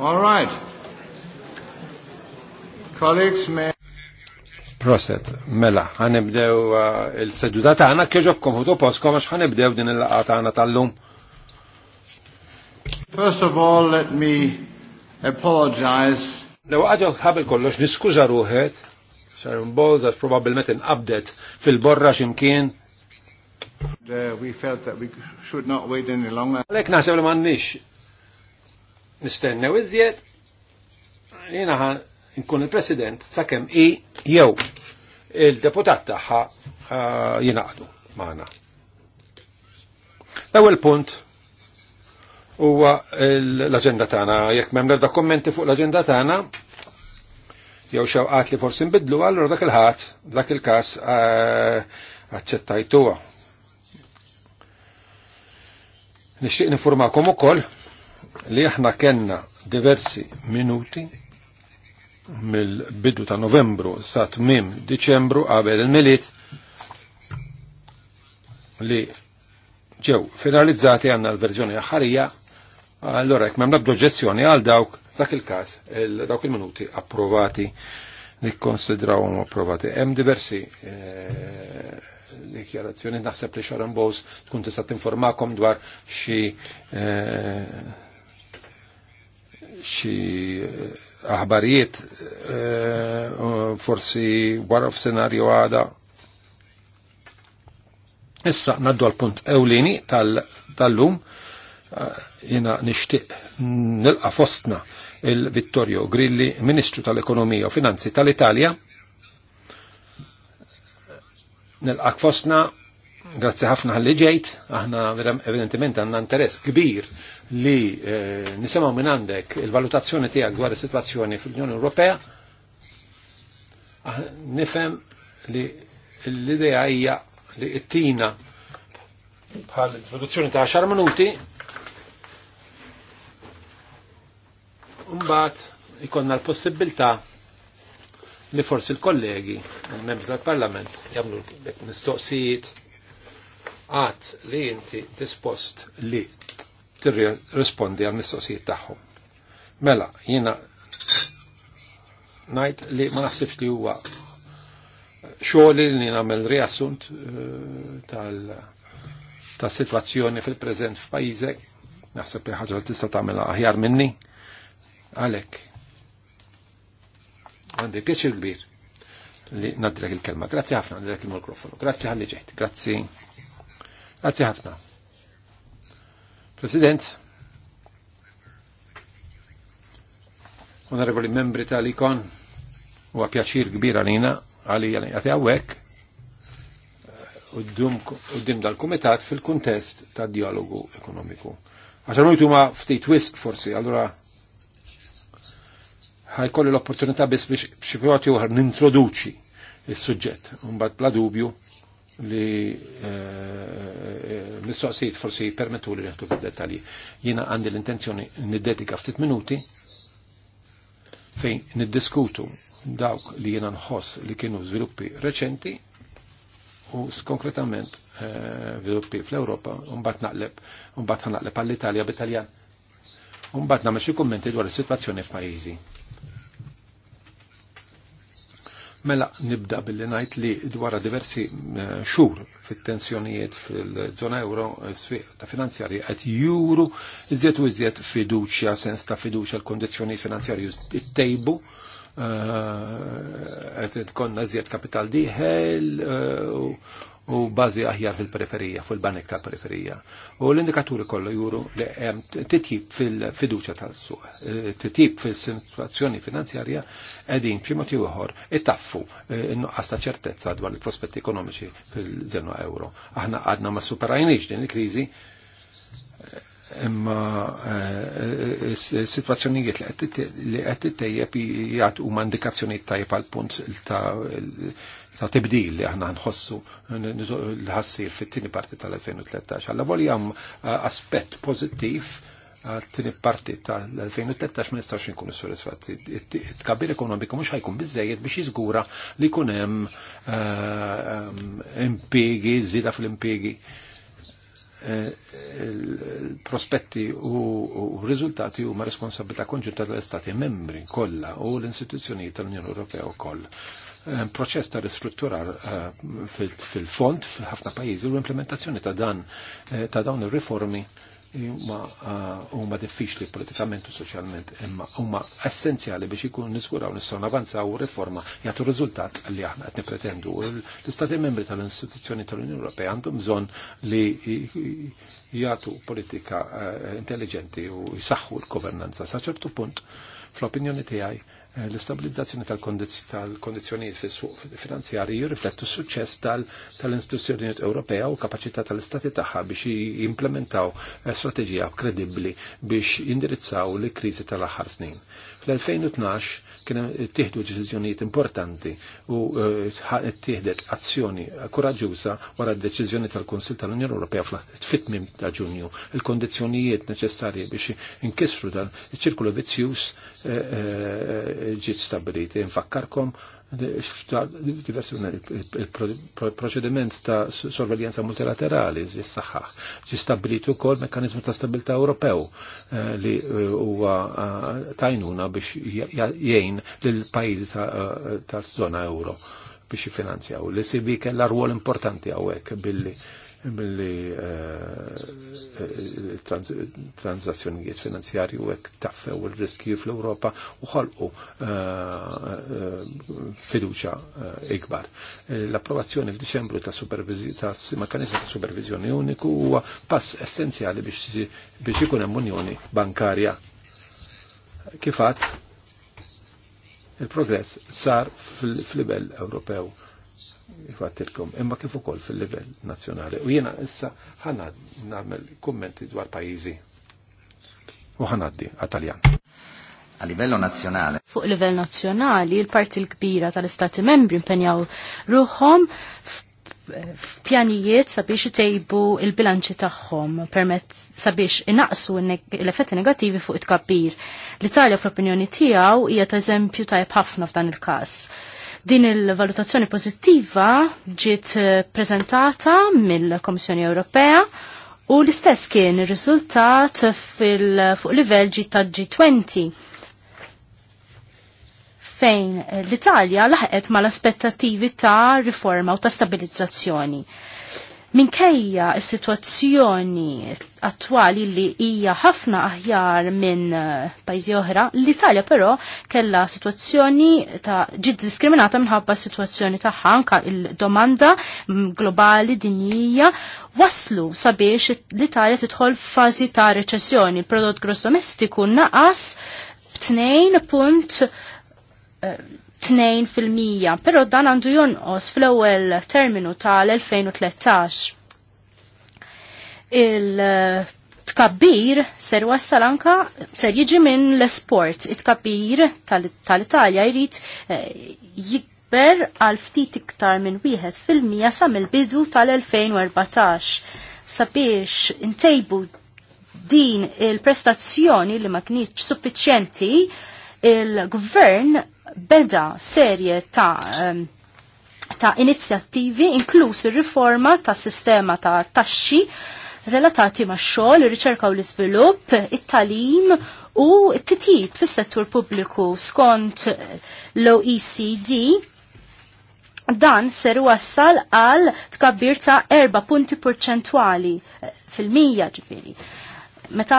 All right. Colleagues, may... Proset, mela, ħanibdew uh, il-seduta tagħna kieġobkom ħudu poskom għax ħanibdew din il-laqgħa għana tal-lum. First of all, let me apologize. Lew għadu għabil kollox niskuża ruħet, Sharon Bowles għax in-abdet fil-borra x'imkien. Uh, we felt that we should not wait any longer. Lek naħseb li m'għandniex nistennew iżjed, jena ħan nkun il-president sakemm i jew il-deputat tagħha jingħaqdu magħna. L-ewwel punt huwa l-aġenda tagħna jekk m'hemm l kommenti fuq l-aġenda tagħna jew xewqat li forsi nbidlu allura dak il-ħadd dak il-każ eh, aċċettajtuha. Nixtieq nifurmakom ukoll li aħna kenna diversi minuti mill-bidu ta' novembru sa' tmim diċembru qabel il-miliet li ġew finalizzati għanna l-verżjoni aħħarija, allora jekk m'hemm nabdu ġessjoni għal dawk dak il-każ il dawk il-minuti approvati li konsidrawhom approvati. Hemm diversi eh, dikjarazzjoni naħseb li Sharon Bowes tkun tista' tinformakom dwar xi eh, xi eh, aħbarijiet eh, forsi wara f'senarju għada. Issa naddu għal punt ewlini tal-lum eh, jina nishtiq nilqa fostna il-Vittorio Grilli, Ministru tal-Ekonomija u Finanzi tal-Italja. Nilqa fostna, grazzi ħafna ħalli ġejt, aħna evidentement għanna interess kbir li eh, nisimgħu minn għandek il-valutazzjoni tiegħek dwar is-sitwazzjoni fl-Unjoni Ewropea, ah, nifhem li l-idea hija li t-tina bħal introduzzjoni ta' 10 minuti mbagħad ikonna l-possibilità li forsi l-kollegi, il-membri tal-Parlament, jagħmlu mistoqsijiet għat li inti dispost li tirrispondi għal mistoqsijiet tagħhom. Mela, jiena najt li ma naħsibx li huwa xogħol li nagħmel riassunt eh, tal ta' fil-preżent f'pajjiżek, naħseb li ħaġa tista' tagħmilha aħjar minni, għalhekk għandi pjaċir kbir li naddilek il-kelma. Grazzi ħafna, nadrek il-mikrofonu. Grazzi ħalli ġejt. Grazzi. Grazzi ħafna. President, onorevoli membri tal icon u għapjaċir kbir għalina għali għati għawek eh, u d-dim dal-komitat fil-kontest ta' dialogu ekonomiku. Għaxan ujtu ma ftit wisq forsi, għallura ħajkolli l-opportunità biex biex xipjoti uħar nintroduċi il-sujġet, un bad bla dubju li eh, eh, mistoqsijiet forsi permettu li rieħtu fil-detalji. Jiena għandi l-intenzjoni niddedika ftit minuti fejn niddiskutu dawk li jiena nħoss li kienu żviluppi reċenti u skonkretament eh, sviluppi fl europa u mbagħad naqleb u ħanaqleb għall-Italja bit-Taljan. U mbagħad nagħmel xi kummenti dwar is-sitwazzjoni f'pajjiżi. Mela nibda billi najt li dwar diversi eh, xur fit-tensjonijiet fil-zona euro s-swiq ta' finanzjari għet juru iżjed u iżjed fiduċja, sens ta' fiduċja l-kondizjoni finanzjarju it-tejbu għet eh, konna iżjed kapital diħel eh, u bażi aħjar fil-periferija, fil-banek ta' periferija. U l-indikaturi kollu juru li hemm titjib fil-fiduċa tal-suq, titjib fil-situazzjoni finanzjarja qegħdin b'xi motiv ieħor itaffu innuqqas ta' ċertezza dwar il-prospetti ekonomiċi fil zenu euro. Aħna għadna ma superajniex din il-kriżi imma situazzjonijiet li t-tejjeb jgħat u mandikazzjoni t tajjeb għal punt ta' ta' tibdil li aħna nħossu l-ħassir fit-tini parti tal-2013. Għalla voli għam aspett pozittiv tini parti tal-2013 ma nistax nkunu soddisfatti. It-kabir ekonomiku mux ħajkun bizzejiet biex jizgura li kunem impiegi, zida fil-impiegi e, prospetti u rizultati huma responsabilità konġunta tal-Istati membri kollha u l-istituzzjonijiet tal-Unjoni Ewropea wkoll. Eh, proċess ta' ristrutturar eh, fil-fond fil-ħafna pajizi, u implementazzjoni ta' dan eh, ta' dawn ir-riformi ma huma diffiċli politikament u soċjalment imma huma essenzjali biex ikun niskuraw nistgħu u riforma jagħtu riżultat li aħna qed nipretendu. L-Istati membri tal-Istituzzjoni tal-Unjoni Ewropea għandhom bżonn li jagħtu politika intelligenti u jsaħħu l-governanza sa ċertu punt fl-opinjoni tiegħi Eh, l-istabilizzazzjoni tal kondizjoniet fis suq finanzjari jirriflettu s-suċċess tal-istituzzjonijiet Ewropea u kapacità tal-istati tagħha biex jimplementaw eh, strateġija kredibbli biex jindirizzaw l-kriżi tal-aħħar snin. Fl-2012 kien tieħdu deċiżjonijiet importanti u eh, tieħdet azzjoni koraġuża wara d-deċiżjoni tal-Kunsil tal-Unjoni Ewropea fl-tfitmim ta' Ġunju. Il-kondizzjonijiet neċessarji biex inkisru dan iċ-ċirkulu vizzjuż eh, eh, ġiet stabiliti. Infakkarkom diversi il-proċediment ta' sorveljanza multilaterali jissaxħa. Ġistabilitu kol mekanizmu ta' stabilta' Ewropew eh, li eh, huwa eh, tajnuna biex jgħin lil pajizi ta' zona euro biex jifinanzjaw. l sib e kella rwol importanti għawek billi billi eh, eh, transazzjonijiet finanzjarji u hekk taffew il-riskju fl europa u ħolqu eh, fiduċa ikbar. L-approvazzjoni f'Diċembru ta' mekanizmu ta' supervizjoni uniku huwa pass essenzjali biex ikun hemm unjoni bankarja. Kifat, il-progress sar fil-libel Ewropew jifattilkom, imma kif ukoll fil-livell nazzjonali. U jiena issa ħana nagħmel kummenti dwar pajjiżi u ħanaddi għataljan. A livello nazzjonale. Fuq livell nazzjonali, il-parti l-kbira tal-Istati membri impenjaw ruħom f'pjanijiet sabiex jtejbu il-bilanċi tagħhom permezz sabiex inaqsu l-effetti negativi fuq it-kabbir. L-Italja fl-opinjoni tiegħu hija ta' eżempju tajb ħafna f'dan il-każ Din il-valutazzjoni pozittiva ġiet eh, prezentata mill-Komissjoni Ewropea u l-istess kien ir-riżultat fuq livell ġi ta' G20 fejn l-Italja laħqet mal aspettattivi ta' riforma u ta' stabilizzazzjoni minkejja s-situazzjoni attwali li hija ħafna aħjar minn eh, pajjiżi oħra, l-Italja però kellha situazzjoni ta' ġid diskriminata minħabba s-situazzjoni tagħha anka il-domanda mm, globali dinjija waslu sabiex l-Italja tidħol f'fażi ta' reċessjoni. Il-prodott gross domestiku naqas b'2 punt eh, 2%, pero dan għandu jonqos fl-ewwel terminu tal-2013. Il-tkabbir ser wassal anka ser jiġi minn l-esport. It-tkabbir tal-Italja jrid eh, jikber għal ftit iktar minn wieħed fil-mija sa mill-bidu tal-2014 sabiex intejbu din il-prestazzjoni li ma kienx suffiċjenti il-gvern beda serje ta' ta' inizjattivi inkluż ir-riforma tas sistema ta' taxxi relatati ma' xogħol, ir-riċerka u l-iżvilupp, it-talim u t-titjib fis-settur pubbliku skont l-OECD dan ser wassal għal tkabbir ta' 4 punti perċentwali eh, fil-mija ġifiri. Meta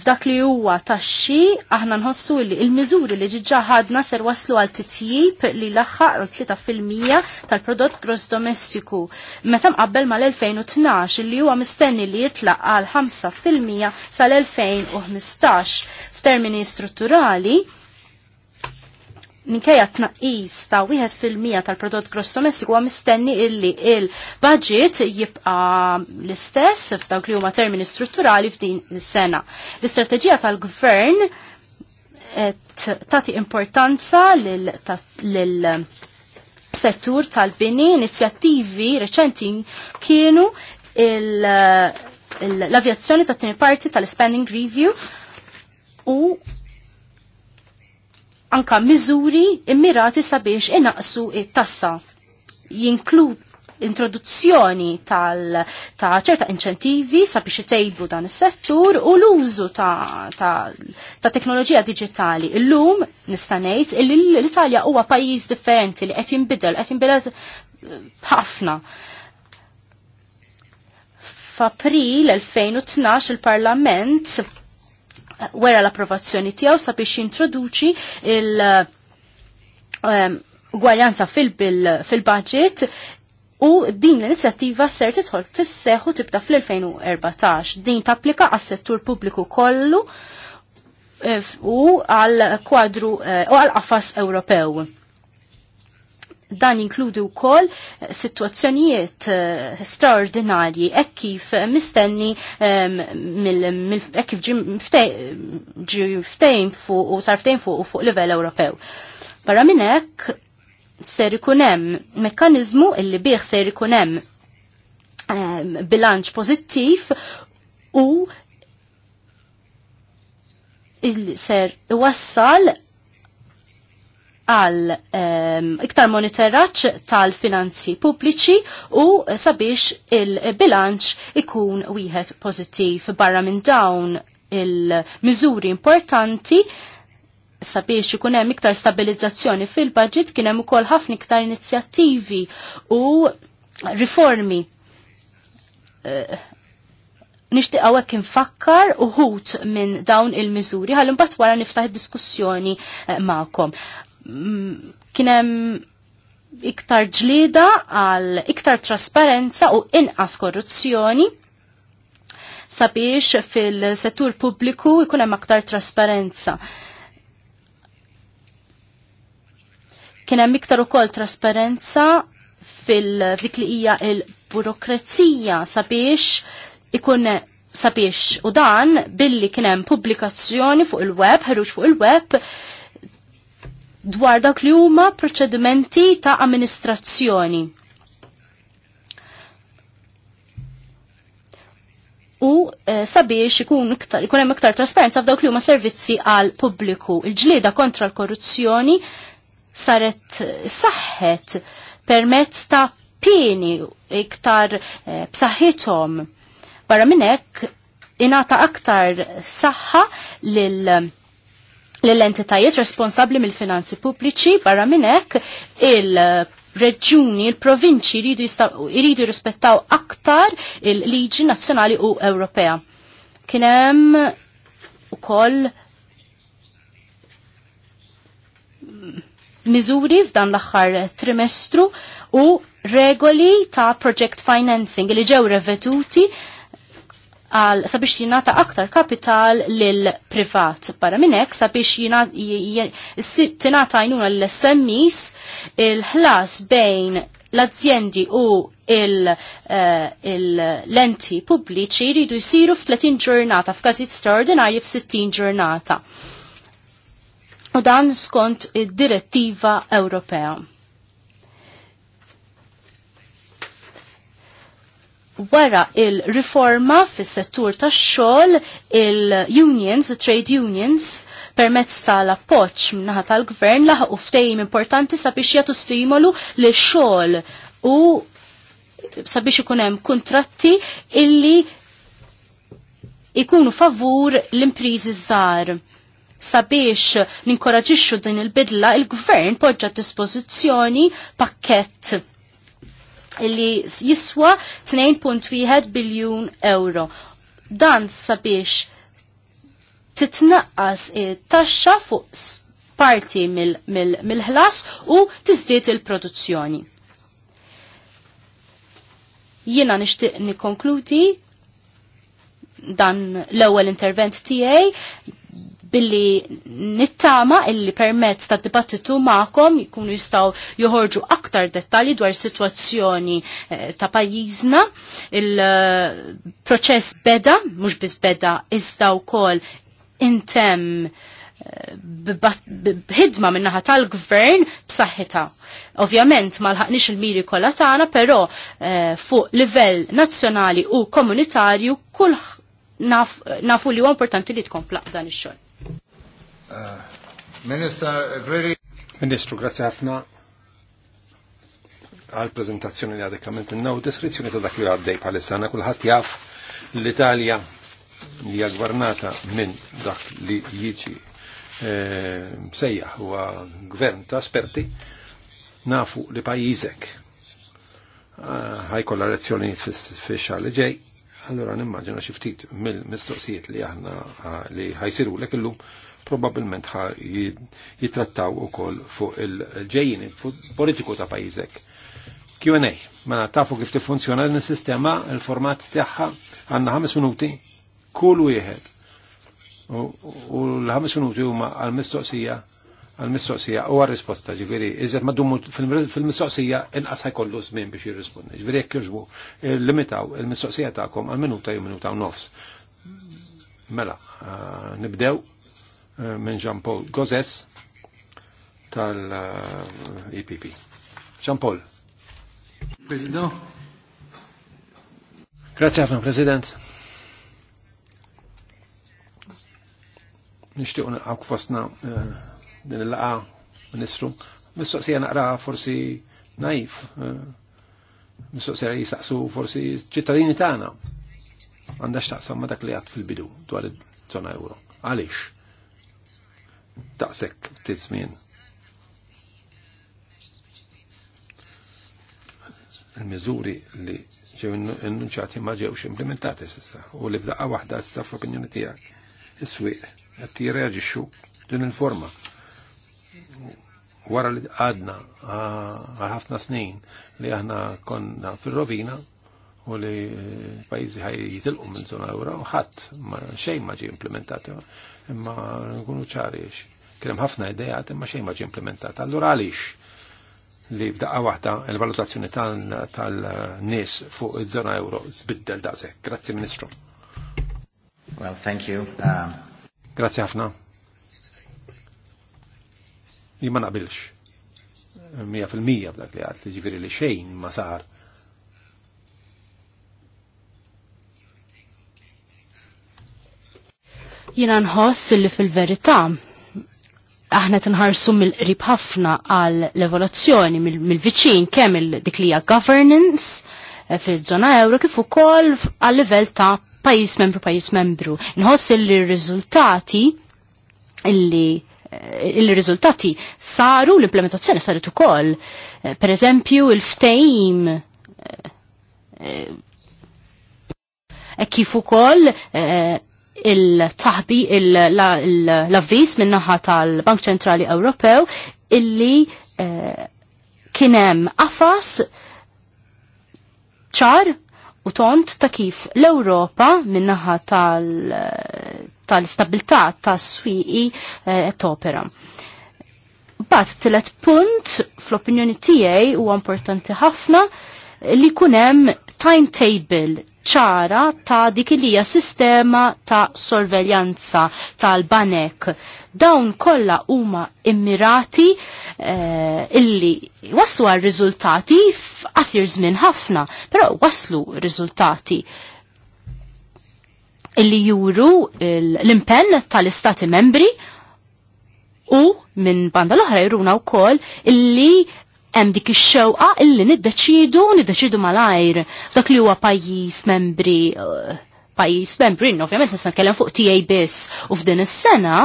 F'dak li huwa taxxi aħna nħossu li il-miżuri li ġiġa ħadna ser waslu għal titjib li laħħaq 3% tal-prodott gross domestiku. Meta mqabbel mal-2012 li huwa mistenni li jitlaq għal 5% sal-2015 f'termini strutturali minkejja tnaqqis ta' wieħed fil-mija tal-prodott gross domestiku huwa mistenni illi il-budget jibqa' l-istess f'dawk li huma termini strutturali f'din is-sena. L-istrateġija tal-gvern tagħti importanza lil, lil settur tal-bini, inizjattivi reċenti kienu l-avjazzjoni ta' tini parti tal-spending review u anka miżuri immirati sabiex inaqsu it-tassa. Jinklu introduzzjoni tal, ta' ċerta inċentivi sabiex itejbu dan is-settur u l-użu ta', ta, ta teknoloġija diġitali. Illum nista' ngħid li l-Italja huwa pajjiż differenti li qed jinbidel, qed jinbidel ħafna. F'April 2012 il-Parlament wera l-approvazzjoni tiegħu sabiex jintroduċi il- ehm, gwajanza fil-budget U din l-inizjattiva ser titħol fis-seħu tibda fl-2014. Din tapplika għas-settur pubbliku kollu eh, u għal kwadru eh, u għal qafas Ewropew dan inkludu wkoll sitwazzjonijiet eh, straordinarji hekk kif mistenni hekk e kif ġi ftejn fuq u sar ftejn fuq fuq livell Ewropew. Barra minn hekk ser ikunem hemm mekkaniżmu illi bieħ ser ikunem hemm bilanċ pożittiv u ser iwassal għal um, iktar monitoraċ tal-finanzi pubbliċi u sabiex il-bilanċ ikun wieħed pozittiv barra minn dawn il-miżuri importanti sabiex ikun hemm iktar stabilizzazzjoni fil-budget kien hemm ukoll ħafna iktar inizjattivi u riformi. Uh, nixtieq għawek infakkar uħut minn dawn il miżuri ħallu mbagħad wara niftaħ id diskussjoni eh, magħkom kienem iktar ġlida għal iktar trasparenza u inqas korruzzjoni sabiex fil-settur pubbliku jkun hemm aktar trasparenza. Kien hemm iktar ukoll trasparenza fil-dik li hija l-burokrazija sabiex ikun sabiex u dan billi kien hemm pubblikazzjoni fuq il-web, ħeruġ fuq il-web, dwar dak li huma proċedimenti ta' amministrazzjoni. u e, sabiex ikun iktar, ikun hemm iktar trasparenza f'dawk li huma servizzi għal pubbliku. Il-ġlieda kontra l-korruzzjoni saret eh, saħħet permezz ta' pieni iktar e, b'saħħithom. Barra minn hekk ingħata aktar saħħa lil l-entitajiet responsabli mill-finanzi pubbliċi barra minn hekk il-reġjuni, il-provinċi jridu jirrispettaw aktar il-liġi nazzjonali u Ewropea. Kien hemm ukoll miżuri f'dan l-aħħar trimestru u regoli ta' project financing li ġew reveduti għal sabiex jinata aktar kapital lil-privat. Barra minnek sabiex jinata jinuna l-SMIs il-ħlas bejn l-azzjendi u eh, l-enti pubbliċi jridu jisiru f-30 ġurnata, f-kazit straordinarji f-60 ġurnata. U dan skont id-direttiva Ewropea. wara il-riforma fis settur tax xogħol il-unions, trade unions, permezz tal-appoġġ minnaħa tal-gvern laħ uftejm importanti sabiex jagħtu stimolu li xogħol u sabiex ikun hemm kuntratti illi ikunu favur l-impriżi żgħar sabiex ninkoraġixxu din il-bidla, il-gvern poġġa dispożizzjoni pakkett illi jiswa 2.1 biljun euro. Dan sabiex titnaqqas it-taxxa fuq parti mill-ħlas u tiżdied il-produzzjoni. Jiena nixtieq nikkonkludi dan l-ewwel intervent tiegħi billi nittama illi permezz ta' dibattitu ma'kom jkunu jistaw joħorġu aktar dettali dwar situazzjoni eh, ta' pajjiżna. Il-proċess eh, beda, mhux biss beda, iżda wkoll intem eh, b'ħidma minnaħa tal-gvern b'saħħita. Ovvjament ma lħaqniex il-miri kollha tagħna, però eh, fuq livell nazzjonali u komunitarju kull nafu li huwa importanti li tkompla dan ix-xogħol. Ministru, grazie ħafna għal prezentazzjoni li għadek għamint n deskrizzjoni ta' dak li għaddej palissana, kullħat jaf l-Italja li għagvernata minn dak li jiġi eh, msejjaħ huwa gvern ta' esperti nafu li pajizek ah, ħajkolla lezzjonijiet fix li ġej, allora nimmaġina xi ftit mill-mistoqsijiet li aħna li ħajsiru lek illum probabilment jitrattaw u koll fuq il-ġejjini politiku ta' pajizek. Q&A, mela tafu kif tiffunzjona din sistema il-format tagħha għandna ħames minuti kull wieħed. U l ħames minuti huma għal-mistoqsija għal-mistoqsija u għal-risposta ġifiri, iżet ma dummu fil-mistoqsija inqas ħajkollu żmien biex jirrispondi. Ġifiri jekk jogħġbu limitaw il-mistoqsija tagħkom għal minuta jew minuta u nofs. Mela, ah, nibdew Eh, minn Jean-Paul Gozes tal-EPP. Jean-Paul. President. Grazie ħafna, President. Nishtiq naqgħu fostna eh, din il-laqa Ministru. Mistoqsija naqra forsi naif. Eh, mistoqsija jisaqsu forsi ċittadini tagħna. Għandax taqsam ma dak li għad fil-bidu dwar id-zona euro. Għalix? daqshekk ftit żmien. Il-miżuri li ġew innunċati ma ġewx implementati s'issa u li f'daqqa waħda issa f'opinjoni opinjoni tiegħek is-swieq qed jirreaġixxu din il-forma. Wara li għadna għal ħafna snin li aħna konna fir-rovina u li eh, pajjiżi ħaj jitilqu minn zona u ħadd xejn ma ġie implementat imma nkunu ċari kien hemm ħafna idejat imma xejn ma ġie implementat. Allura għaliex li f'daqqa waħda l-valutazzjoni tal-nies fuq iż-żona euro zbiddel daqshekk. Grazzi Ministru. Well, thank you. Um... Grazzi ħafna. Jien ma naqbilx. 100% b'dak li għad li ġifieri li xejn ma sar Jina nħoss li fil-verità aħna tinħarsu mill-qrib ħafna għal l-evoluzzjoni mill-viċin mil kemm il-dik li governance eh, fil-żona euro kif ukoll għal livell ta' pajis membru pajis membru. Nħoss li r-riżultati illi eh, il-riżultati saru l-implementazzjoni saret ukoll. Eh, per eżempju, il-ftejim e, kif ukoll il-taħbi l-avvis minnaħa tal-Bank Ċentrali Ewropew illi eh, kienem qafas ċar u tont ta' kif l-Europa minnaħa tal-istabilità tas-swieqi eh, opera Bat tilet punt fl-opinjoni tiegħi huwa importanti ħafna li kunem timetable ċara ta' dik li sistema ta' sorveljanza tal-banek. Dawn kollha huma immirati eh, illi waslu għal riżultati f'qasir żmien ħafna, però waslu riżultati illi juru l-impenn tal-istati membri u minn banda l-oħra jruna wkoll illi hemm dik ix-xewqa illi niddeċidu niddeċidu malajr f'dak li huwa pajjiż membri uh, pajjiż membri, ovvjament nista' nitkellem fuq tiegħi biss u f'din is-sena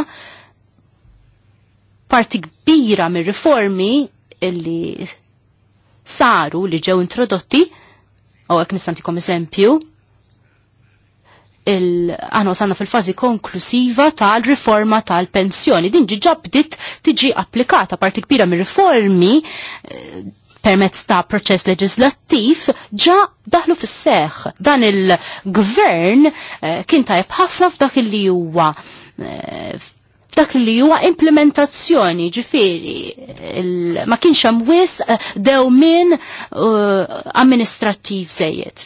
parti kbira mir-riformi illi saru li ġew introdotti, u hekk nistantikom eżempju, il-għano sanna fil-fazi konklusiva tal-riforma tal-pensjoni. Din ġiġa bdiet tiġi applikata parti kbira mir riformi eh, permezz ta' proċess leġislattiv ġa daħlu fis seħħ Dan il-gvern eh, kien tajb ħafna f'dak li huwa eh, dak li huwa implementazzjoni ġifiri ma kienx hemm wisq dew min amministrattiv żejjed.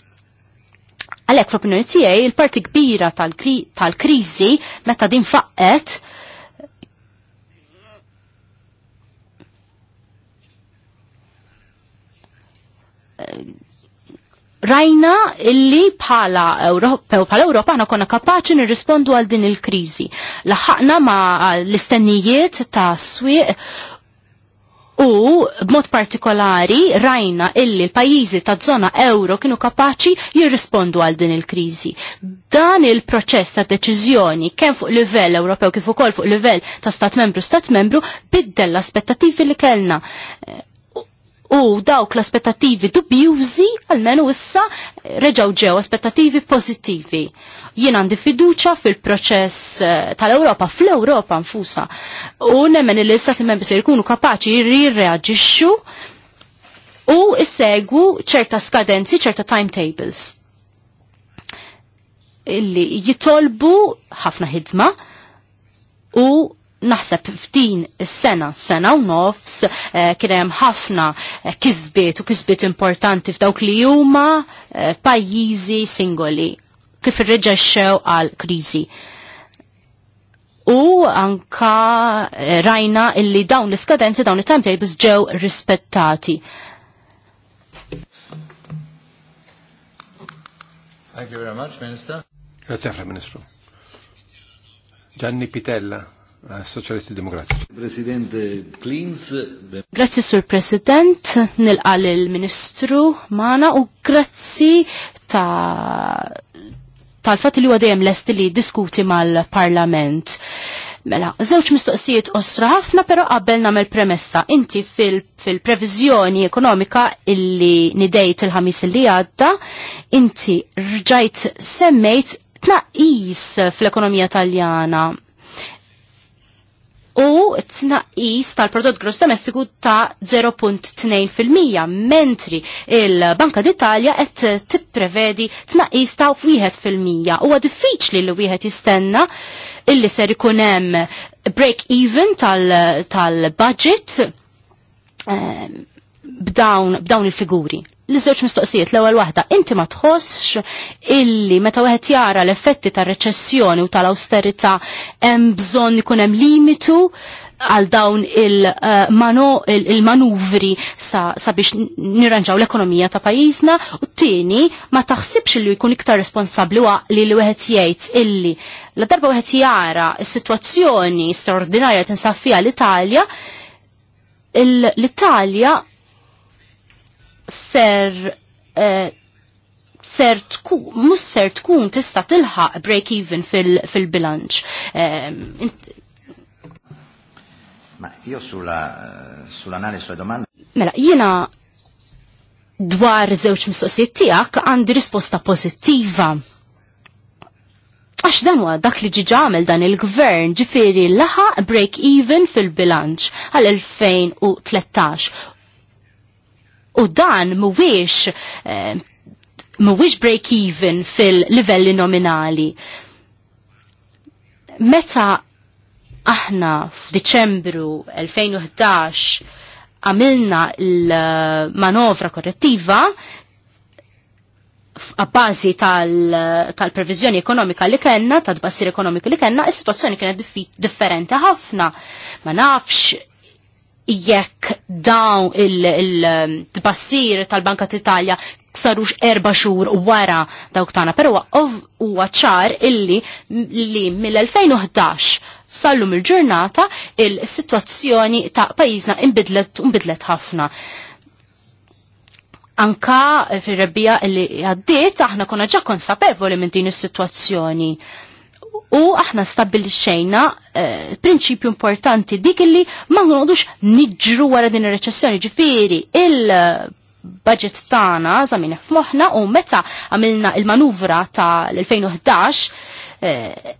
Għalhekk fl-opinjoni tiegħi il-parti kbira tal-kriżi meta din faqqet rajna illi bħala Ewropew bħala Ewropa għana konna kapaċi nirrispondu għal din il-kriżi. Laħaqna ma l-istennijiet ta' swieq u b'mod partikolari rajna illi l-pajjiżi ta' zona euro kienu kapaċi jirrispondu għal din il-kriżi. Dan il-proċess ta' deċiżjoni kemm fuq livell Ewropew kif ukoll fuq livell ta' stat membru stat membru biddel l-aspettativi li kellna u dawk l-aspettativi dubjużi għalmenu issa reġaw ġew aspettativi pozittivi. Jien għandi fiduċa fil-proċess eh, tal-Ewropa, fl-Ewropa nfusa. U nemmen il l-istati membri se jkunu kapaċi jirreagġixxu u issegwu ċerta skadenzi, ċerta timetables. Illi jitolbu ħafna ħidma u naħseb f'din is-sena, sena u nofs, eh, kien hemm ħafna eh, kisbiet u kisbiet importanti f'dawk li huma eh, pajjiżi singoli kif irreġexxew għal kriżi. U anka rajna illi dawn l-iskadenzi dawn it-timetables ġew rispettati. Thank you very much, Minister. Grazie, Fra Ministru. Gianni Pitella Eh, Soċjalisti Demokratiċi. President Klins. Grazzi Sur President, nilqal il-Ministru Mana u grazzi ta' tal-fat li huwa dejjem lest li diskuti mal-Parlament. Mela, żewġ mistoqsijiet osra ħafna però qabel nagħmel premessa. Inti fil-previżjoni fil ekonomika illi nidejt il-ħamis li għadda, inti rġajt semmejt tnaqqis fl-ekonomija taljana u t-naqis tal-prodott gross domestiku ta' 0.2% mentri il-Banka d'Italja qed tipprevedi t-naqis ta' 1%. Huwa diffiċli li wieħed jistenna illi ser ikun hemm break even tal-budget tal budget b'dawn, b'dawn il-figuri. L-żewġ mistoqsijiet l-ewwel waħda, inti ma tħossx illi meta wieħed jara l-effetti tar-reċessjoni u tal-awsterità hemm bżonn ikun hemm limitu għal dawn eh, il-manuvri sabiex nirranġaw l-ekonomija ta' pajjiżna u t-tieni ma taħsibx li jkun iktar responsabbli li li wieħed jgħid illi la darba wieħed jara s-sitwazzjoni straordinarja tinsab fiha l-Italja l-Italja ser eh, ser tkun, mus ser tkun tista tilħaq break-even fil-bilanċ. Ehm, Ma io sulla, sull'analisi sulla domanda. Mela, jina dwar żewġ mistoqsijiet tiegħek għandi risposta pożittiva. Għax dan huwa dak li ġi ġamel dan il-gvern ġifieri laħaq break even fil-bilanċ għal 2013 U dan mhuwiex eh, break-even fil-livelli nominali. Meta aħna f'Diċembru 2011 għamilna l-manovra korrettiva għabbażi tal-previżjoni tal ekonomika li kenna, tal-bassir ekonomiku li kenna, is-situazzjoni kienet differenti ħafna. Ma nafx jekk dawn il-tbassir um, tal-Banka t-Italja sarux erba xur wara dawk tana. Pero huwa ċar illi li mill-2011 sallum il-ġurnata il-situazzjoni ta' pajizna imbidlet ħafna. Anka fil-rebbija li għaddit aħna konna ġa konsapevoli minn din is-situazzjoni. U aħna stabilixxejna eh, prinċipju importanti dik illi ma nqogħdux niġru wara din ir-reċessjoni ġifieri il budget tagħna żamin f'moħna u meta għamilna il-manuvra ta' l-2011 eh,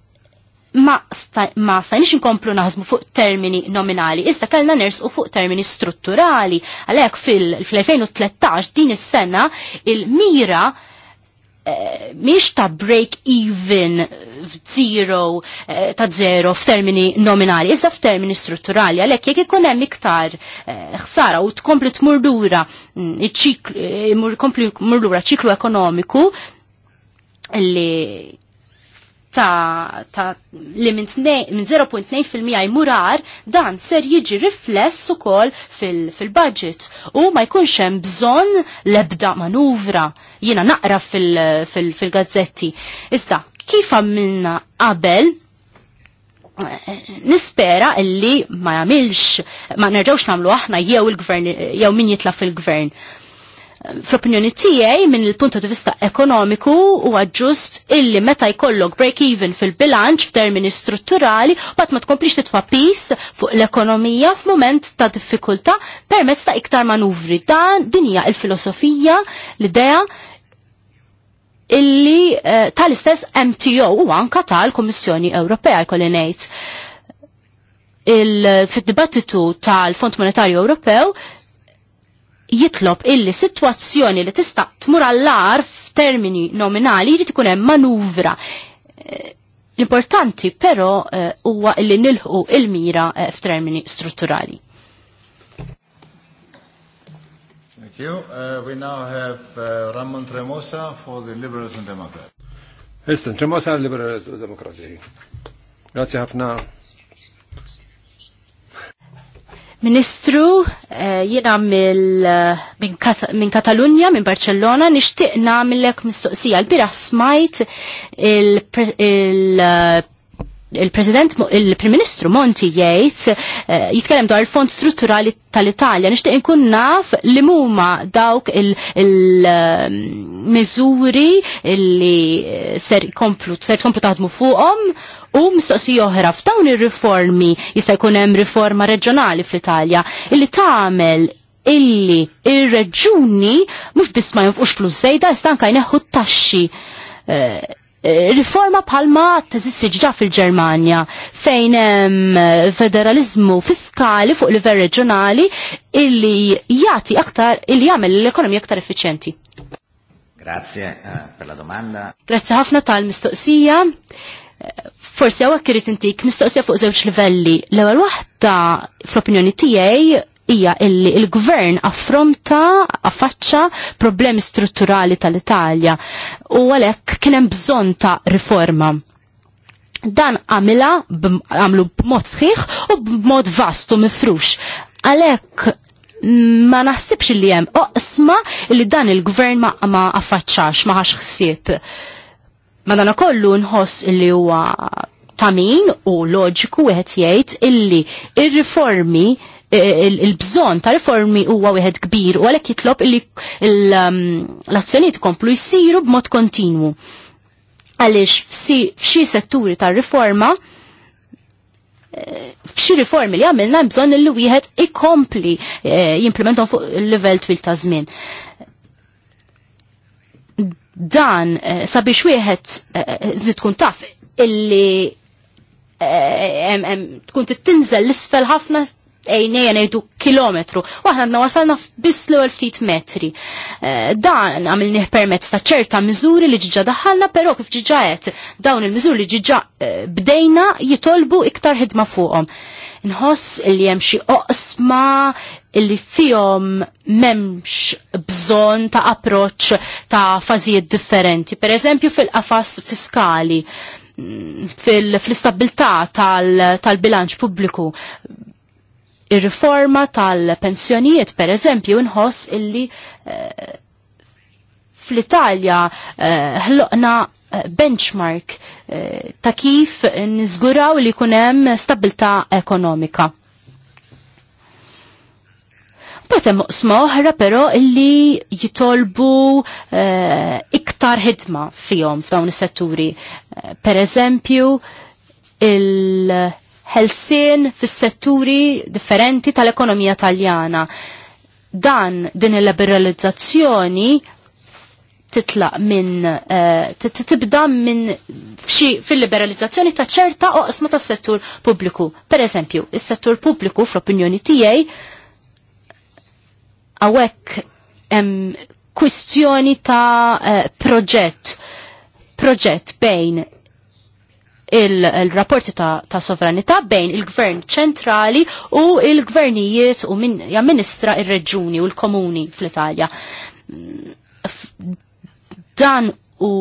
ma, stajnix nkomplu naħsmu fuq termini nominali, issa kellna nersu fuq termini strutturali. Għalhekk fil-2013 din is-sena il-mira il mira Eh, miex ta' break even eh, f'zero eh, ta' zero f'termini nominali, iżda f'termini strutturali, għalhekk jekk ikun hemm iktar ħsara u tkompli tmurdura mm, ċiklu ekonomiku li ta', ta li minn min 0.2% jmurar dan ser jiġi rifless ukoll fil-budget fil u ma jkunx hemm bżonn lebda manuvra jiena naqra fil-gazzetti. Fil, fil Iżda, kif għamilna qabel nispera illi ma jagħmilx ma nerġgħux nagħmlu aħna jew il-gvern jew min jitla fil-gvern fl-opinjoni tiegħi minn il-punt di vista ekonomiku huwa ġust illi meta jkollok break-even fil-bilanċ f'termini strutturali bat ma tkomplix titfa' pis fuq l-ekonomija f'mument ta' diffikultà permezz ta' iktar manuvri. Dan din hija il-filosofija l-idea illi uh, tal-istess MTO u anka tal komissjoni Ewropea jkolli il Fid-dibattitu tal-Fond Monetarju Ewropew jitlob illi situazzjoni li tista' tmur għall-ar f'termini nominali jrid ikun hemm manuvra. L-importanti eh, però eh, huwa uh, illi nilħu il-mira uh, f'termini strutturali. Thank you. Uh, we now have uh, Ramon Tremosa for the Liberals and Democrats. Listen, Tremosa Liberals and Democrats. Grazie ħafna. Ministru, eh, jiena eh, minn Katalunja, minn Barcellona, nixtieq nagħmilek mistoqsija. L-biraħ smajt il-, il eh, il-President, il-Prim Ministru Monti jgħid eh, jitkellem dwar il-Fond Strutturali tal-Italja. Nixtieq inkun naf li huma dawk il-miżuri eh, li eh, ser komplu ser komplu taħdmu fuqhom u mistoqsi oħra f'dawn ir-riformi jista' jkun hemm riforma reġjonali fl-Italja illi tagħmel illi ir-reġuni mhux biss ma jonfqux flus żejda istanka jneħħu t-taxxi Eh, riforma palma t-tazissi ġa fil ġermania fejn hemm federalizmu fiskali fuq livell reġjonali illi jagħti aktar illi jagħmel l-ekonomija aktar effiċjenti. Grazie eh, per la domanda. Grazie ħafna tal-mistoqsija. Forsi hawnhekk irid intik mistoqsija fuq żewġ livelli. L-ewwel waħda fl-opinjoni tiegħi hija illi il-gvern affronta affaċċa problemi strutturali tal-Italja u għalhekk kien hemm bżonn ta' riforma. Dan għamila għamlu b'mod sħiħ u b'mod vastu mifrux. Għalhekk ma naħsibx li hemm oqsma li dan il-gvern ma, ma affaċċax ma ħax ħsieb. dan kollu nħoss li huwa tamin u loġiku wieħed jgħid illi ir-riformi il il-bżon ta' riformi huwa wieħed kbir u għalhekk jitlob li um, l-azzjonijiet komplu jsiru b'mod kontinwu. Għaliex f'xi setturi ta' riforma eh, f'xi riformi li għamilna bżonn li wieħed ikompli eh, jimplementom fuq il-livell twil ta' żmien dan eh, sabiex wieħed tkun taf illi tkun tinżel l-isfel ħafna ejnejja nejdu kilometru. Waħna għadna wasalna biss l ftit metri. Eh, dan għamilni permezz ta' ċerta miżuri li ġiġa daħalna, pero kif ġiġa qed dawn il-miżuri li ġiġa eh, bdejna jitolbu iktar ħidma fuqhom. Nħoss li hemm xi oqsma illi fihom memx bżon ta' approċ ta' fazijiet differenti. Per eżempju fil-qafas fiskali, mm, fil-istabilta tal-bilanċ publiku, pubbliku Ir-riforma tal-pensjonijiet, per eżempju, nħoss illi eh, fl-Italja eh, ħloqna eh, benchmark ta' kif nizguraw li kunem stabilta ekonomika. Batem muqsma oħra pero illi jitolbu iktar ħidma fihom f'dawn is-setturi. Per eżempju, il- ħelsien fis-setturi differenti tal-ekonomija taljana. Dan din il-liberalizzazzjoni titlaq minn eh, tibda minn fil-liberalizzazzjoni ta' ċerta oqsma tas settur pubbliku. Per eżempju, is-settur pubbliku fl-opinjoni tiegħi hawnhekk hemm kwistjoni ta' eh, proġett proġett bejn il-rapporti ta', ta sovranità bejn il-gvern ċentrali u il-gvernijiet u min, jamministra il-reġuni u l-komuni fl-Italja. Dan u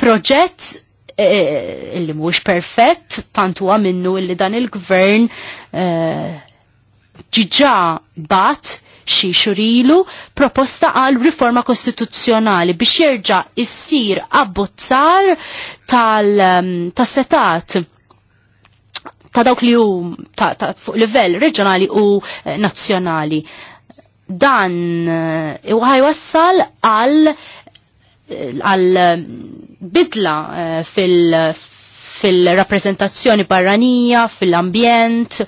proġett eh, illi mhux perfett, tant huwa minnu illi dan il-gvern e, ġiġa bat xi xurilu proposta għal riforma kostituzzjonali biex jerġa' issir abbozzar tal-setat um, ta' dawk li hu ta', ta fuq livell reġjonali u eh, nazzjonali. Dan eh, ħajwassal għal eh, għal bidla fil fil-rappresentazzjoni barranija, fil-ambjent,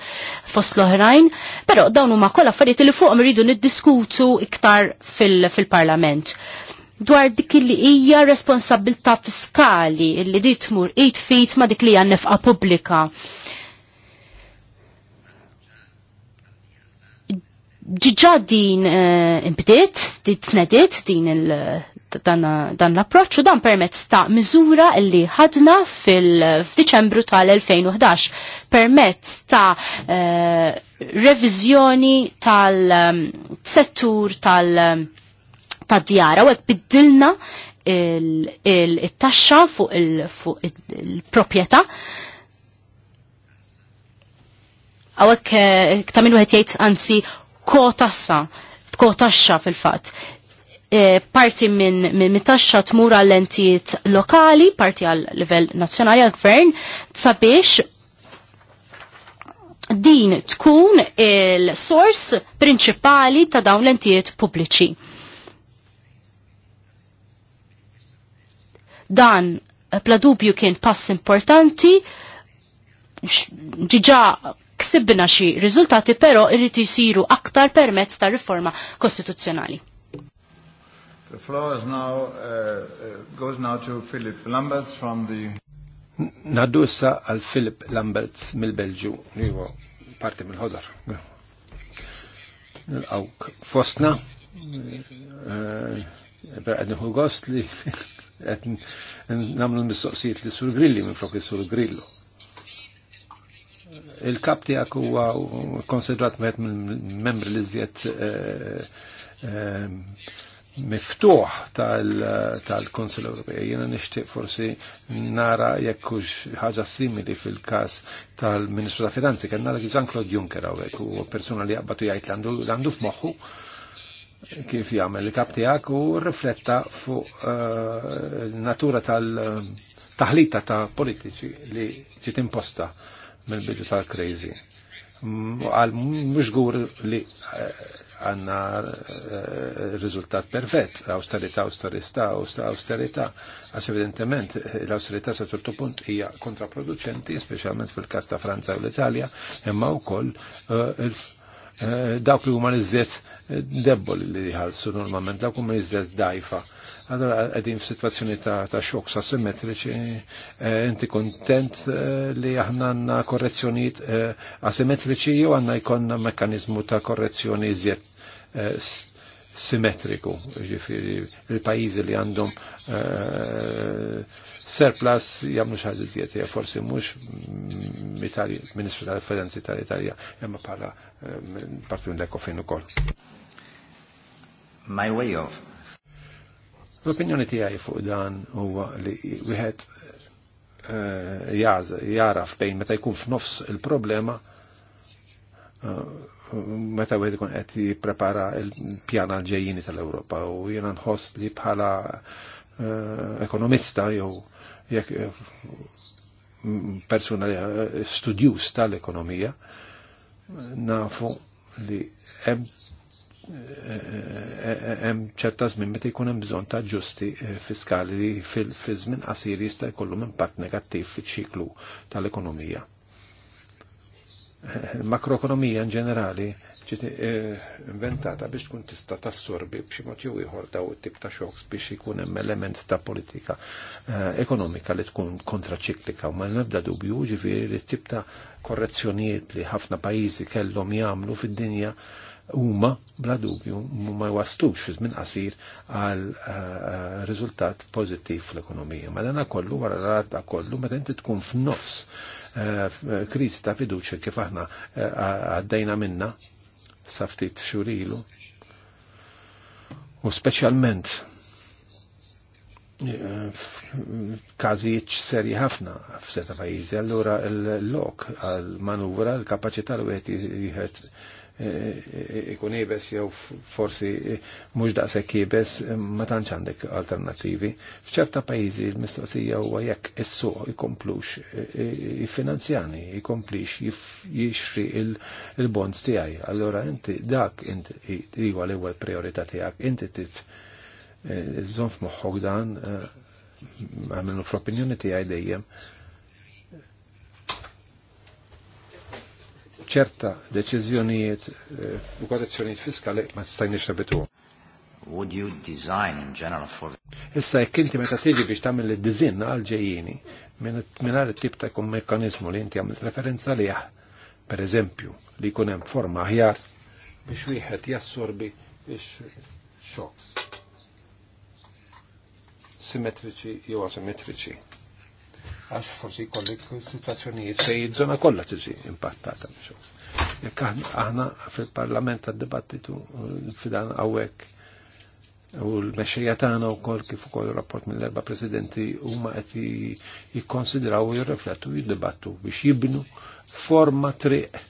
fost l-oħrajn, pero dawn huma kollha affarijiet li fuqhom iridu niddiskutu iktar fil-Parlament. Fil dwar dik li hija responsabilta fiskali li di tmur it fit ma dik li hija nefqa pubblika. Ġiġa din uh, eh, din tnedit din il- dan l-approċċ u dan permezz ta' miżura li ħadna fil-Diċembru tal-2011 permezz ta' eh, revizjoni reviżjoni tal-settur um, tal-djara um, u għek biddilna il-taxxa fuq il-propieta. Għawek ktamin eh, u għet jgħid anzi kotassa, kotaxxa fil-fat. E, parti minn min, taxxa tmur għall entijiet lokali, parti għal livell nazzjonali għal gvern, sabiex din tkun il-sors prinċipali ta' dawn l-entijiet pubbliċi. Dan bla dubju kien pass importanti, ġiġa ksibna xi riżultati, però irrid isiru aktar permezz ta' riforma kostituzzjonali. The floor is now, uh, uh, goes now to Philip Lamberts from the... Naddu issa għal Philip Lamberts mil belġu li huwa parti mill-ħodar. Nil-għawk fosna, eh, għedniħu għost li namlu mistoqsijiet li sur grilli minn flok li sur grillu. Il-kap tijak huwa konsidrat meħet mill-membri li zjed eh, eh, miftuħ tal-Konsil Ewropej. Jena nishtiq forsi nara jekkux ħaġa simili fil-kas tal-Ministru ta' Finanzi, kellna l Jean-Claude Juncker għawek u persona li jaqbatu jgħajt l-għandu f'moħħu kif jagħmel li kap u rifletta fuq eh, natura tal-taħlita ta' politiċi li ġiet imposta mill-bidu tal-crazy għal mux gur li eh, għanna eh, rizultat perfett, austerita, austerista, austerita, għax evidentement l-austerita sa ċertu punt hija kontraproducenti, specialment fil-kas ta' Franza u l-Italja, imma u koll eh, dawk li huma li debol li ħalsu normalment, dawk huma li dajfa Allora għedin f-situazzjoni ta', ta xok sa' simmetriċi, eh, inti kontent eh, li aħna għanna korrezzjoniet eh, asimmetrici, u għanna jkonna mekkanizmu ta' korrezzjoni iżjed simmetriku, ġifiri il-pajizi li għandhom surplus jamlu xaħġa iżjed, forsi mux ministru tal-referenzi tal-Italja, jamma parla parti minn dekofin u koll. My way of L-opinjoni tiegħi fuq dan huwa li wieħed eh, jaraf bejn meta jkun f'nofs il-problema eh, meta wieħed ikun qed jipprepara l-pjana ġejjini tal-Ewropa u jiena nħoss li bħala eh, ekonomista jew jekk persuna studjus tal-ekonomija nafu li hemm hemm ċerta żmien meta jkun hemm bżonn ta' ġusti eh, fiskali li fi żmien qasir jista' jkollhom impatt negattiv fiċ-ċiklu tal-ekonomija. Eh, makroekonomija in ġenerali ġiet eh, inventata biex tkun tista' tassorbi b'xi mod jew ieħor daw it-tip ta' xoks biex ikun hemm element ta' politika ekonomika li tkun kontraċiklika u ma nebda dubju ġifieri li t-tip ta' korrezzjonijiet li ħafna pajjiżi kellhom jagħmlu fid-dinja huma bla dubju ma jwastux fi żmien qasir għal eh, eh, riżultat pożittiv fl-ekonomija. Ma dan kollu wara rata kollu meta inti tkun f'nofs eh, kriżi ta' fiduċja kif aħna għaddejna minna sa ftit xurilu. U speċjalment kazijiet serji ħafna f'seta pajjiżi, allura l-lok l manuvra l-kapaċità l wieħed ikun ibes jew forsi mhux daqshekk ibes ma tantx għandek alternattivi. F'ċerta pajjiżi l-mistoqsija huwa jekk is-suq ikomplux jiffinanzjani, jkomplix jixri il-bonds tiegħi. Allora inti dak inti huwa l-ewwel priorità tiegħek, inti tit eh, żonf moħħok dan eh, għamilu fl-opinjoni tiegħi dejjem ċerta deċizjonijiet eh, u korrezzjonijiet fiskali ma stajniex nabitu. Would you design in general for Issa jekk inti meta tiġi biex tagħmel id-diżinn għal ġejjini mingħajr it-tip ta' jkun mekkaniżmu li inti għamilt referenza lih, per eżempju, li jkun hemm forma aħjar biex wieħed jassorbi x xoks simmetriċi jew asimetriċi għax forsi kollik situazzjonijiet fej se jizzona kollha tiġi impattata biex. Jekk aħna fil-parlament għad-dibattitu eh, fidan għawek u l-mexxejja tagħna wkoll kif ukoll rapport mill-erba' presidenti huma qed jikkonsidraw jirreflettu jiddibattu biex jibnu forma triq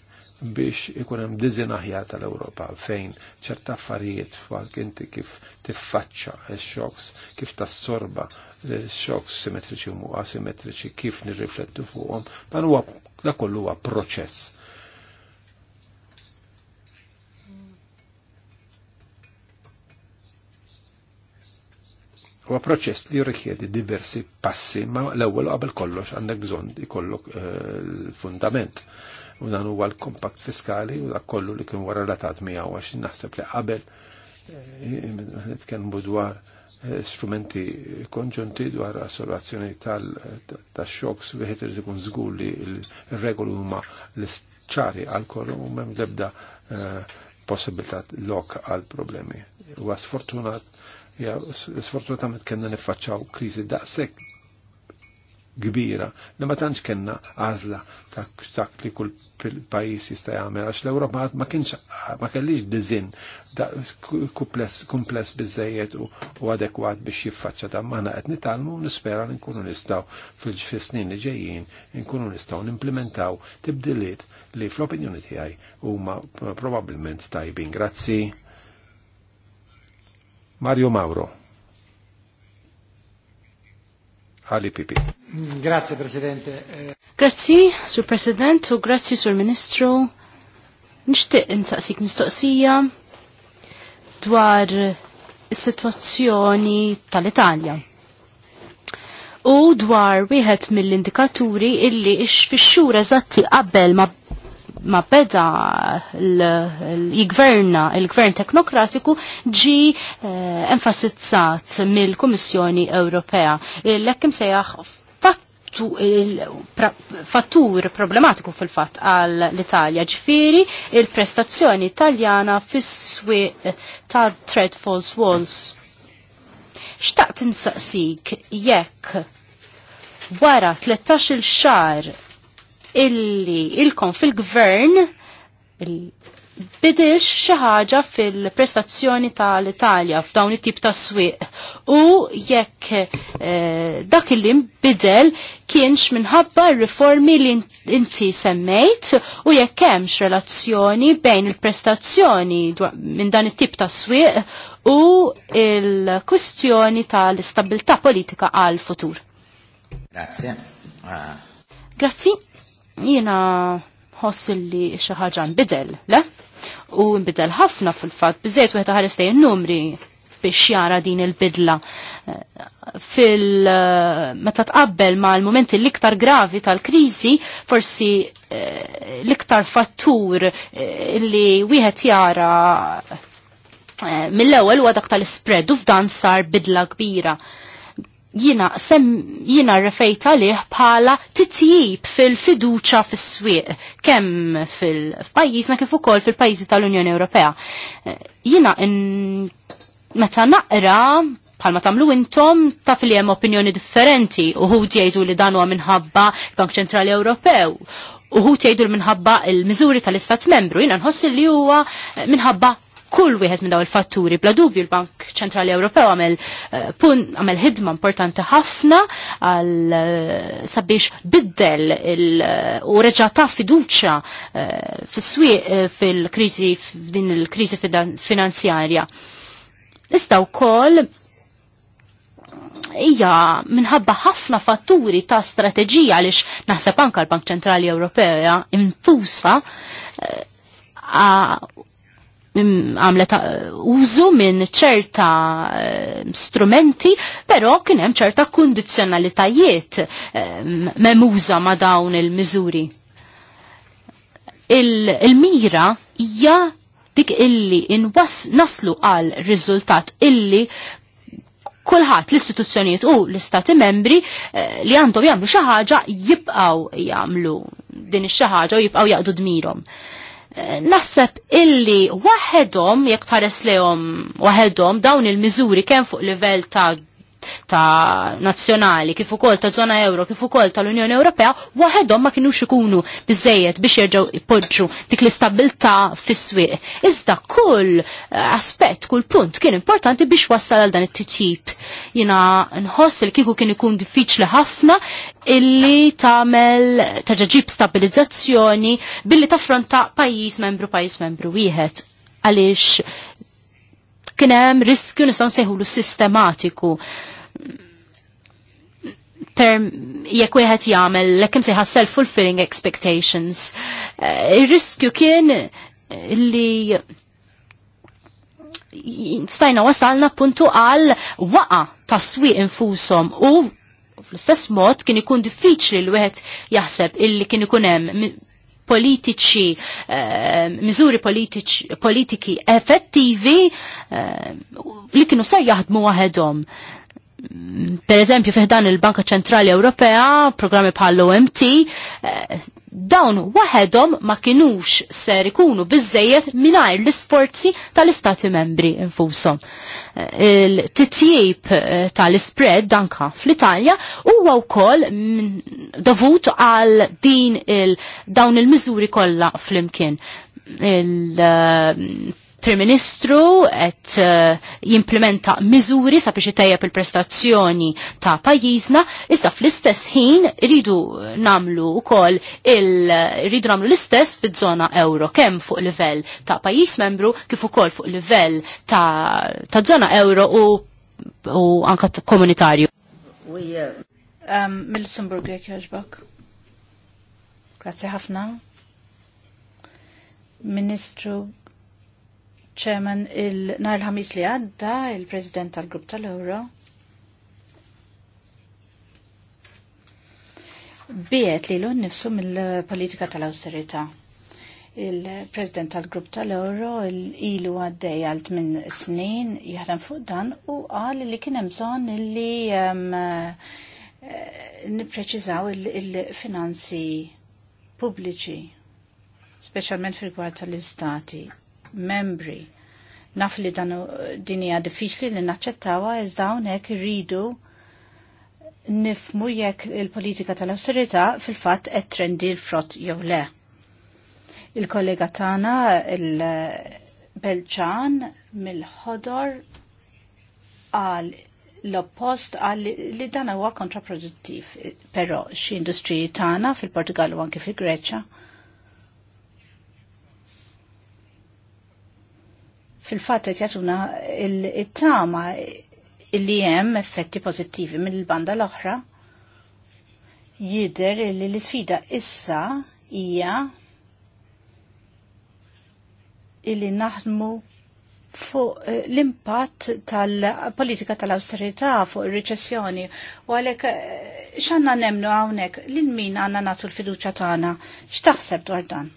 biex ikun hemm diżin aħjar tal-Ewropa fejn ċerta affarijiet fuq inti kif tiffaċċa x-xoks, kif tassorba l-xok simmetriċi u muqa simmetriċi kif nirriflettu fuqhom, dan huwa da kollu huwa proċess. Huwa proċess li jirrikjedi diversi passi, ma l-ewwel qabel kollox għandek bżonn ikollok eh, l-fundament. U dan huwa l-kompakt fiskali u dak kollu li kien wara relatat miegħu għax naħseb li qabel eh, nitkellmu dwar Eh, strumenti konġunti dwar assolvazzjoni tal-xoks li ħeter ikun żgur li l-regoli huma l-ċari għal korru u mem lebda eh, possibilità lok għal problemi. U sfortunat, sfortunatament kena nifacċaw krizi daqsek kbira li ma tantx kellna għażla tak li kull pajjiż jista' jagħmel għax l-Ewropa ma kienx ma kellix diżin kumpless biżejjed u adekwat biex jiffaċċja ta' maħna qed nitalmu nispera li nkunu nistgħu fil-snin li ġejjin nkunu nistgħu nimplementaw tibdiliet li fl-opinjoni tiegħi huma probabbilment tajbin. Grazzi. Mario Mauro. Grazie, Presidente. Grazzi, Sur President, u grazzi, Sur Ministru. Nishtiq insaqsik mistoqsija dwar is-sitwazzjoni tal-Italja. U dwar wieħed mill-indikaturi illi ix-fixxura eżatti qabel ma ma beda l-gverna, il-gvern teknokratiku ġi eh, enfasizzat mill-Komissjoni Ewropea. L-ekkim sejaħ fattur problematiku fil-fat għal l-Italja ġifiri il-prestazzjoni italjana fis-swi eh, ta' Thread Falls Walls. Xtaqt insaqsik jekk wara 13 il xar illi ilkom fil-gvern bidix xi ħaġa fil-prestazzjoni tal-Italja f'dawn it-tip ta' swiq u jekk eh, dak li bidel kienx minħabba riformi li inti semmejt u jekk hemmx relazzjoni bejn il-prestazzjoni minn dan it-tip ta' swiq u il-kwistjoni tal-istabilità politika għal futur. Grazie. Ah. Grazie. Jiena ħoss li xi ħaġa nbidel, le? U nbidel ħafna fil-fatt, għet wieħed n numri biex jara din il-bidla fil meta tqabbel ma l-momenti l-iktar gravi tal-krizi forsi eh, l-iktar fattur eh, li wieħed jara eh, mill-ewwel huwa dak tal-spread u f'dan sar bidla kbira jina, sem, jina rrefejta liħ bħala titjib fil-fiduċa fil-swieq, kem fil-pajizna kif ukoll fil-pajizi tal-Unjoni Ewropea. Eh, jina, in, meta naqra bħalma tamlu intom taf li hemm opinjoni differenti uħud jgħidu li dan huwa minħabba Bank Ċentrali Ewropew uħud jgħidu minħabba il-miżuri tal-Istat Membru, jina nħossi li huwa minħabba kull wieħed minn daw il-fatturi. Bla dubju l-Bank Ċentrali Ewropew għamel eh, pun ħidma importanti ħafna għal eh, sabiex biddel eh, u reġa' ta' fiduċja fis-swieq fil-kriżi f'din il-kriżi finanzjarja. Issa wkoll hija minħabba ħafna fatturi ta' strateġija għaliex naħseb anka l-Bank Ċentrali Ewropea infusa Mm, għamlet uh, użu minn ċerta uh, strumenti, però kien hemm ċerta kundizzjonalitajiet um, memuża ma' dawn il-miżuri. Il-mira hija dik illi inwas naslu għal riżultat illi kulħadd l-istituzzjonijiet u l-istati membri eh, li għandhom jagħmlu xi ħaġa jibqgħu jagħmlu din ix-xi ħaġa u jibqgħu jaqdu dmirhom. Nasseb illi waħedhom jekk tħares waħedhom dawn il-miżuri kemm fuq livell ta' ta' nazzjonali kif ukoll ta' zona euro kif ukoll tal-Unjoni Ewropea waħedhom ma kinux ikunu biżejjed biex jerġgħu ipoġġu dik l-istabilità fis-swieq. Iżda kull eh, aspett, kull punt kien importanti biex wassal għal dan it-titjib. Jiena nħoss il kieku kien ikun diffiċli ħafna illi tagħmel ġib stabilizzazzjoni billi taffronta pajjiż membru pajjiż membru wieħed għaliex kien hemm riskju nistgħu nsejħulu sistematiku. sistematiku jekk wieħed jagħmel l-kem seħa self-fulfilling expectations. Eh, ir-riskju kien li stajna wasalna puntu għal waqa tas-swieq infushom u fl-istess mod kien ikun diffiċli l wieħed jaħseb illi kien ikun hemm politiċi, eh, miżuri miżuri politiki effettivi eh, li kienu ser jaħdmu waħedhom per eżempju fiħdan il-Banka Ċentrali Ewropea, programmi bħal OMT, eh, dawn waħedhom ma kinux ser ikunu biżejjed mingħajr l-isforzi tal-istati membri infushom. Eh, il-titjib eh, tal-spread danka fl-Italja huwa wkoll dovut għal din il dawn il-miżuri kollha flimkien il Prim Ministru qed eh, jimplementa miżuri sabiex itejjeb il-prestazzjoni ta' pajjiżna, iżda fl-istess ħin rridu namlu u kol rridu namlu l-istess fiż-żona euro kemm fuq livell ta' pajjiż membru kif ukoll fuq livell ta', ta żona euro u u anka komunitarju. mil sumburg jek jaġbak. Grazie ħafna. Ministru Chairman, il-nar il-ħamis li għadda il-President tal-Grupp tal-Euro biet li l-un nifsu mill-politika tal-austerita. Il-President tal-Grupp tal-Euro il-ilu għaddej għal minn snin jaħdem fuq dan u għal li kien hemm bżonn li um, eh, nipreċizaw il-finanzi pubbliċi, specialment fil-gwar tal-istati membri. Naf li danu dinija diffiċli li naċċettawa iżda hawnhekk irridu nifmu jekk il-politika tal-awsterità fil-fatt qed trendi l-frott jew le. Il-kollega tagħna il-Belġan mill-ħodor għal l-oppost għal li dan huwa kontraproduttiv, però xi industriji tagħna fil-Portugal u anke fil-Greċja fil-fatt qed jagħtuna il-tama illi hemm effetti pożittivi mill-banda l-oħra jidher li l-isfida issa hija illi naħdmu fuq eh, l-impatt tal-politika tal-austerità fuq il-reċessjoni u għalek eh, xanna nemnu għawnek l-min għanna natu l-fiduċa tagħna x'taħseb dwar dan?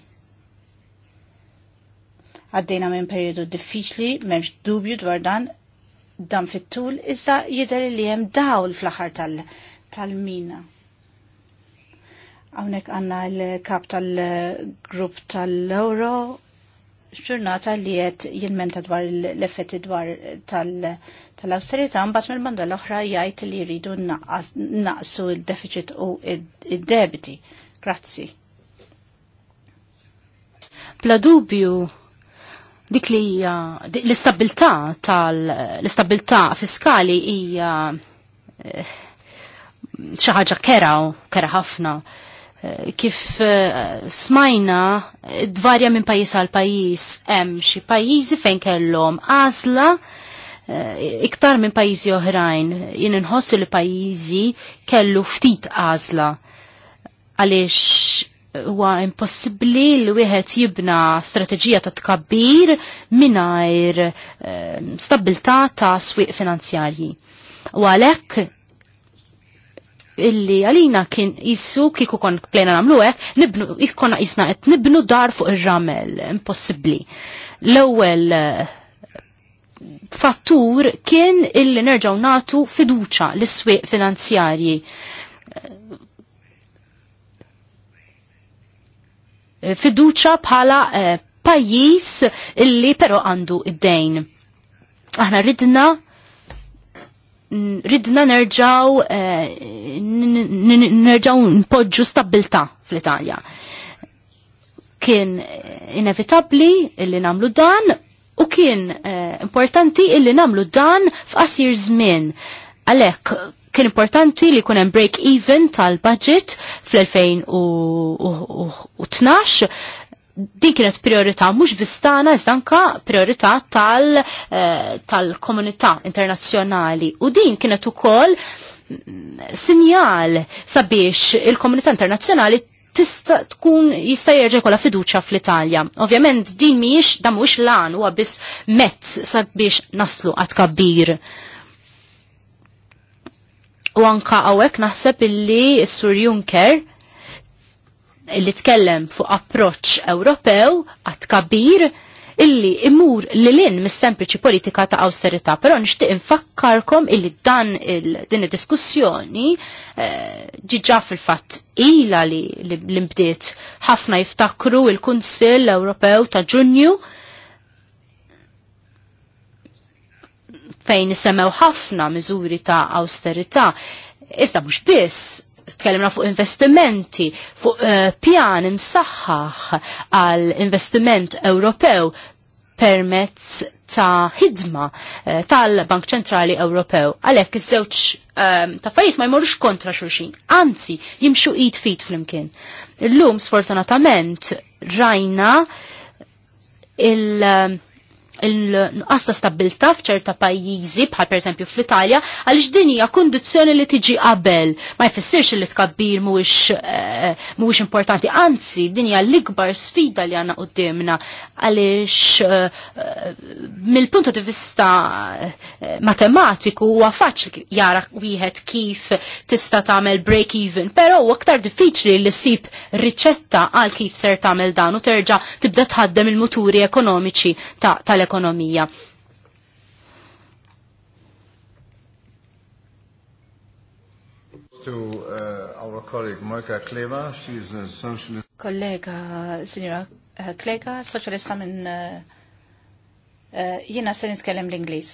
Għaddejna minn periodu diffiċli, memx dubju dwar dan, dan fit-tul, iżda jidher li hemm dawl fl-aħħar tal-mina. Għawnek Hawnhekk għandna l-kap tal-grupp tal loro ġurnata li qed jilmenta dwar l-effetti dwar tal austerita tal mbagħad mill manda l-oħra jgħid li jridu naqsu il-deficit u id-debiti. Grazzi. Bla dubju dik li hija l-istabilità tal-istabilità fiskali hija eh, xi ħaġa kera u kera ħafna eh, kif eh, smajna dvarja minn pajis għal pajis hemm xi pajjiżi fejn kellhom għażla iktar minn pajjiżi oħrajn jien inħossu li pajjiżi kellu ftit għażla għaliex huwa impossibbli li wieħed jibna strateġija ta' tkabbir mingħajr ehm, stabilità ta' swieq finanzjarji. U għalhekk illi għalina kien jissu kiku kon plena namlu għek, nibnu, jiskona jisna għet nibnu dar fuq il-ramel, impossibli. L-ewel eh, fattur kien illi nerġaw natu fiduċa l swieq finanzjarji fiduċa bħala eh, pajis illi pero għandu id-dejn. Aħna ridna ridna nerġaw eh, nerġaw npoġġu stabilta fl-Italja. Kien eh, inevitabli illi namlu dan u kien importanti illi namlu dan f'qasir żmien. għalhekk kien importanti li kunem break even tal-budget fl-2012 din kienet priorità mhux bistana iżdanka priorità eh, tal-komunità tal internazzjonali u din kienet ukoll mm, sinjal sabiex il-komunità internazzjonali tista' tkun jista' jerġa' jkollha fiduċja fl-Italja. Ovvjament din mhijiex dan mhuwiex lan huwa biss mezz sabiex naslu għad kabbir. U anka għawek naħseb illi s-Sur Juncker illi tkellem fuq approċ Ewropew għat kabir illi imur li l-in mis-sempliċi politika ta' austerita, però nixtieq infakkarkom illi dan din id-diskussjoni eh, ġiġa fil-fatt ila li l-imbdiet ħafna jiftakru il-Kunsill Ewropew ta' Ġunju fejn semmew ħafna miżuri ta' austerità. Iżda mhux biss, tkellimna fuq investimenti, fuq uh, pjan imsaħħaħ għal investiment Ewropew permezz ta' ħidma uh, tal-Bank Ċentrali Ewropew. Għalhekk iż-żewġ um, eh, ta' affarijiet ma jmorux kontra xulxin, anzi jimxu id fit flimkien. Illum sfortunatament rajna il- il-nuqqas ta' stabilta f'ċerta pajjiżi bħal pereżempju fl-Italja għaliex din hija kundizzjoni li tiġi qabel ma jfissirx li tkabbir mhuwiex eh, mhuwiex importanti anzi din hija l-ikbar sfida li għandna qudiemna għaliex eh, mill punto di vista eh, matematiku huwa faċli jara wieħed kif tista' tagħmel break even, però huwa aktar diffiċli li ssib riċetta għal kif ser tagħmel dan u terġa' tibda tħaddem il-muturi ekonomiċi tal l-ekonomija. To uh, our colleague Moika Kleva, she's a socialist. Kollega, signora uh, Klega, soċjalista minn uh, uh jiena se nitkellem l inglis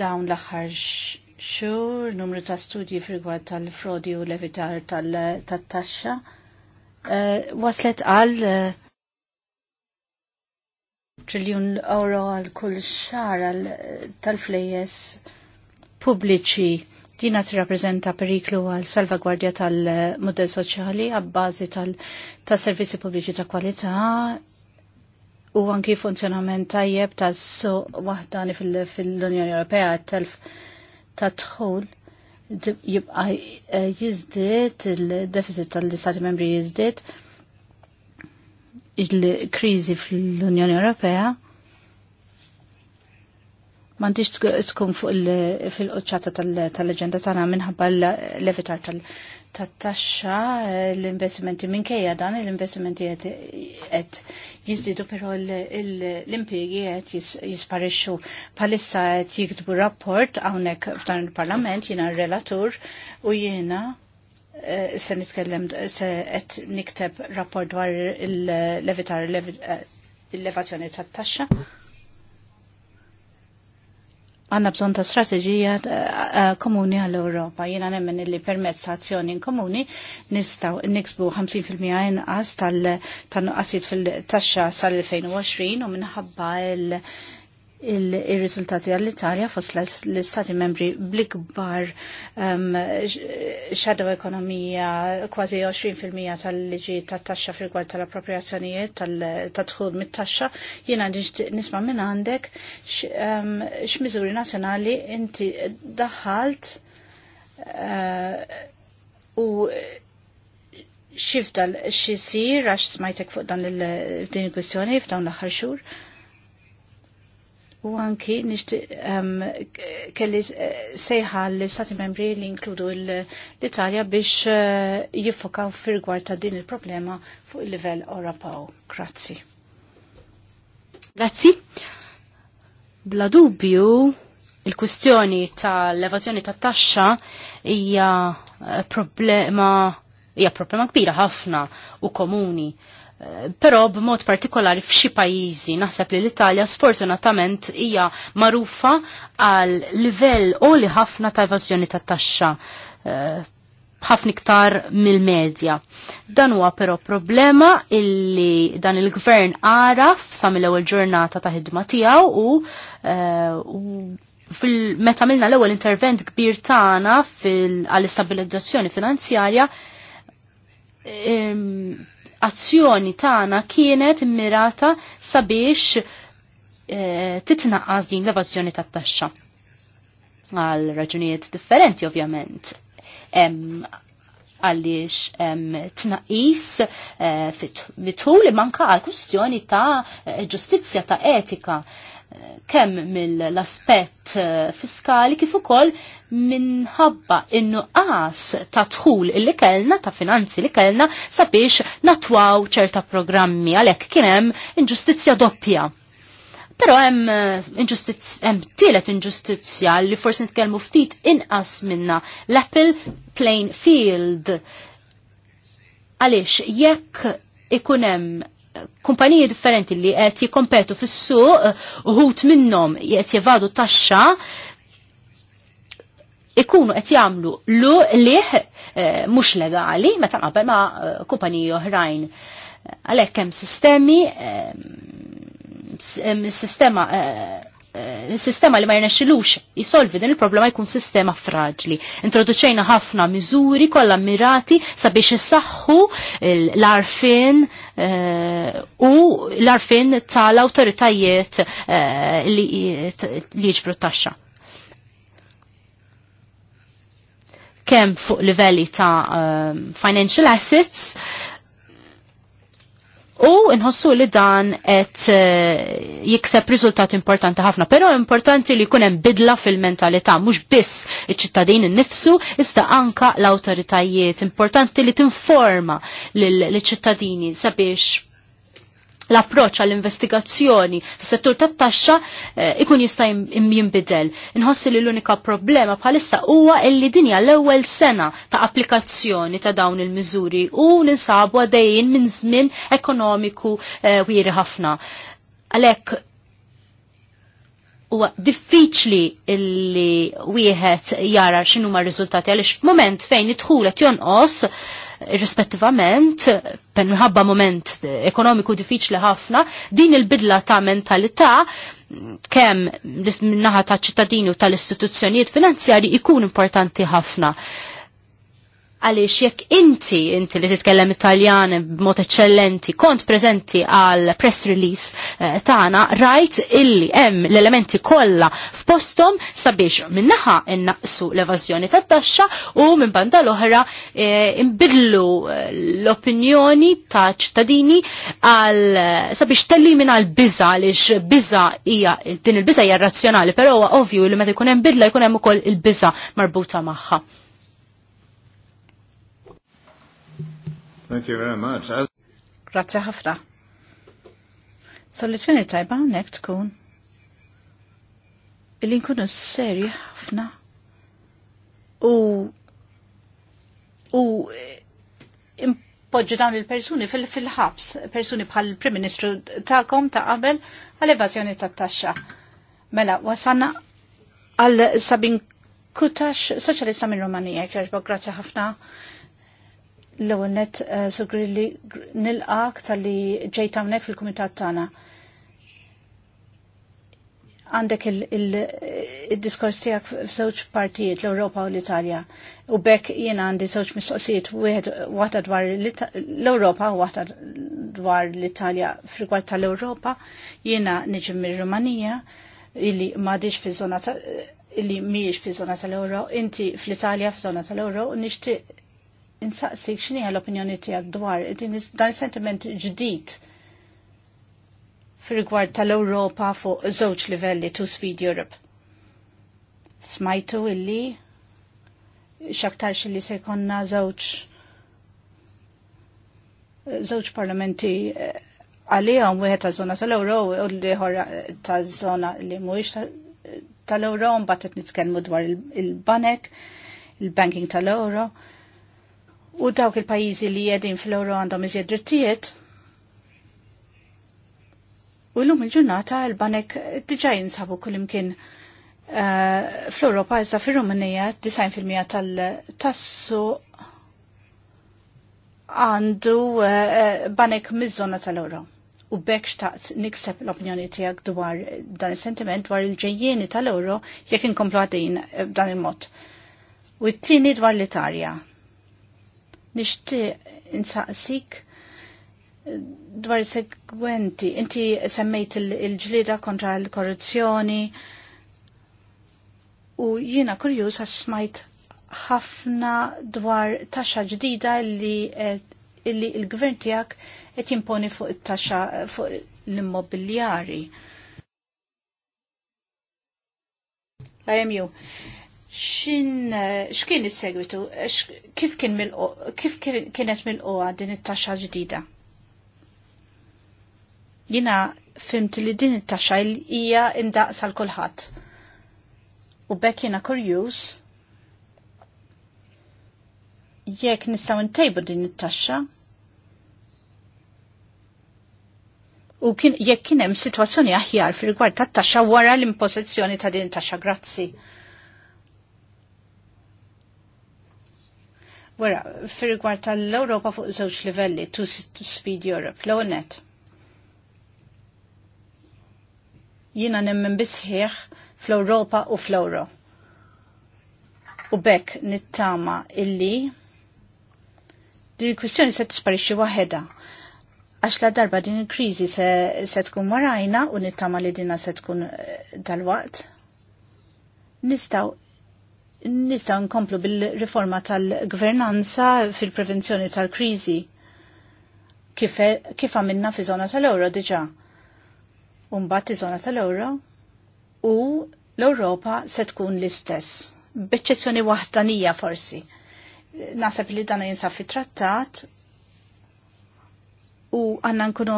Dawn l-aħħar xur, numru ta' studji frigwa tal-frodi u levitar tal-taxxa uh, waslet għal triljun euro għal kull xar tal-flejes pubbliċi dina t-rapprezenta periklu għal salvagwardja tal model soċjali għabbażi tal-servizzi pubbliċi ta' kwalità u anki funzjonament tajjeb ta' so wahdani fil-Unjoni Ewropea telf ta' tħol jibqa jizdiet il-deficit tal-Istati membri jizdiet il-krizi fl-Unjoni Ewropea mandiġ tkun fuq fil qċata tal-leġenda tagħna minħabba l-levitar tat-taxxa l-investimenti kejja dan l-investimenti qed jiżdiedu però l impjegi qed jisparixxu bħalissa qed jiktbu rapport hawnhekk f'dan il-Parlament jiena r-relatur u jiena Eh, se nitkellem se qed nikteb rapport dwar il-levitar eh, il-levazzjoni tat-taxxa. Għanna bżon ta' strateġija eh, komuni għall-Europa. Jena nemmen li permezz ta' azzjoni komuni nistaw niksbu 50% inqas tal-nuqqasit fil-taxxa sal-2020 u minħabba il- il-rizultati għall-Italja fost l-Istati membri bl-ikbar um, ekonomija kważi 20% tal-liġi tat-taxxa fil gwar tal-appropriazzjonijiet tal-tadħul mit-taxxa jiena nisma minn għandek um, x'miżuri mizuri nazzjonali inti daħalt uh, u xifdal x-sir għax smajtek fuq dan il-din il-kwistjoni f'dawn l-aħħar xur. U anki nishtiq um, kelli sejħa l-Stati membri li inkludu l-Italja biex uh, jiffokaw fil ta' din il-problema fuq il-livell Europaw. Grazzi. Grazzi. Bla dubju, il ta' tal-evazjoni ta' taxxa hija eh, problema hija problema kbira ħafna u komuni però b'mod partikolari f'xi pajjiżi naħseb li l-Italja sfortunatament hija marufa għal livell oli ħafna ta' evażjoni ta' taxxa eh, ħafna iktar mill-medja. Dan huwa però problema illi dan il-gvern għaraf sa mill-ewwel ġurnata ta' ħidma tiegħu u, eh, meta milna l-ewwel intervent kbir tagħna għall-istabilizzazzjoni finanzjarja ehm, azzjoni tagħna kienet mirata sabiex eh, titnaqqas din l-evazzjoni tat-taxxa. Għal raġunijiet differenti ovvjament. Għaliex tnaqis eh, fit-tul manka għal kustjoni ta' eh, ġustizzja ta' etika kemm mill-aspett eh, fiskali kif ukoll minħabba in-nuqqas ta' tħul li kellna ta' finanzi li kellna sabiex natwaw ċerta programmi għalhekk kien hemm inġustizzja doppja. Pero hemm eh, hemm tielet inġustizzja li forsi nitkellmu ftit inqas minna l-Apple Plain Field. Għaliex jekk ikun hemm kumpaniji differenti li qed jikkompetu fis-suq uħut minnhom qed jevadu taxxa ikunu qed jagħmlu lu liħ eh, mhux legali meta qabel ma' eh, kumpaniji oħrajn. Għalhekk hemm sistemi eh, sistema Eh, sistema li ma jirnexxilux jisolvi din il-problema jkun sistema fraġli. Introduċejna ħafna miżuri kollha mirati sabiex issaħħu l-arfin eh, u l-arfin tal-awtoritajiet eh, li jiġbru taxxa. Kemm fuq livelli ta' financial assets, U nħossu li dan qed eh, jikseb rizultat importanti ħafna, però importanti li jkun hemm bidla fil-mentalità mhux biss iċ ċittadini nifsu, iżda anka l-awtoritajiet importanti li tinforma l ċittadini sabiex l-approċ għall-investigazzjoni fis-settur tat-taxxa eh, ikun jista' jinbidel. Inħossi li l-unika problema bħalissa huwa illi dinja l-ewwel sena ta' applikazzjoni ta' dawn il-miżuri u ninsabu għadejjin minn żmien ekonomiku eh, wieri ħafna. Għalhekk huwa diffiċli illi wieħed jara x'inhuma r riżultati għaliex f'mument fejn idħulet jonqos rispettivament, per minħabba moment ekonomiku diffiċli ħafna, din il-bidla ta' mentalità kemm minnaħa ta' ċittadini u tal-istituzzjonijiet finanzjari ikun importanti ħafna għaliex jekk inti, inti li titkellem Italjan b'mod eċċellenti, kont preżenti għal press release uh, tagħna, rajt illi hemm l-elementi kollha f'postom sabiex minnaħa innaqsu l-evażjoni tat-taxxa u minn banda l-oħra eh, imbidlu eh, l-opinjoni ta' ċittadini għal eh, sabiex tellimina l-biża għaliex biża hija din il-biża hija razzjonali, però ovvju li meta jkun hemm bidla jkun hemm ukoll il-biża marbuta magħha. Thank you very much. Grazie ħafna. Soluzzjoni tajba hawnhekk tkun illi nkunu seri ħafna u u impoġġu dan il-persuni fil-ħabs, persuni bħal prim Ministru ta'kom ta' qabel għal evazjoni ta' taxxa. Mela, wasanna għal Sabin Kutax, soċjalista minn Romanija, kjerġbog, grazie ħafna L-ewwel eh, sugri li nil-għak tal-li ġejt hawnhekk fil-kumitat tagħna. Għandek il-diskors tiegħek f'żewġ partijiet l-Ewropa u l-Italja. U bekk jiena għandi żewġ mistoqsijiet wieħed waħda dwar l-Ewropa u għata dwar l-Italja frigward tal-Ewropa. Jiena niġi mir-Rumanija illi m'għadix fi żona fi zona tal-euro, inti fl-Italja fil zona tal-euro, nishti insaqsik x'inhi l-opinjoni tiegħek dwar dan sentiment ġdid fir-rigward tal-Ewropa fuq żewġ livelli tu Speed Europe. Smajtu illi x'aktarx illi se jkollna żewġ żewġ parlamenti eh, għalihom wieħed ta' żona tal euro u l-ieħor ta' żona li mhuwiex tal euro mbagħad qed nitkellmu dwar il-banek, il-banking tal-Ewro. il banking tal euro il u dawk il-pajizi li jedin fl-euro għandhom iżjed drittijiet. U l-lum il-ġurnata il-banek diġa jinsabu kull-imkien uh, fl-Europa iżda fil-Rumunija 90% tal-tassu għandu uh, banek mizzona tal-euro. U bekk xtaqt nikseb l-opinjoni tijak dwar dan il-sentiment dwar il-ġejjeni tal-euro jekk inkomplu għadin eh, dan il-mod. U t-tini dwar l-Italja Nixtieq insaqsik dwar segwenti, inti semmejt il-ġlida kontra l-korruzzjoni u jiena kurjus għax smajt ħafna dwar taxxa ġdida li il-gvern tiegħek qed jimponi fuq it-taxxa fuq l-immobiljari. La xin, eh, xkien il-segwitu, eh, kif, kien mil kif kienet mil-qoa din it-taxxa ġdida? Jina fimt li din it-taxxa hija indaqsa l-kulħadd. U bekk jiena kurjuż jekk nistgħu ntejbu din it-taxxa. U jekk kien hemm sitwazzjoni aħjar fir-rigward tat-taxxa wara l-impożizzjoni ta' din it-taxxa, grazzi. Wara, fir-rigward tal europa fuq żewġ livelli, to Speed Europe, l net. Jiena nemmen bisħieħ fl-Ewropa u fl-Euro. U bekk nittama illi din il-kwistjoni se tisparixxi waħedha. Għax la darba din il-kriżi se, se tkun warajna u nittama li dina se tkun tal eh, waqt Nistaw nista' nkomplu bil-riforma tal-gvernanza fil-prevenzjoni tal-kriżi kif e- għamilna fi zona tal-euro diġa. Umbat iż zona tal-euro u l-Ewropa se tkun l-istess. B'eċċezzjoni wahdanija forsi. Nasab li dan jinsab fi trattat u għanna nkunu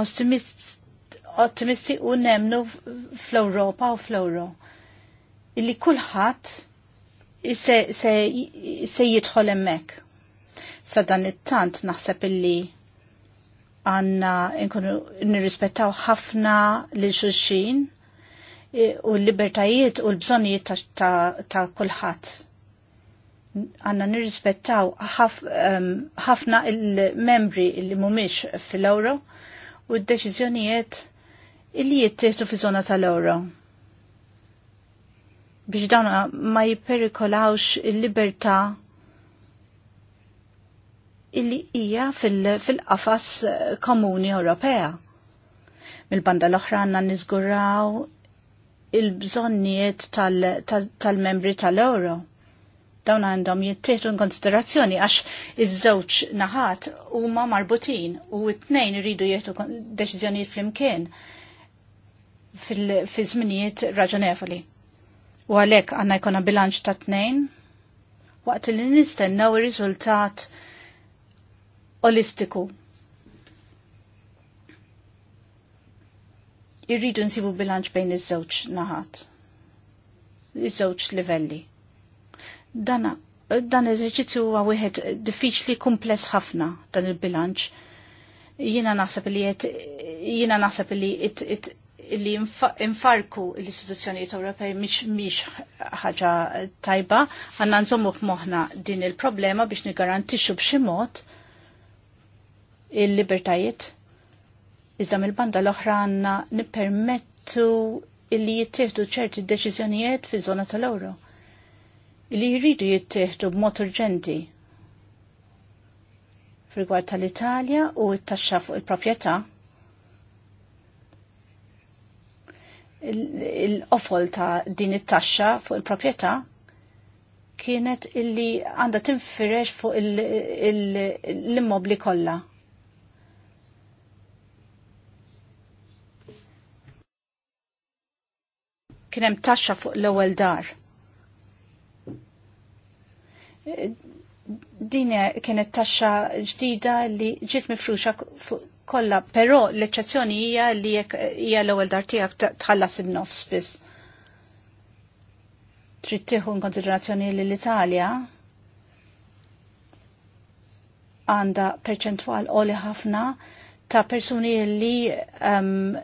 ottimisti u nemnu fl-Ewropa u fl-Euro. Illi kulħadd se, se, se jidħol emmek. Sa dan it-tant naħseb illi għanna nkunu nirrispettaw ħafna lil xulxin e, u l-libertajiet u l-bżonijiet ta', ta, ta kulħadd. Għanna nirrispettaw ħafna um, il-membri li mumiex fil ewro u d-deċizjonijiet illi jittieħdu fi zona tal-euro biex dawn ma jiperikolawx il-libertà illi hija fil-qafas fil komuni Ewropea. Mil-banda l-oħra għanna nizguraw il-bżonniet tal-membri tal tal-Euro. Dawn għandhom jittieħdu konsiderazzjoni għax iż-żewġ naħat huma marbutin u t-tnejn iridu jieħdu deċiżjonijiet flimkien fil-żminijiet raġonevoli. U għalek għanna jkona bilanċ ta' tnejn, waqt li nistennaw il-rizultat olistiku. Irridu nsibu bilanċ bejn iż-żewġ naħat, iż-żewġ livelli. Dana, dan eżerċizzju huwa wieħed diffiċli kumpless ħafna dan il-bilanċ. Jiena naħseb li jiena naħseb li it, it li infarku l-istituzzjonijiet Ewropej mhix ħaġa tajba, għandna nżommu f'moħħna din il-problema biex nigarantixxu b'xi mod il-libertajiet. Iżda mill-banda l-oħra għandna nippermettu li jittieħdu ċerti deċiżjonijiet fi żona tal-Ewro. Illi jridu jittieħdu b'mod urġenti f'rigward tal-Italja u t-taxxa fuq il-proprjetà l qofol ta' din it-taxxa fuq il-proprjetà kienet illi għandha tinfirex fuq l-immobli kollha. Kien hemm taxxa fuq l-ewwel dar. Din kienet taxxa ġdida li ġiet mifruxa fuq Kolla, però l-eċċezzjoni hija li hija l-ewwel dar tiegħek tħallas in-nofs biss. Trid tieħu konsiderazzjoni li l-Italja għandha perċentwal qoli ħafna ta' persuni li um,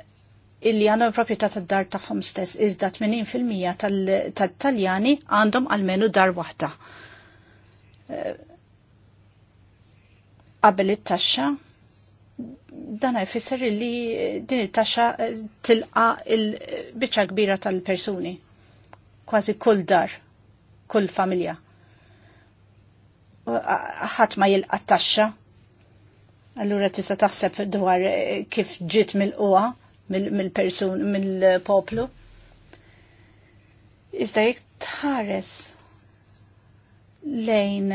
illi għandhom proprjetà tad-dar tagħhom stess iżda 80% tal-Taljani għandhom għalmenu dar waħda. Eh, qabel uh, it-taxxa dan jfisser li din it-taxxa eh, tilqa il-biċċa kbira tal-persuni. Kważi kull dar, kull familja. Eh, ħadd ma jilqa t Allura tista' taħseb dwar eh, kif ġiet mill qua mill-persun mill-poplu. Iżda jekk tħares lejn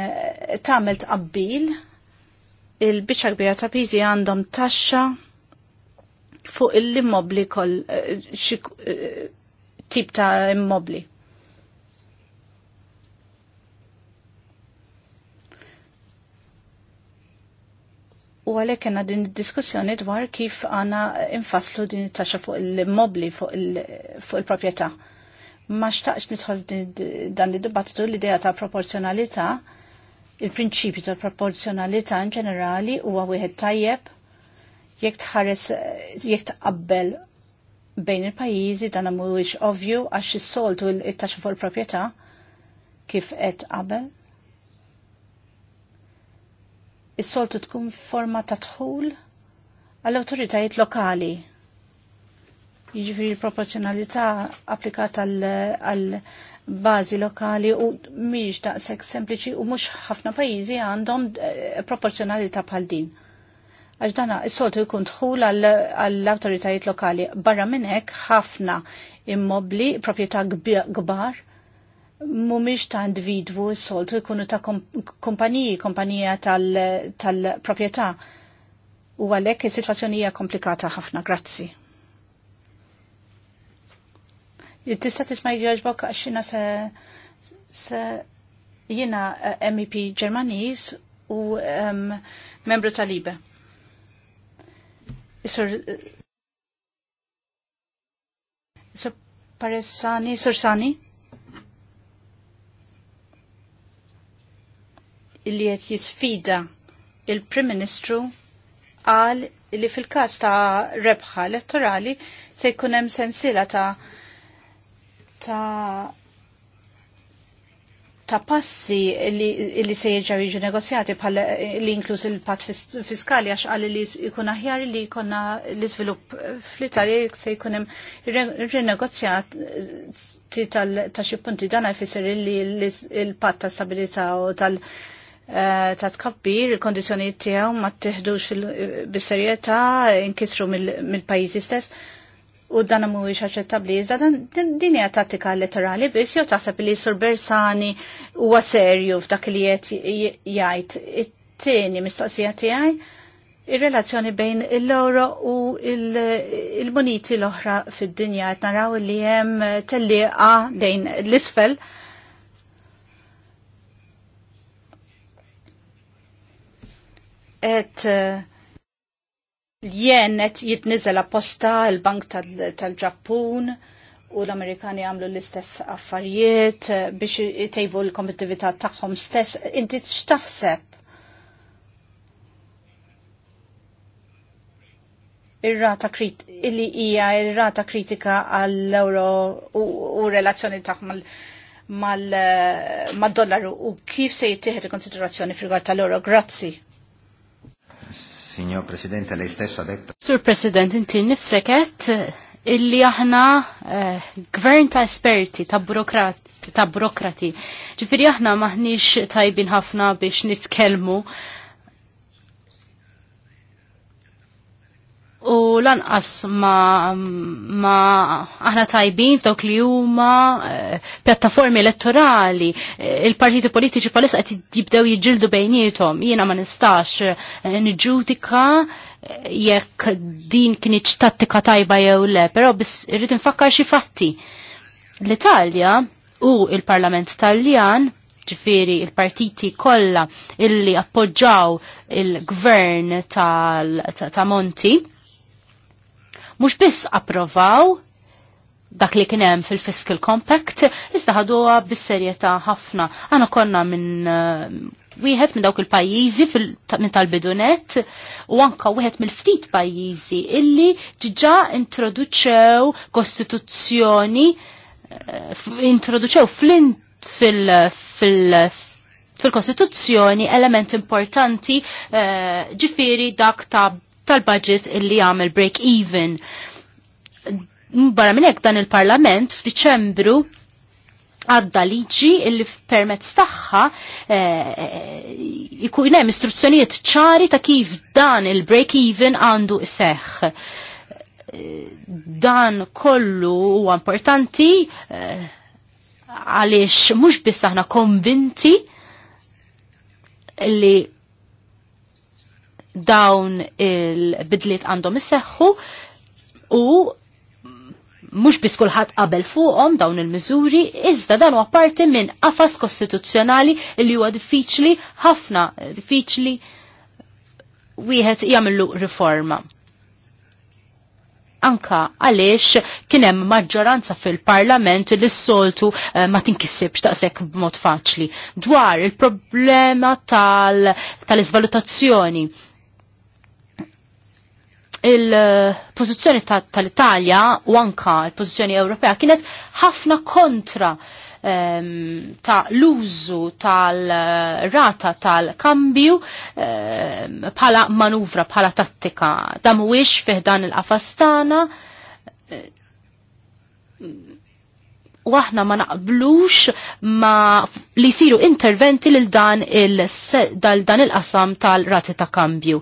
tagħmel tqabbil il bicċa kbira ta' Pizi għandhom taxxa fuq l-immobli kol eh, eh, tip ta' immobli. U għalek għanna din diskussjoni dwar kif għana infaslu din taxxa fuq l-immobli, fuq il-propieta. Ma xtaqx nidħol dan id-dibattitu l-ideja ta' proporzjonalità Il-prinċipju tal proporzjonalità ġenerali huwa wieħed tajjeb jekk tħares jekk tqabbel bejn il-pajjiżi dan mhuwiex ovvju għax is-soltu it-taxxa fuq il-proprjetà kif qed qabel. Is-soltu tkun forma ta' dħul għall-awtoritajiet lokali. Jiġifieri l proporzjonalità applikata għal bażi lokali u mhix daqshekk sempliċi u mhux ħafna pajjiżi għandhom eh, proporzjonalità bħal din. Għax dana s-soltu jkun dħul għall-autoritajiet lokali. Barra minn hekk ħafna immobli, proprjetà kbar, mumiex ta' individwu s-soltu jkunu ta' kumpaniji, kumpanija tal-proprjetà. u għalhekk is-sitwazzjoni hija komplikata ħafna. Grazzi. Tista tisma jogħġbok għax se, se jina eh, MEP Ġermaniż u membru tal-IBE. Isur Isur eh, Paressani, Isur Sani? Illi qed jisfida il-Prim Ministru għal li fil-każ ta' rebħa elettorali se jkun hemm sensiela ta' ta' ta' passi li, se jirġaw jiġu negozjati bħal li inkluż il-pat fiskali għax għalli li jkun aħjar li jkun l svilup fl-Italja se jkun hemm rinegozjat ta' xi punti dan jfisser li il pat ta' stabilità u tal- eh, ta' tkabbir, il-kondizjoni tiegħu ma tiħdux bis-serjetà inkisru mill-pajjiżi stess u dan mhuwiex aċċettabbli iżda din hija tattika elettorali biss jew taħseb li sur Bersani huwa serju f'dak li qed jgħid. It-tieni mistoqsija tiegħi ir-relazzjoni bejn il loro u il-muniti l-oħra fid-dinja qed naraw li hemm tellieqa dejn l-isfel. Et uh, l-jenet jitnizel apposta l-Bank tal-Ġappun u l-Amerikani għamlu l-istess affarijiet eh, biex jtejbu l-kompetitività tagħhom stess. Inti x'taħseb? Ir-rata kritika hija ir-rata kritika għall-euro u relazzjoni tagħhom mal-dollaru eh, u kif se jittieħed konsiderazzjoni fil-gwar tal-euro. Grazzi. Signor Presidente, lei stesso ha detto. Sur President, inti nifseket eh, illi aħna eh, gvern ta' esperti, ta' burokrati, ta' burokrati. Ġifiri aħna maħnix tajbin ħafna biex nitkelmu u lanqas ma, ma aħna tajbin f'dawk li huma eh, pjattaformi elettorali, eh, il-partiti politiċi palissa qed jibdew jiġildu bejniethom, jiena ma nistax eh, niġġudika jekk din kienieċ tattika tajba jew le, però biss irrid infakkar xi fatti. L-Italja u il-Parlament Taljan ġifiri il-partiti kollha illi appoġġaw il-gvern tal-Monti ta ta mhux biss approvaw dak li kien hemm fil-Fiscal Compact, iżda ħaduha bis-serjetà ħafna. Għana konna minn eh, wieħed minn dawk il-pajjiżi minn tal-bidunet u anka wieħed mill-ftit pajjiżi illi ġiġa introduċew kostituzzjoni eh, introduċew fil- fil-Kostituzzjoni element importanti eh, ġifiri dak ta' tal-budget illi jagħmel break-even. Barra minn hekk dan il-Parlament f'Diċembru għadda liġi illi f'permezz tagħha jkun eh, eh, hemm istruzzjonijiet ċari ta' kif dan il-break-even għandu seħħ. Eh, dan kollu huwa importanti għaliex mhux biss aħna konvinti li dawn il-bidliet għandhom isseħħu u mhux biss kulħadd qabel fuqhom dawn il-miżuri, iżda dan huwa parti minn qafas kostituzzjonali li huwa diffiċli ħafna diffiċli wieħed jagħmlu riforma. Anka għaliex kien hemm maġġoranza fil-Parlament li s-soltu eh, ma tinkissibx taqsek b'mod faċli dwar il-problema tal-iżvalutazzjoni. Tal il-pozizjoni tal-Italja u anka il-pozizjoni Ewropea kienet ħafna kontra um, ta' l-użu tal-rata tal-kambju ehm, bħala manuvra, bħala tattika. Dam mhuwiex fih dan il-qafastana u aħna ma naqblux ma li siru interventi lil dan il-qasam tal-rati ta' kambju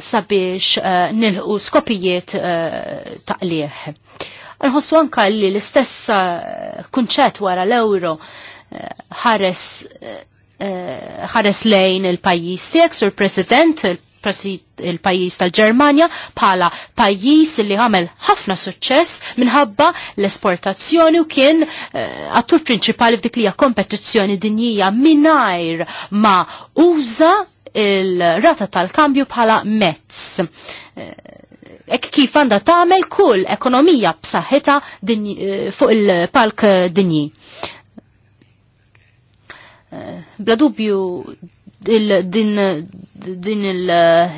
sabiex uh, nilħu skopijiet uh, taqlieħ. Nħossu anka li l-istess eh, kunċett wara l-euro ħares ħares lejn il-pajjiż tiegħek, sur President, il-pajjiż tal-Ġermanja bħala pajjiż li għamel ħafna suċċess minħabba l-esportazzjoni u kien attur prinċipali f'dik li hija kompetizzjoni dinjija mingħajr ma uża il-rata tal-kambju bħala mezz. Eh, ek kif għanda tagħmel kull ekonomija b'saħħitha eh, fuq il-palk dinji. Eh, bla dubju din, din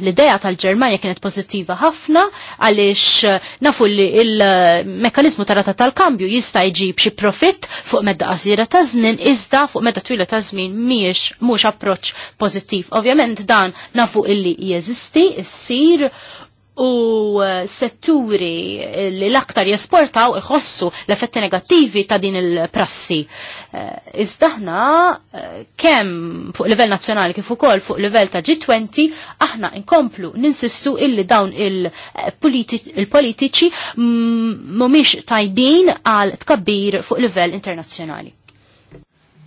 l-ideja tal-Ġermanja kienet pozittiva ħafna għaliex eh, nafu li il-mekanizmu eh, tarata tal-kambju jista' jġib xi profitt fuq medda qasira ta' żmien iżda fuq medda twila ta' żmien mhijiex mhux approċċ pożittiv. Ovvjament dan nafu illi jeżisti, issir u eh, setturi eh, li l-aktar jesportaw iħossu l-effetti negattivi ta' din il-prassi. Eh, Iżdaħna kem fuq livell nazzjonali kif ukoll fuq livell ta' G20 aħna inkomplu ninsistu illi dawn il-politiċi mm, mhumiex tajbin għal tkabbir fuq livell internazzjonali.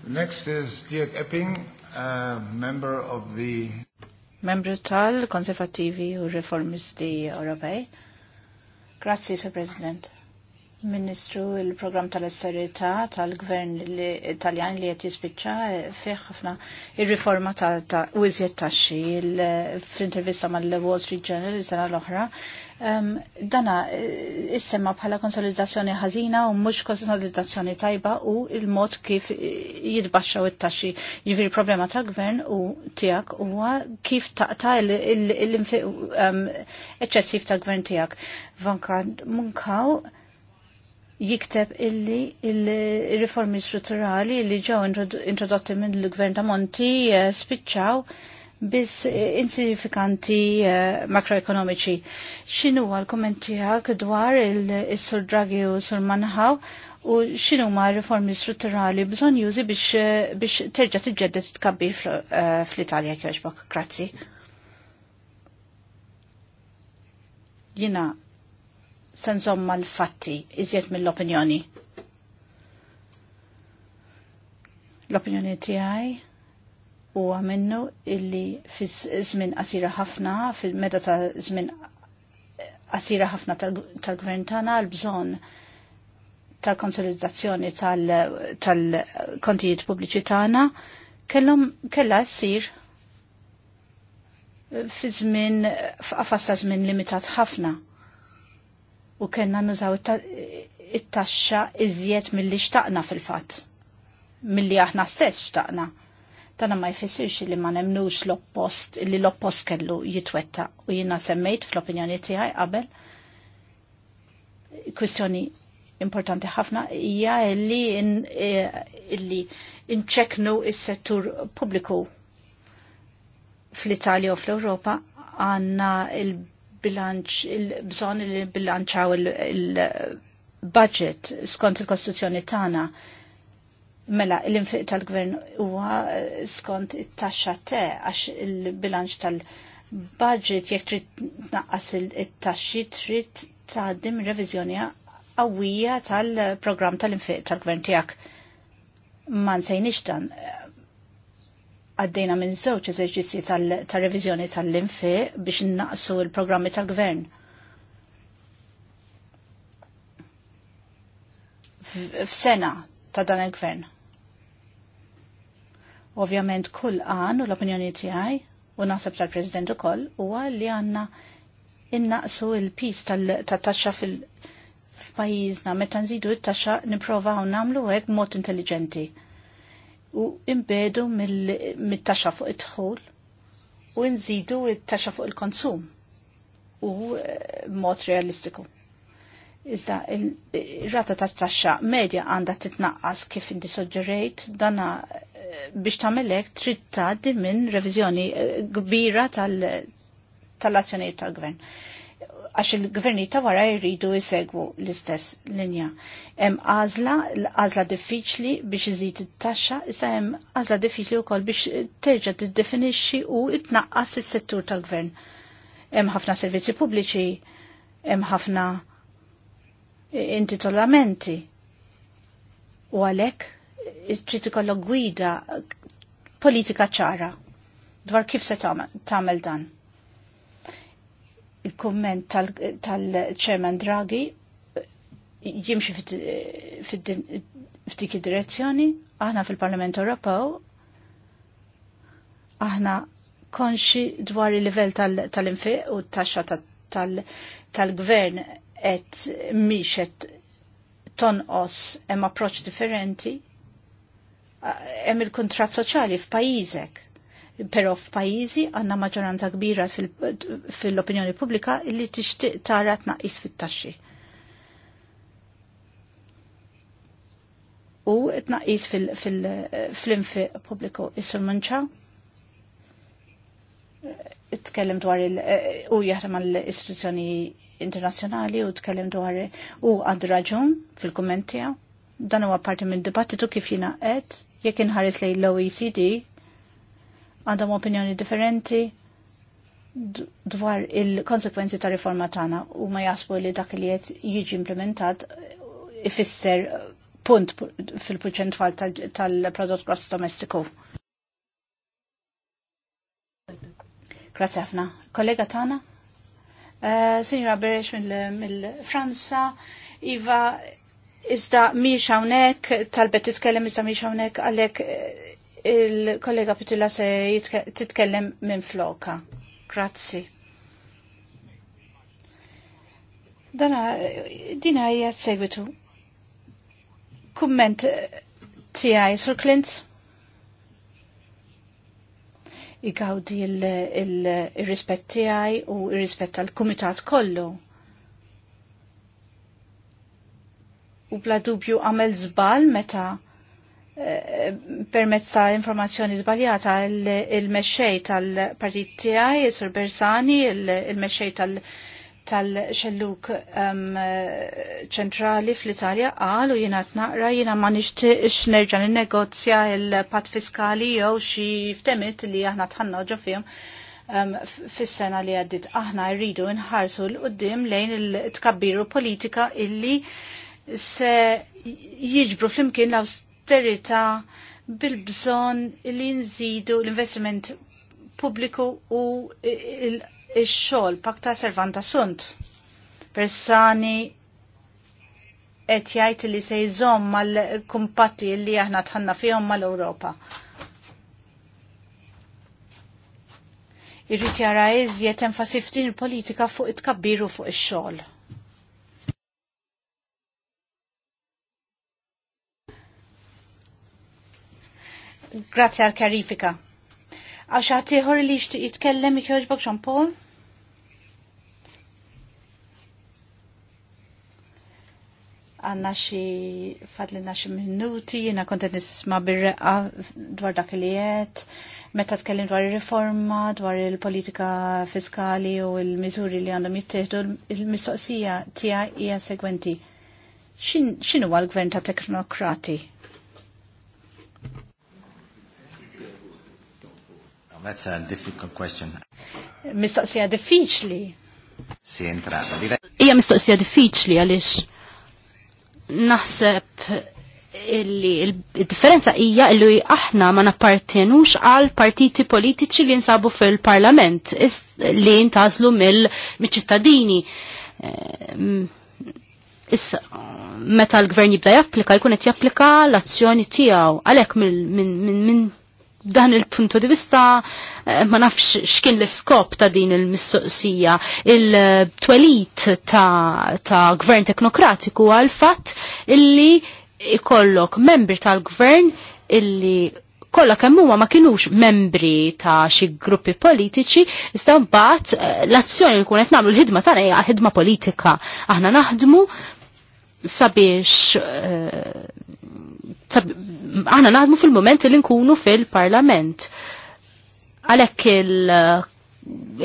Next is Dirk Epping, member of the membru tal-Konservativi u Reformisti Ewropej. Grazzi, Sir President. Ministru, il-program tal esterita tal-gvern Italjan li qed jispiċċa eh, fih ħafna ir-riforma ta' u iżjed taxxi fl-intervista mal-Wall Street Journal il sena l-oħra. Ehm, dana eh, issemma bħala konsolidazzjoni ħażina u mhux konsolidazzjoni tajba u il-mod kif eh, jitbaxxaw it-taxxi. Jivir jiġifieri problema tal gvern u tiegħek huwa kif taqta' il infiq ehm, eċċessiv ta' gvern tiegħek. Vanka munkaw jikteb illi il-riformi strutturali li ġew introdotti mill-Gvern ta' Monti eh, spiċċaw biss eh, insignifikanti eh, makroekonomiċi. X'inhu għal kommentijak dwar il-Sur Draghi u Sur Manħaw u x'inhu ma riformi strutturali bżonn jużi biex terġa tiġġedda tkabbir fl-Italja kjoġbok. Grazzi. Jina sanżomma l-fatti iżjed mill-opinjoni. L-opinjoni tiegħi huwa minnu illi fi żmien qasira ħafna, fil-meda ta' żmien qasira ħafna tal-gvern tagħna l-bżonn tal-konsolidazzjoni tal-kontijiet pubbliċi tagħna kellhom kellha ssir fi żmien f'qafas ta' żmien limitat ħafna u kena nużaw it-taxxa iżjed mill-li xtaqna fil-fatt, mill-li aħna stess xtaqna. Tana ma jfessirx li ma nemnux l-oppost, li l-oppost kellu jitwetta u jina semmejt fl-opinjoni tiegħi qabel. Kwistjoni importanti ħafna hija li e, inċeknu is-settur pubbliku fl-Italja u fl-Ewropa għanna il il-bilanċ, il-bżon il bilanċaw il-budget skont il-Kostituzzjoni tagħna. Mela, l-infiq tal-gvern huwa eh, skont it-taxxa te għax il-bilanċ tal-budget jekk trid naqqas it-taxxi trid tgħaddim reviżjoni qawwija tal-programm tal-infiq tal-gvern tiegħek. Ma nsejniex dan għaddejna minn żewġ eżerċizzji tal-reviżjoni tal reviżjoni tal tal biex naqsu il-programmi tal-gvern. F'sena ta' dan il-gvern. Ovvjament kull għan u l-opinjoni tiegħi u naħseb tal-President ukoll huwa li għandna innaqsu il-pis tal-taxxa fil-pajjiżna meta nżidu it-taxxa nipprovaw nagħmlu hekk mod intelligenti u imbedu mit-taxxa fuq id-dħul u nżidu it taxa fuq il-konsum u eh, mod realistiku. Iżda, il-rata ta' taxxa medja għandha titnaqqas kif inti soġġerejt dana eh, biex hekk trid tgħaddi minn reviżjoni eh, kbira tal-azzjonijiet tal-gvern għax il-gvernijiet ta' wara jridu jsegwu l-istess linja. Hemm għażla, għażla diffiċli biex iżid it-taxxa, issa hemm għażla diffiċli wkoll biex terġa' tiddefinixxi u tnaqqas is-settur tal-gvern. Hemm ħafna servizzi pubbliċi, hemm ħafna e, intitolamenti. U għalek, e, trid ikollok gwida politika ċara dwar kif se tagħmel dan il-komment tal-ċerman Draghi eh, jimxi f'dik id-direzzjoni, aħna fil-Parlament Ewropew, aħna konxi dwar il-livell tal-infiq u t-taxxa tal-gvern qed miex qed tonqos hemm approċċ differenti eh, hemm il kuntratt soċjali f'pajjiżek Pero f'pajjiżi għandna maġġoranza kbira fil-opinjoni fil pubblika li tixtieq tara tnaqqis fit-taxxi. U tnaqqis fil-infi pubbliku isir munċa Itkellem dwar il- u jaħdem għall istituzzjoni internazzjonali u tkellem dwar u għad raġun fil-kummentija dan huwa parti minn dibattitu kif jina qed jekk inħares lejn l-OECD għandhom opinjoni differenti dwar il-konsekwenzi ta' riforma tagħna u ma jasbu li dak li qed jiġi implementat ifisser punt fil-proċentwal tal-prodott gross domestiku. Grazie ħafna. Kollega tagħna? Uh, Signora Beresh mill-Franza, mil Iva, iżda miex hawnhekk, talbet titkellem iżda miex hawnhekk għalhekk il-kollega Pitilla se titkellem minn floka. Grazzi. Dana, dina hija segwitu. Kumment tiegħi Sir Clint igawdi il-rispett tiegħi u ir-rispett tal-kumitat kollu. U bla dubju għamel żball meta' permezz ta' informazzjoni zbaljata il-mexxej tal-partit tiegħi, Sur Bersani, il-mexxej tal-xelluk um, ċentrali fl-Italja għal u t naqra jiena ma nixtieqx x-nerġan il-pat fiskali jew xi ftemit li aħna tħannoġu fihom um, fis-sena li għaddit aħna rridu nħarsu l-qoddim lejn il-tkabbiru politika illi se jiġbru flimkien l austerita bil-bżon li nżidu l-investiment pubbliku u il-xol pakta servanta sunt. Persani qed jgħid li se jżomm mal-kumpatti li aħna tħanna fihom mal-Ewropa. Irrid jara iżjed enfasi f'din il-politika fuq it-kabbiru fuq ix-xogħol. Grazzi għal karifika. Għax għatiħor li jitkellem ikjoġbok xampol? Għanna xie fadlina xie minuti, jina kontet nisma birre dwar dak li jett, meta tkellim dwar il-reforma, dwar il-politika fiskali u il-mizuri li għandhom jittieħdu, il-mistoqsija tija hija segwenti. Xinu għal-gvern ta' teknokrati? That's a difficult question. Mistoqsija diffiċli. Si entrata. Ija mistoqsija diffiċli għalix naħseb illi il-differenza hija illi aħna ma nappartenux għal partiti politiċi li nsabu fil-parlament li ntazlu mill-ċittadini. Eh, issa, meta l-gvern jibda japplika, jkun qed japplika l-azzjoni tiegħu għalhekk minn dan il-punto di vista eh, ma nafx xkien l-iskop ta' din il-mistoqsija. Il-twelit ta', ta gvern teknokratiku għal fatt illi ikollok membri tal-gvern illi kollha kemm huwa ma kinux membri ta' xi gruppi politiċi, iżda mbagħad eh, l-azzjoni li kunet nagħmlu l-ħidma tagħna hija ħidma politika. Aħna naħdmu sabiex uh, sab aħna naħdmu fil-moment li nkunu fil-parlament. Għalhekk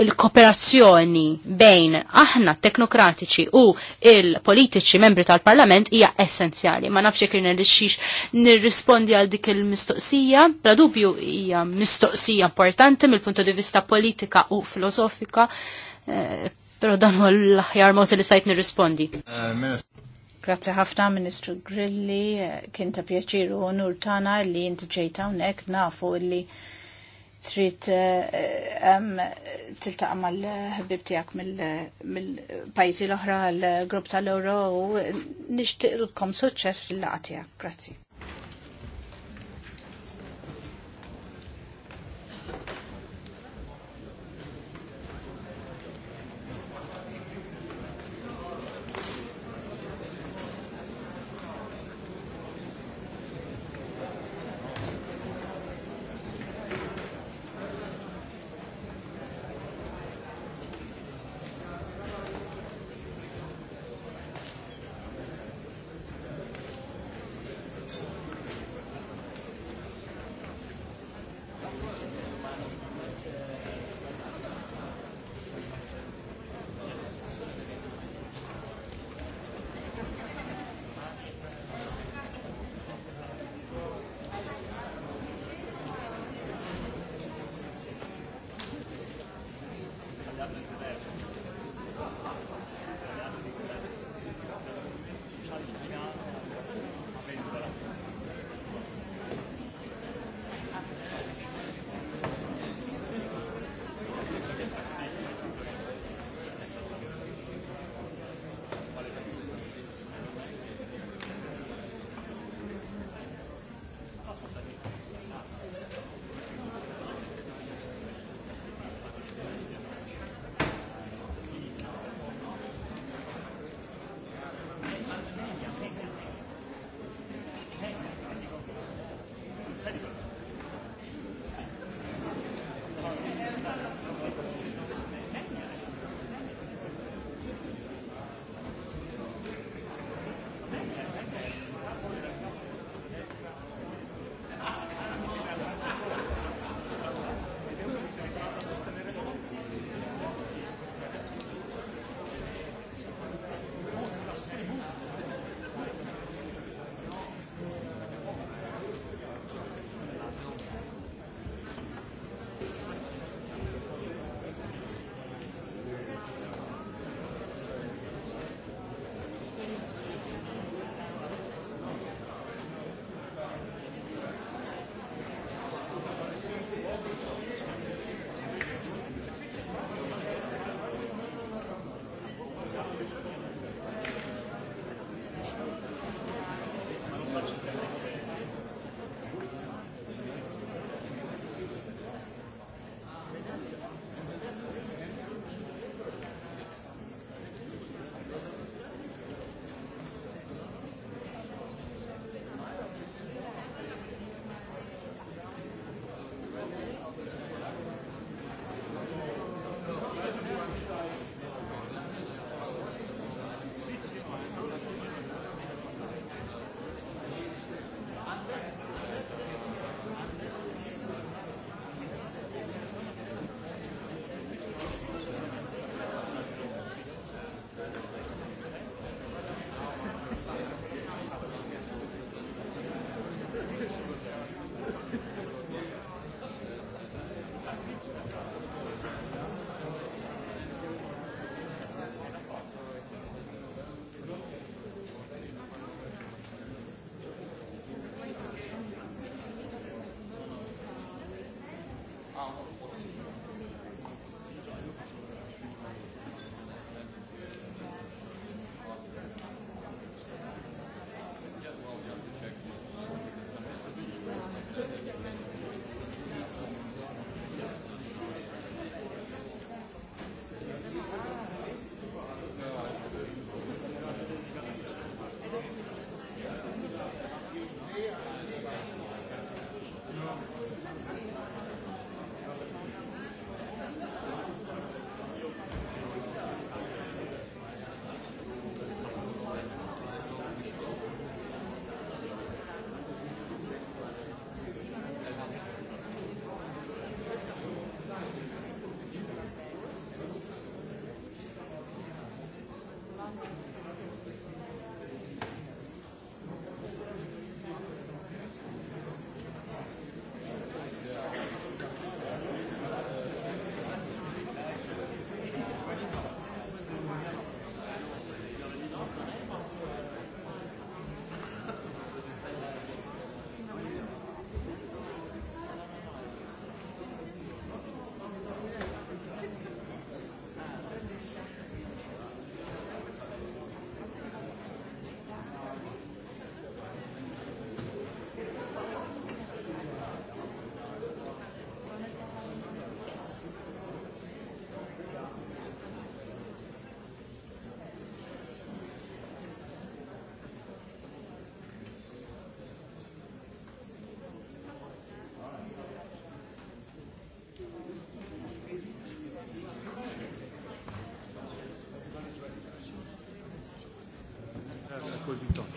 il-kooperazzjoni il bejn aħna teknokratiċi u il-politiċi membri tal-parlament hija essenzjali. Ma nafx jekk nirrixxix nirrispondi għal dik il-mistoqsija, bla dubju hija mistoqsija importanti mill-punt di vista politika u filosofika, eh, però dan l-aħjar mod li stajt nirrispondi. Eh, mela- Grazzi ħafna Ministru Grilli, kien ta' pjaċiru onur tana li inti ġejta hawnhekk nafu li trid eh, tiltaqa' mal-ħbib tiegħek mill-pajjiżi l-oħra għall grupp tal-Euro u suċċess fil-laqgħa tiegħek. Grazzi.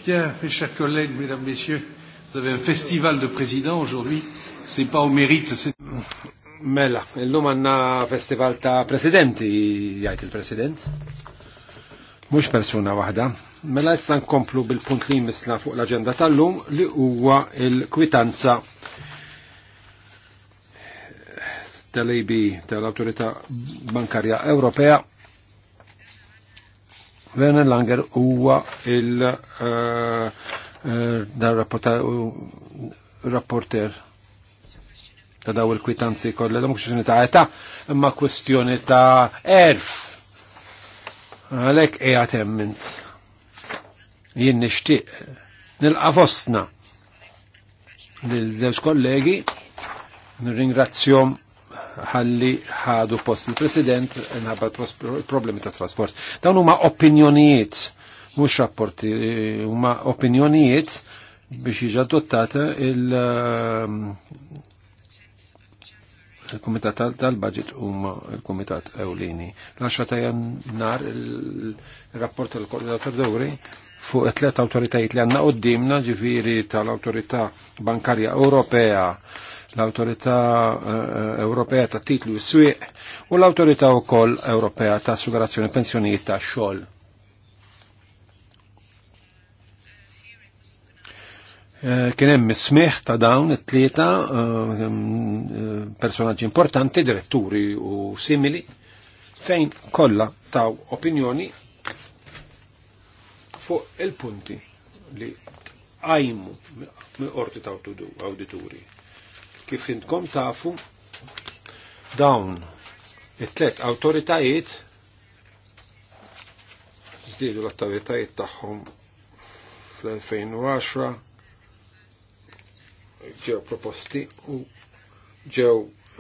Bien, mes chers collègues, mesdames, messieurs, vous avez un festival de présidents aujourd'hui. C'est pas au mérite, c'est... Mela, illum għanna festival ta' presidenti, jgħajt il-president. Mux persuna wahda. Mela issa nkomplu bil-punt li jmissna fuq l-agenda tal-lum li huwa il-kwitanza tal ab tal autorita Bankarja Ewropea Werner Langer huwa il uh, uh, rapporter ta' daw il-kwitanzi kollha da kwestjoni ta' età, imma kwestjoni ta' erf. Għalek qiegħed hemmint. Jien nixtieq nilqa' fostna lil żewġ kollegi nirringrazzjom ħalli ħadu post il-President nħabba problemi ta' trasport. Dawn huma opinjonijiet, mhux rapporti, huma opinjonijiet biex jiġi adottata il- um, il-Kumitat tal-Budget huma il-Kumitat Ewlini. L-10 ta' jannar il-rapport tal-Koordinator Dewri fuq it-tlet autoritajiet li għandna qoddimna ġifieri tal-Awtorità Bankarja Ewropea l-Autorità eh, Ewropea ta' titlu s-swieq u l-Autorità koll Ewropea ta' assigurazzjoni pensjonijiet ta' xogħol. Eh, kien hemm smih ta' dawn it-tlieta eh, mm, personaġġi importanti, diretturi u simili, fejn kollha taw opinjoni fuq il-punti li għajmu mi qorti ta' awdituri Kif intkom tafu, dawn it-tlet autoritajiet żdiedu l autoritajiet tagħhom fl-2010 ġew proposti u ġew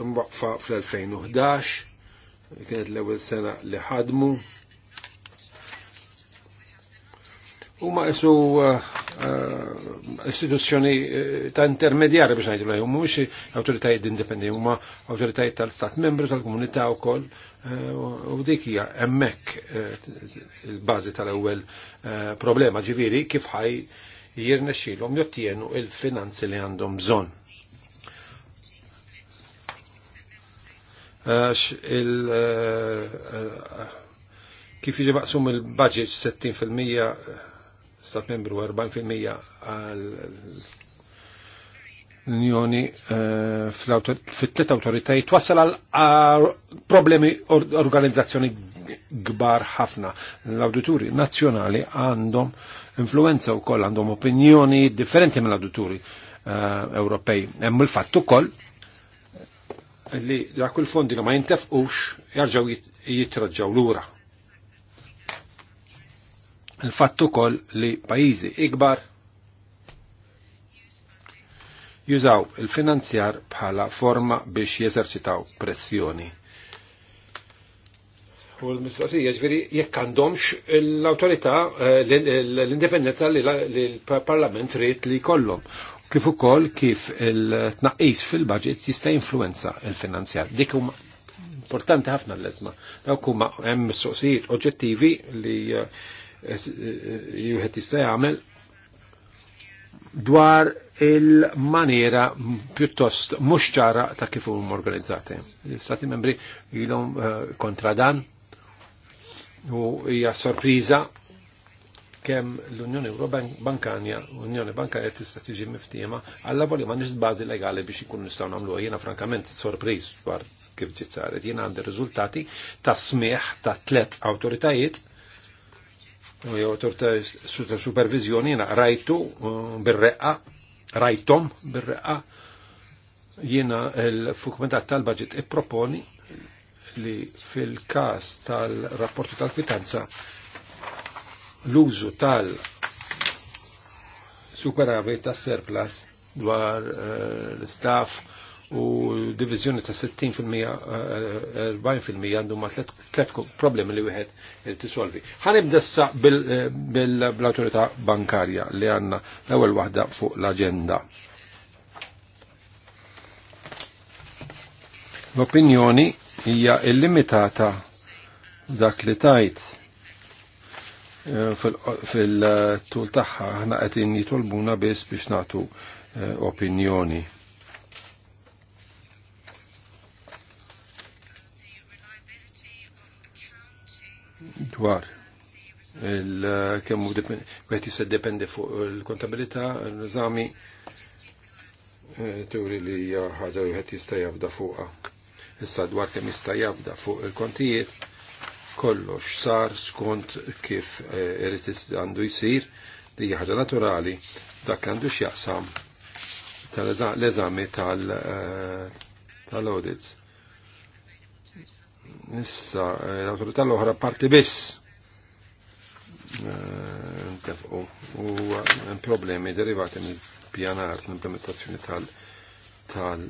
imwaqfa fl-2011 kienet l-ewwel sena li ħadmu u ma eh, eh, istituzzjoni eh, ta' intermedjari biex għajdu lajum, mux awtoritajiet indipendi, u ma autoritajiet tal-stat membru tal-komunità u koll, u dik hija emmek il-bazi tal-ewel problema ġiviri kif ħaj jirnexxilhom jottienu il-finanzi li għandhom bżonn. il kif jiġi maqsum il-budget 60% stat membru 40% għal l-Unjoni eh, fit-tlet autoritajiet wasal għal problemi organizzazzjoni gbar ħafna. L-awdituri nazzjonali għandhom influenza u koll, għandhom opinjoni differenti mill-awdituri eh, Ewropej. Hemm il-fatt ukoll li dak il-fondi ma jintefqux jarġgħu jitraġġaw lura Il-fatt ukoll li pajjiżi ikbar jużaw il-finanzjar bħala forma biex jeżerċitaw pressjoni. U l mistoqsija ġveri jekk għandhomx l-autorità eh, l-indipendenza li l-parlament rrit li kollom. Kif ukoll kif il-tnaqqis fil-budget jista' influenza l-finanzjar. Dik huma importanti ħafna l-leżma. Dawk huma hemm mistoqsijiet oġġettivi li eh, jieħed jista' jagħmel dwar il-maniera pjuttost mhux ċara ta' kif hum organizzati. L-Stati membri ilhom eh, kontra dan u hija sorpriża kemm l-Unjoni Ewropea Bankanja, Unjoni Bankanja tista' tiġi miftiema alla volja nix bażi legali biex ikun nistgħu nagħmlu Jiena frankament sorpriż dwar kif ġiet saret. Jiena għandi riżultati ta' smieħ ta' tlet awtoritajiet jew autorità supervizjoni jiena rajtu bir-reqqa, rajtom bir-reqqa jiena l-fukumentat tal-budget ipproponi e li fil kas tal-rapporti tal-kwitanza l-użu tal superavit ta' surplus dwar eh, l-staff u divizjoni ta' 60% 40% għandu ma' tlet problemi li wieħed tisolvi. imdessa bil-autorità eh, bankarja li għanna l-ewwel waħda fuq l-aġenda. L-opinjoni hija illimitata dak li tajt eh, fil-tul eh, tagħha ħana għetin jitolbuna biss biex nagħtu opinjoni dwar il-kemmu eh, għet jised dependi fuq il-kontabilità, l-nizami eh, teori li ħagġa li għet jista jabda fuqa. Issa dwar kemm jista jabda fuq il-kontijiet, kollox sar skont kif eh, irrit għandu jisir, li ħaġa naturali, dak għandu xjaqsam tal-eżami tal-audits. Issa, l-autorità l-oħra parti biss ntefqu eh, hemm problemi derivati mill pjanar l-implementazzjoni tal tal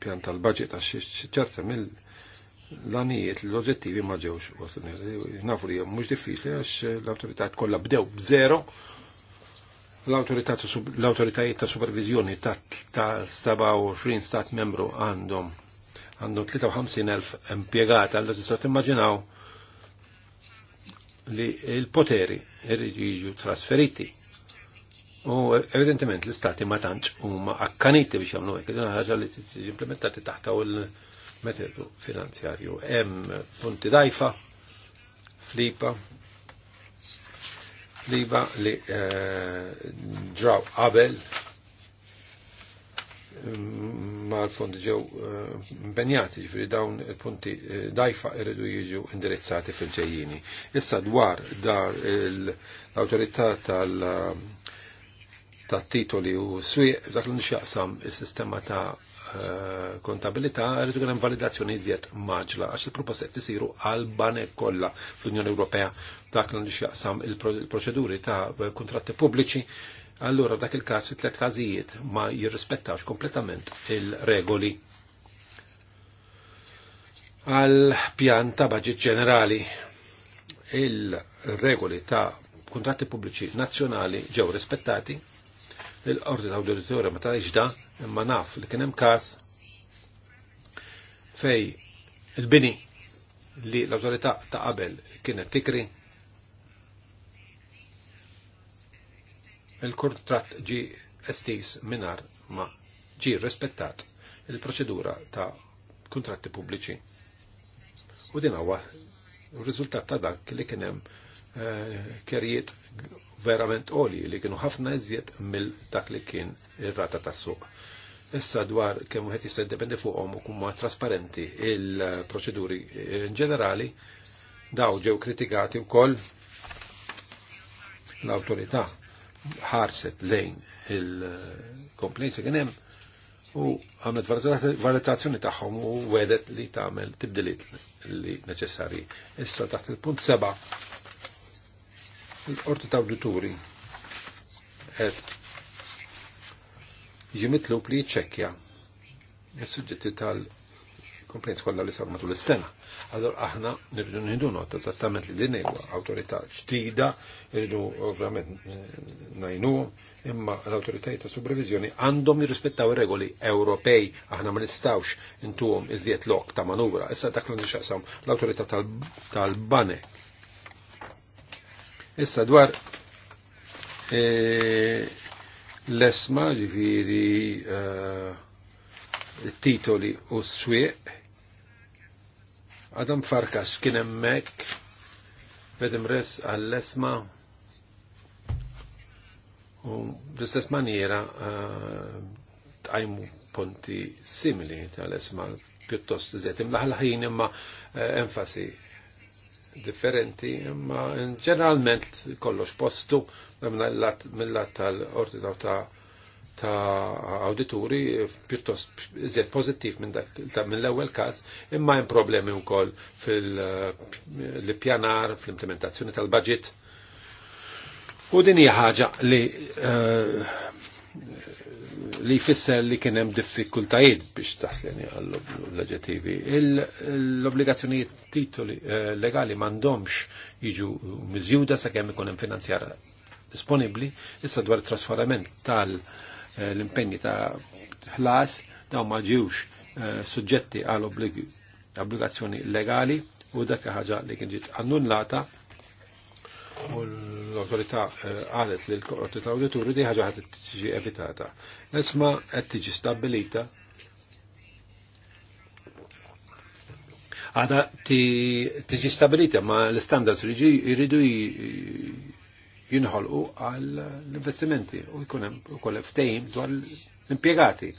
pjan tal-budget għax ċerta mill l-għanijiet l-oġettivi ma ġewx nafu li mhux diffiċli għax l-autoritajt kollha bdew b'żero l-autoritajiet ta' supervizjoni ta' 27 stat membru għandhom għandhom 53.000 impiegati, għallu tistgħu immaginaw li il poteri irridu jiġu trasferiti. U evidentement l-istati ma tantx huma akkaniti biex jagħmlu hekk, din ħaġa li implementati taħta il-metodu finanzjarju. Hemm punti dajfa, flipa, fliba li eh, ġraw qabel ma l ġew benjati eh, ġifri dawn il-punti eh, dajfa irridu jiġu indirizzati fil-ġejjini. Issa dwar dar l-autorità tal-titoli u swieq, dak li nixjaqsam il-sistema ta' eh, kontabilità rridu għan hemm validazzjoni iżjed maġla għax il-proposta t isiru għal bane kollha fl-Unjoni Ewropea dak li nixjaqsam il-proċeduri ta' kontratti pubbliċi allura dak il-każ fit tliet każijiet ma jirrispettax kompletament il-regoli għal pjan ta' budget ġenerali. Il-regoli ta' kontratti pubbliċi nazzjonali ġew rispettati, l-ordi ta' ma ta' iġda, imma naf li kien hemm każ fej il-bini li l-autorità ta' qabel kienet tikri il-kontrat ġi estis minar ma ġi rispettat il-proċedura ta' kontratti pubbliċi. U din għawa il-rizultat ta' dak li kienem eh, kerjiet verament oli li kienu ħafna iżjed mill dak li kien il rata tas-suq. Issa dwar kemm wieħed jista' jiddependi fuqhom u kumma trasparenti il-proċeduri in ġenerali daw ġew kritikati wkoll l-awtorità ħarset lejn il komplejn se kien u għamet valutazzjoni taħħom u wedet li taħmel tibdilit li neċessari. Issa taħt il-punt seba' l-qorti ta' awdituri għed jiġi pli ċekja jċekkja is tal- il-complaints kollha li saru matul is-sena. Allora aħna nirridu nħidu nota eżattament li din huwa awtorità ġdida, irridu ovvjament eh, najnu, imma l-awtoritajiet ta' supervizjoni għandhom jirrispettaw regoli Ewropej, aħna ma nistgħux intuhom iżjed lok ta' manuvra. Issa dak li nixaqsam l-awtorità tal bane Issa dwar eh, l-esma ġifiri eh, titoli u s-swieq. Adam Farkas kien hemmhekk bedem res għall-esma u l-istess maniera eh, tajmu ponti simili tal-esma piuttost iżet imlaħ ħin imma eh, enfasi differenti imma ġeneralment kollox postu mill-lat tal-orti ta' ta' auditori pjuttost iżjed pozittiv minn dak minn l-ewwel każ, imma hemm problemi wkoll fil-pjanar, fl-implementazzjoni tal-budget. U din hija ħaġa li eh, li jfisser li kien hemm diffikultajiet biex tasleni l oġġettivi L-obbligazzjonijiet titoli eh, legali m'għandhomx jiġu miżjuda sakemm ikun hemm finanzjara disponibbli issa dwar it trasferament tal- Eh, l-impenni ta' ħlas daw ma ġiwx eh, suġġetti għal obbligazzjoni legali u dak ħaġa li kien ġiet annullata u l-autorità eh, għalet li l ta' auditori di ħaġa ħat tiġi evitata. Esma qed tiġi stabilita għada tiġi stabilita ma l-standards li jridu jinħolqu għal investimenti u jkun hemm ukoll f'tejm dwar l-impjegati.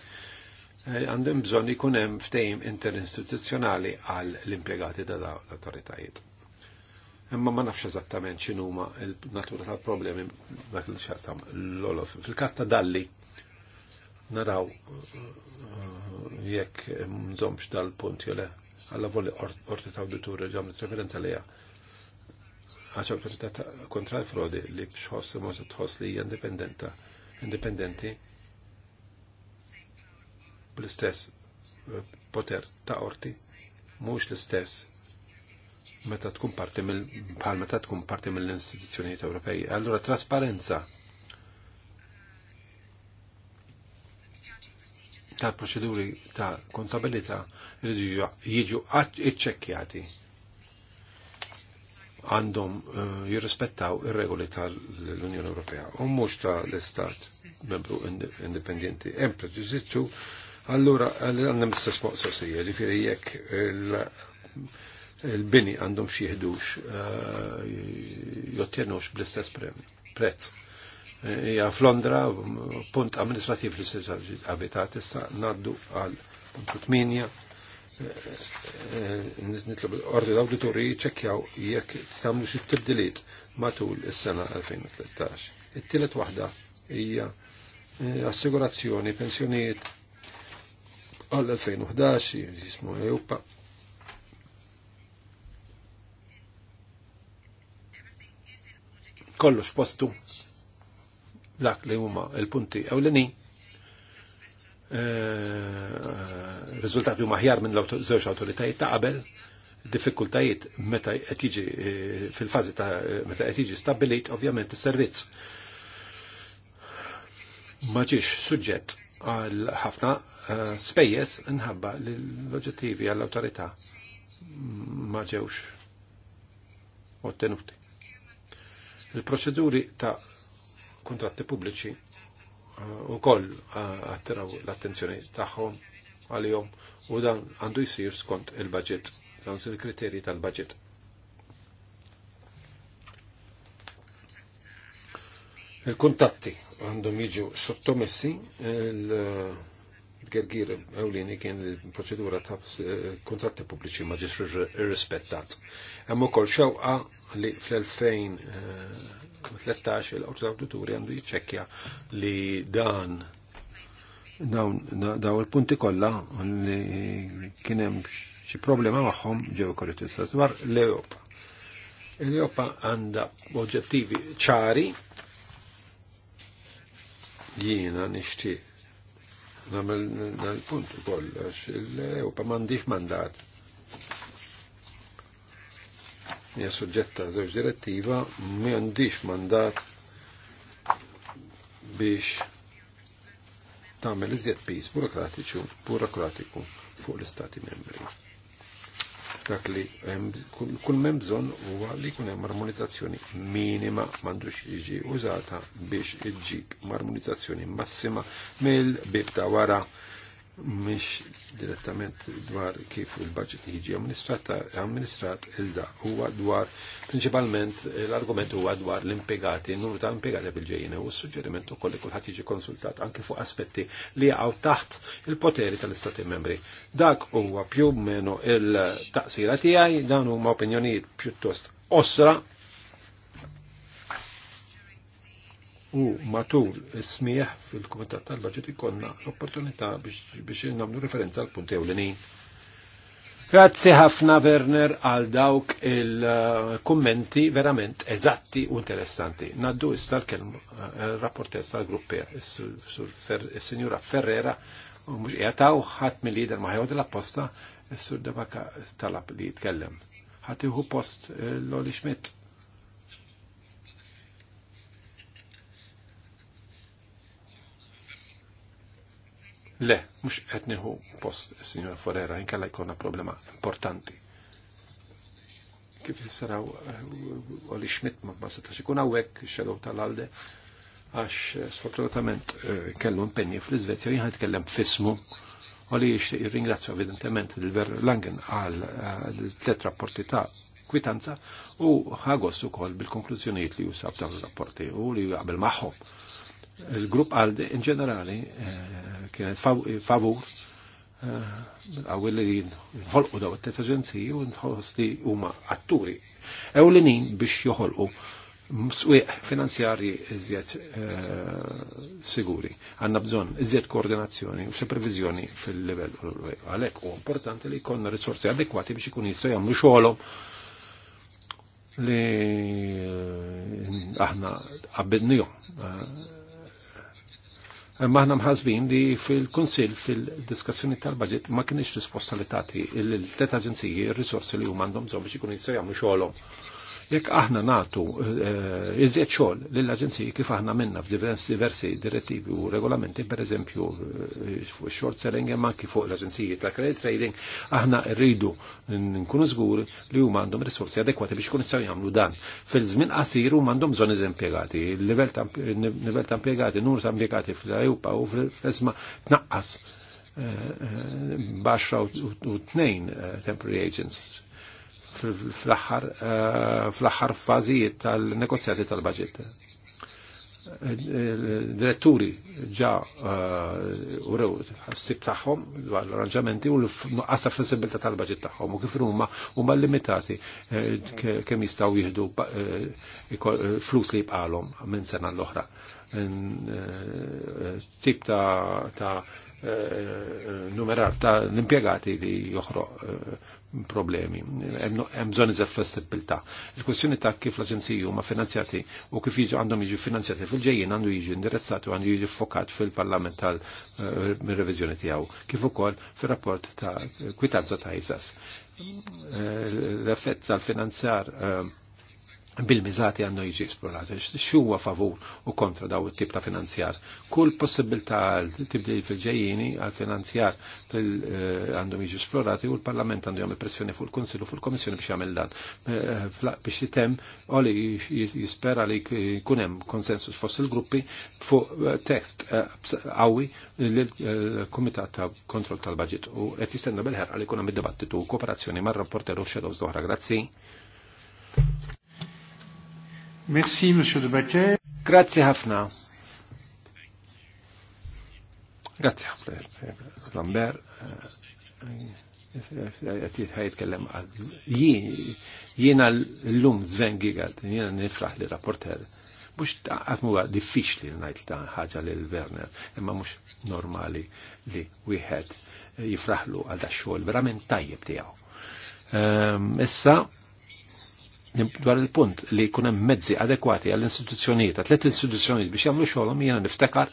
Eh, għandhom bżonn ikun hemm f'tejm interinstituzzjonali għal l-impjegati ta' l-autoritajiet. Imma ma nafx eżattament x'inhuma l-natura tal-problemi dak li xasam l-olof. Fil-każ ta' dalli naraw eh, jekk m'żomx dal-punt jole għalla voli orti ta' auditur ġam referenza lija għaxa l-Autorità kontra l-frodi li bxħoss ma tħoss li hija independenti bl-istess eh, poter ta' orti mhux l-istess meta tkun parti mill bħal meta tkun parti mill-istituzzjonijiet Ewropej. Allora trasparenza tal-proċeduri ta' kontabilità jiġu iċċekkjati għandhom eh, jirrispettaw il regoli tal-Unjoni Ewropea u mhux tal-Istat membru indipendenti. Hemm preġudizzju allura għandna mistess moqsosija li firi jekk il-bini għandhom xi xieħdux eh, jottenux bl-istess prezz. Ja f'Londra punt amministrativ li s-saġġi issa ngħaddu għal punt nitlob l-ordi l-auditori ċekjaw jekk tamlu xi tibdiliet matul is-sena 2013. It-tielet waħda hija eh, assigurazzjoni pensjonijiet għall 2011 jismu Ewpa. Kollox postu dak li huma l punti ewlenin Eh, eh, riżultati huma aħjar minn żewġ awtoritajiet ta' qabel diffikultajiet meta qed jiġi eh, fil-fażi ta' meta qed jiġi stabbilit ovvjament is-servizz. Ma ġiex suġġett għal ħafna spejjeż inħabba l-oġġettivi għall-awtorità ma ġewx ottenuti. Il-proċeduri ta' kontratti pubbliċi u koll għattiraw l-attenzjoni taħħom għal-jom u dan għandu jisir skont il-budget, dawn il-kriteri tal-budget. Il-kuntatti għandhom jiġu sottomessi eh, il-gergir ewlieni kien il-proċedura ta' eh, kontratti pubbliċi ma ġisru irrispettat. Hemm ukoll xewqa li fl-2000 eh, 13 l qorti tal għandu jiċċekkja li dan daw il-punti kolla li kienem hemm xi problema magħhom ġew korrettissa dwar l-Ejopa. L-Ejopa għandha oġġettivi ċari jiena nixtieq nagħmel dal-punt ukoll għax l-Ejopa m'għandix mandat hija suġġetta żewġ direttiva m'għandix mandat biex tagħmel iżjed pis burokratiċu burokratiku fuq l-istati membri. Dak li kull mem bżonn huwa li jkun hemm armonizzazzjoni minima m'għandux jiġi użata biex iġġib marmonizzazzjoni massima mill-bib ta' wara Mhix direttament dwar kif il-budget jiġi amministrat amministrat iżda huwa dwar prinċipalment l-argument huwa dwar l-impegati, n-numru ta' impegati bil-ġejjina u s-suġġeriment ukoll kolli kulħadd jiġi konsultat anke fuq aspetti li jaqgħu taħt il-poteri tal-Istati membri. Dak huwa più meno il-taqsira tiegħi, dan huma opinjonijiet pjuttost osra u matul smieħ fil-Kumitat tal-Baġit ikonna l-opportunità biex namlu referenza għal punti ewlenin. Grazzi ħafna Werner għal dawk il-kommenti verament eżatti u interessanti. Naddu issa l-kelm eh, rapportess tal gruppija il-Sinjura Ferrera, mux jgħataw ħat mill-lider maħjod l-apposta, il-Sur Devaka talab li jitkellem. ħatiħu post eh, l-Oli Schmidt. Le, mux etniħu post, signor Forera, jinka la jkonna problema importanti. Kif saraw eh, li xmit ma setax ikun għawek xedow tal-alde, għax eh, sfortunatament eh, kellu impenni fl-Izvezja, jħan tkellem fismu, u li Oli ringrazzju evidentement l ver Langen għal tlet rapporti ta' kwitanza u ħagos ukoll bil konklużjoniet li jusab dawn rapporti u li jaqbel magħhom il-grupp għaldi in ġenerali eh, kienet eh, favur eh, għawil li nħolqu daw t aġenziji u nħos li huma atturi ewlenin biex joħolqu swieq finanzjari iżjed siguri. Għanna bżon iżjed koordinazzjoni u supervizjoni fil-livell għalek u importanti li jkollna risorsi adekwati biex ikun jistgħu jagħmlu xogħolhom li aħna qabbidnijom Maħna mħazbin li fil-Konsil fil-diskussjoni tal-budget ma kienx risposta li tati il-tet aġenziji il risorsi li jumandom għandhom bżonn biex ikunu jistgħu jagħmlu Jekk aħna natu eh, iżjed xogħol lill-aġenziji kif aħna minna f'diversi direttivi u regolamenti, pereżempju eh, fuq short selling imma kif fuq l-aġenziji ta' credit trading, aħna rridu nkunu żguri li huma għandhom risorsi adekwati biex kun jistgħu jagħmlu dan. Fil-żmien qasir huma għandhom bżonn impjegati. Il-livell ta' impjegati, nur ta' impjegati fl ajupa u fl-esma tnaqqas eh, baxxa u tnejn temporary agents fl-aħħar eh, fazijiet tal-negozjati tal-budget. Diretturi ġa eh, u rew s-sib taħħom, l-arranġamenti u l għasa flessibilta tal-budget taħħom u kif huma huma limitati eh, kemm jistaw jihdu flus li jibqalhom minn sena l-oħra. Tip ta' numerar ta' l-impiegati li joħroq problemi. Hemm bżonn iżgħar flessibilità. Il-kwestjoni ta' kif l-aġenziji huma finanzjati u kif jiġu għandhom jiġu finanzjati fil-ġejjin għandu jiġu indirizzati u għandu jiġu fokat fil-parlament tal-reviżjoni eh, tiegħu. Kif ukoll fir-rapport ta' kwitanza ta' ISAS. Eh, l-effett tal-finanzjar uh, bil-mizati għandu jiġi esplorat, xuwa favur u kontra daw it-tip ta' finanzjar. Kull possibilità tibdil fil-ġejjini għal finanzjar eh, għandhom jiġi esplorati u l-Parlament għandu jagħmel pressjoni fuq il-Konsilu fuq il-Komissjoni biex jagħmel dan. Eh, biex jitem oli jispera li kunem konsensus fos il-gruppi fuq eh, tekst qawwi lill-Kumitat ta' Kontroll tal budget u għet jistenna bil ħer li kunem id-dibattitu u kooperazzjoni mar rapporteru u doħra. Grazzi. Merci, Monsieur de Bakker. Grazie Hafna. Grazie Lambert. Għatiet ħajt kellem għaz. Jiena l-lum zven Gigalt, jiena nifraħ li rapporter. Mux għatmu għad diffiċ li najt ta' ħagġa li l-Werner, imma mux normali li wieħed jifraħlu għal da' xogħol verament tajjeb tiegħu. Ehm, issa, um, dwar il-punt li jkun hemm mezzi adekwati għall-istituzzjonijiet, għatlet l-istituzzjonijiet biex jagħmlu xogħolhom jiena niftakar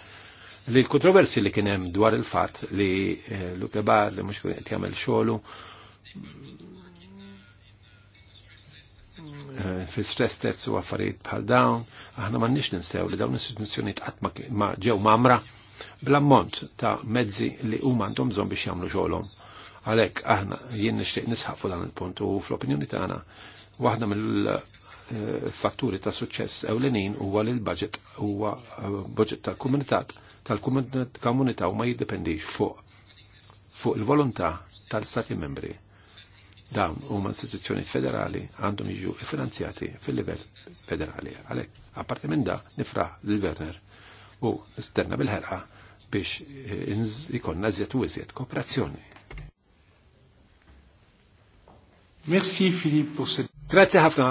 li l-kontroversi li kien hemm dwar il-fatt li eh, Luke Bar li mhux qed jagħmel xogħlu eh, fi stress test u affarijiet bħal dawn, aħna m'għandniex ninsew li dawn l-istituzzjonijiet qatt ma ġew mamra bl-ammont ta' mezzi li huma għandhom bżonn biex jagħmlu xogħolhom. Għalhekk aħna jien nixtieq nisħaq fuq dan il-punt u fl-opinjoni tagħna Waħda mill-fatturi ta' suċċess ewlenin huwa li l-budget huwa eh, budget tal-komunitat tal-komunità u ma jiddependix fuq fuq il-volontà tal-Stati membri dawn huma istituzzjoni federali għandhom jiġu finanzjati fil-livell federali. Għalhekk, apparti minn da nifraħ lill-Werner u nisterna bil-ħerqa biex eh, ikonna żjed u iżjed kooperazzjoni. Merci Philippe pour cette Grazie ħafna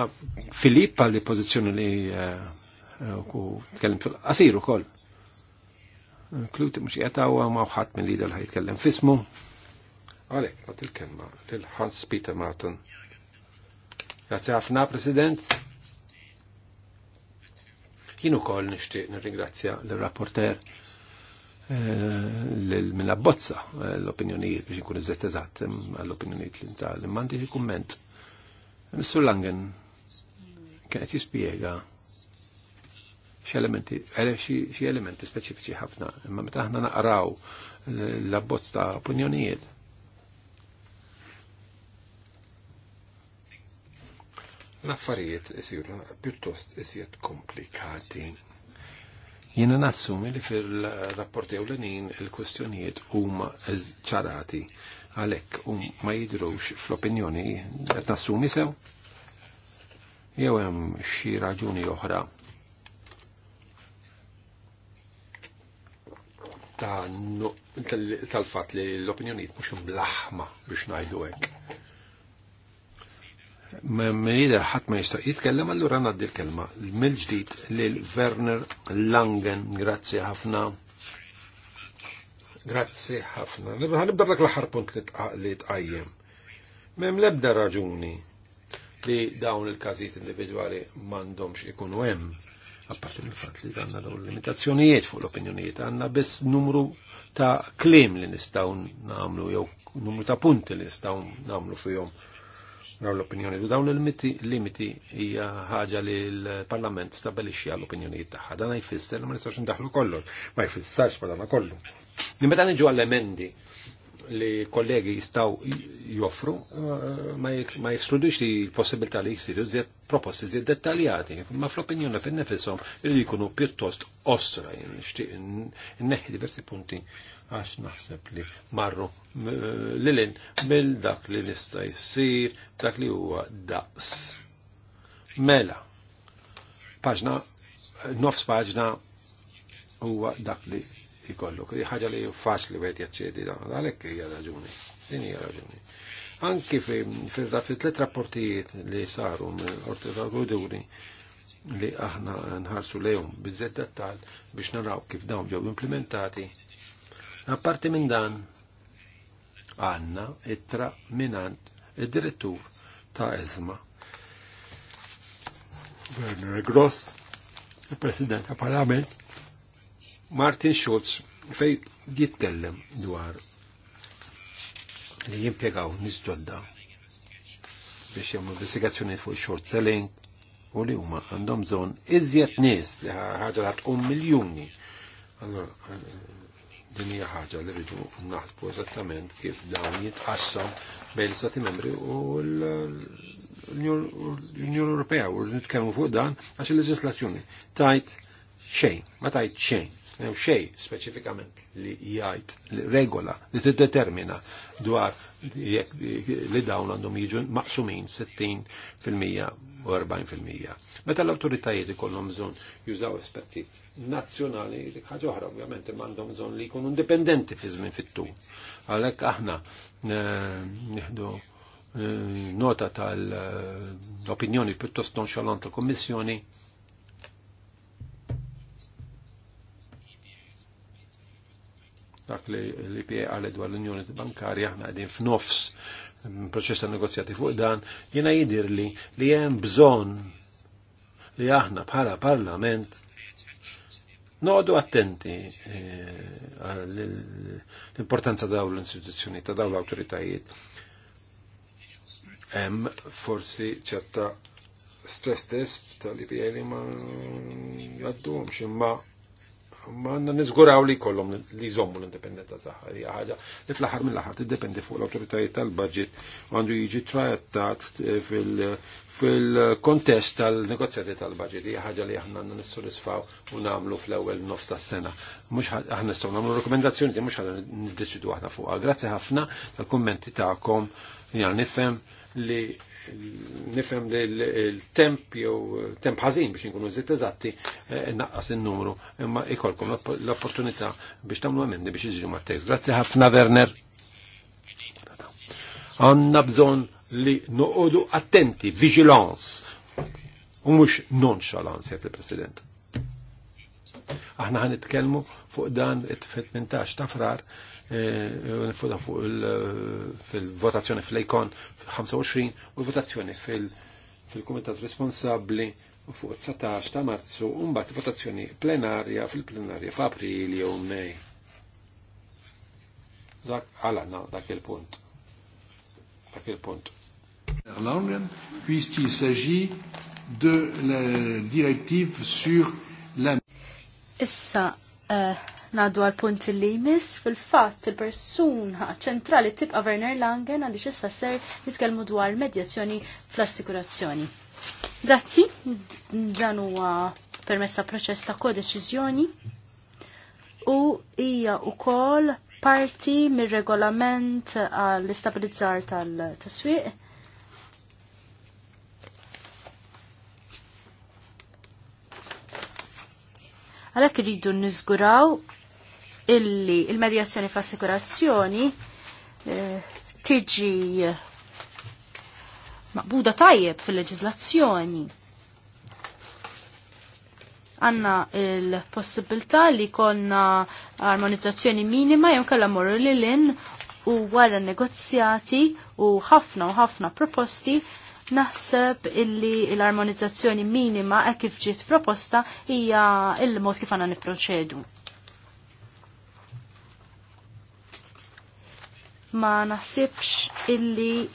Filipp għal pozizjoni li eh, eh, ku tkellem fil-qasir ukoll. Kluti mhux jgħataw ma ħadd li lider ħaj jitkellem fismu. Għalek, għat il kelma lil Hans Peter Martin. Grazie ħafna, President. Jien ukoll nixtieq nirringrazzja l-rapporter eh, l-minna bozza l-opinjonijiet biex nkun iżet eżatt għall-opinjonijiet li nta' l-mandi kumment Mr. Langen kienet jispiega x'elementi, xi elementi eh, speċifiċi ħafna, imma meta aħna naqraw l-abbozz ta' opinjonijiet. L-affarijiet isiru pjuttost isiet komplikati. Jiena nassumi li fil-rapporti ewlenin il-kwestjonijiet huma ċarati għalek u um, ma jidrux fl-opinjoni qed nassu nisew Jew hemm xi raġuni oħra tal-fatt li l-opinjonijiet mhux imlaħma biex ngħidu hekk. mill ħat ħadd ma jista' jitkellem allura ngħaddi l-kelma mill-ġdid lil Werner Langen, grazzi ħafna Grazzi ħafna. Nibda dak l-aħħar punt li tqajjem. Mem lebda raġuni li dawn il-każijiet individwali m'għandhomx ikunu hemm. Apparti mill fatt li għandna dawn limitazzjonijiet fuq l-opinjonijiet, għandna biss numru ta' klim li nistgħu nagħmlu jew numru ta' punti li nistgħu nagħmlu fihom dawn l-opinjoni. Dawn il-limiti hija ħaġa li l-Parlament stabilixxi għall opinjonijiet tagħha. Dan jfisser ma nistax indaħħlu kollox, ma jfissarx ma dan kollu. Din meta niġu għall-emendi li kollegi jistaw joffru, eh, ma jekskludux li possibilta li jisiru zjed proposti zjed dettaljati, ma fl-opinjoni per nefisom li jkunu piuttost ostra, nishtiq neħi diversi punti għax naħseb li marru eh, l-lin mill dak li nista jisir, dak li huwa daqs. Mela, paġna, nofs paġna huwa dak li jkollu. Di ħaġa li faċli wieħed jaċċedi dan, għalhekk hija raġuni. Din hija raġuni. Anki fil-tlet rapportijiet li saru mill-Qorti tal li aħna nħarsu lejhom biżżejjed dettal biex naraw kif dawn ġew implementati. Apparti minn dan għanna it-tra minant id-direttur ta' ezma. Werner Gross, il-President ta' Parlament, Martin Schulz fej jittellem dwar li jimpiegaw nisġodda biex jemmu investigazzjoni fuq short selling u li huma għandhom zon iżjed nis li ħaġa ħat um miljuni. Din hija ħaġa li rridu naħsbu eżattament kif dawn jitqassam bejn l-Stati membri u l-Unjoni Ewropea u nitkellmu fuq dan għax il-leġislazzjoni tajt xejn, ma tajt xejn New xej speċifikament li jgħid regola li tiddetermina dwar li dawn għandhom jiġu maqsumin 60% u 40%. Meta l-awtoritajiet ikollhom bżonn jużaw esperti nazzjonali dik ħaġa oħra ovvjament imma għandhom bżonn li jkunu indipendenti fi żmien fit-tul. Għalhekk aħna eh, nieħdu eh, nota tal-opinjoni eh, pjuttost nonxalant l-Kommissjoni dak li l-IPA għalet dwar l-Unjoni Bankarja aħna għedin f'nofs mm, proċess ta' negozjati fuq dan, jena jidir li li hemm bżonn li aħna bħala parlament noqdu attenti eh, l-importanza ta' daw l-istituzzjoni ta' daw l-autoritajiet. Hemm forsi ċerta stress test tal-IPA li ma jgħadduhomx imma ma għandna niżguraw li kollom li jżommu l-indipendenza tagħha Li ħaġa li fl-aħħar mill t tiddependi fuq l autoritajiet tal-budget għandu jiġi trajattat fil-kontest tal-negozjati tal-budget Li ħaġa li aħna għandna nissolisfaw u nagħmlu fl-ewwel nofs tas-sena. Mhux aħna nistgħu nagħmlu rekomendazzjoni li mhux n niddeċidu aħna fuqha. Grazzi ħafna tal-kummenti tagħkom jgħal nifhem li nifem li l-temp jew temp ħażin biex inkunu eżitt eżatti eh, naqqas in-numru imma ikolkom l-opportunità biex tagħmlu emendi biex iġru mat-tekst. Grazzi ħafna Werner. Għandna bżonn li noqogħdu attenti, vigilance, u mhux nonchalance jekk il-President. Aħna ħanitkellmu fuq dan it-18 ta' frar Eh, eh, eh, fil-votazzjoni fil-Ejkon fil-25 u l-votazzjoni fil komitat Responsabbli fuq 19 ta' Marzu u mbagħad votazzjoni plenarja fil-plenarja f'April jew Mej. Dak na dak il-punt. Dak il-punt. Langen, puisqu'il s'agit de la directive sur la... Issa, uh Naddu għal punt li jmiss fil-fatt il-persuna ċentrali tibqa' Werner Langen għaliex issa ser jiskelmu dwar medjazzjoni fl-assikurazzjoni. Grazzi, dan huwa permessa proċess ta' kodeċiżjoni u hija wkoll parti mir-regolament għall-istabilizzar tal-taswiq. Għalhekk irridu niżguraw illi il-medjazzjoni fl-assikurazzjoni eh, tiġi eh, maqbuda tajjeb fil-leġizlazzjoni. Għanna il-possibilità li konna armonizzazzjoni minima jew kellha morru li in u wara negozjati u ħafna u ħafna proposti naħseb illi l-armonizzazzjoni minima e kif ġiet proposta hija il-mod kif għandna nipproċedu. ma naħsibx illi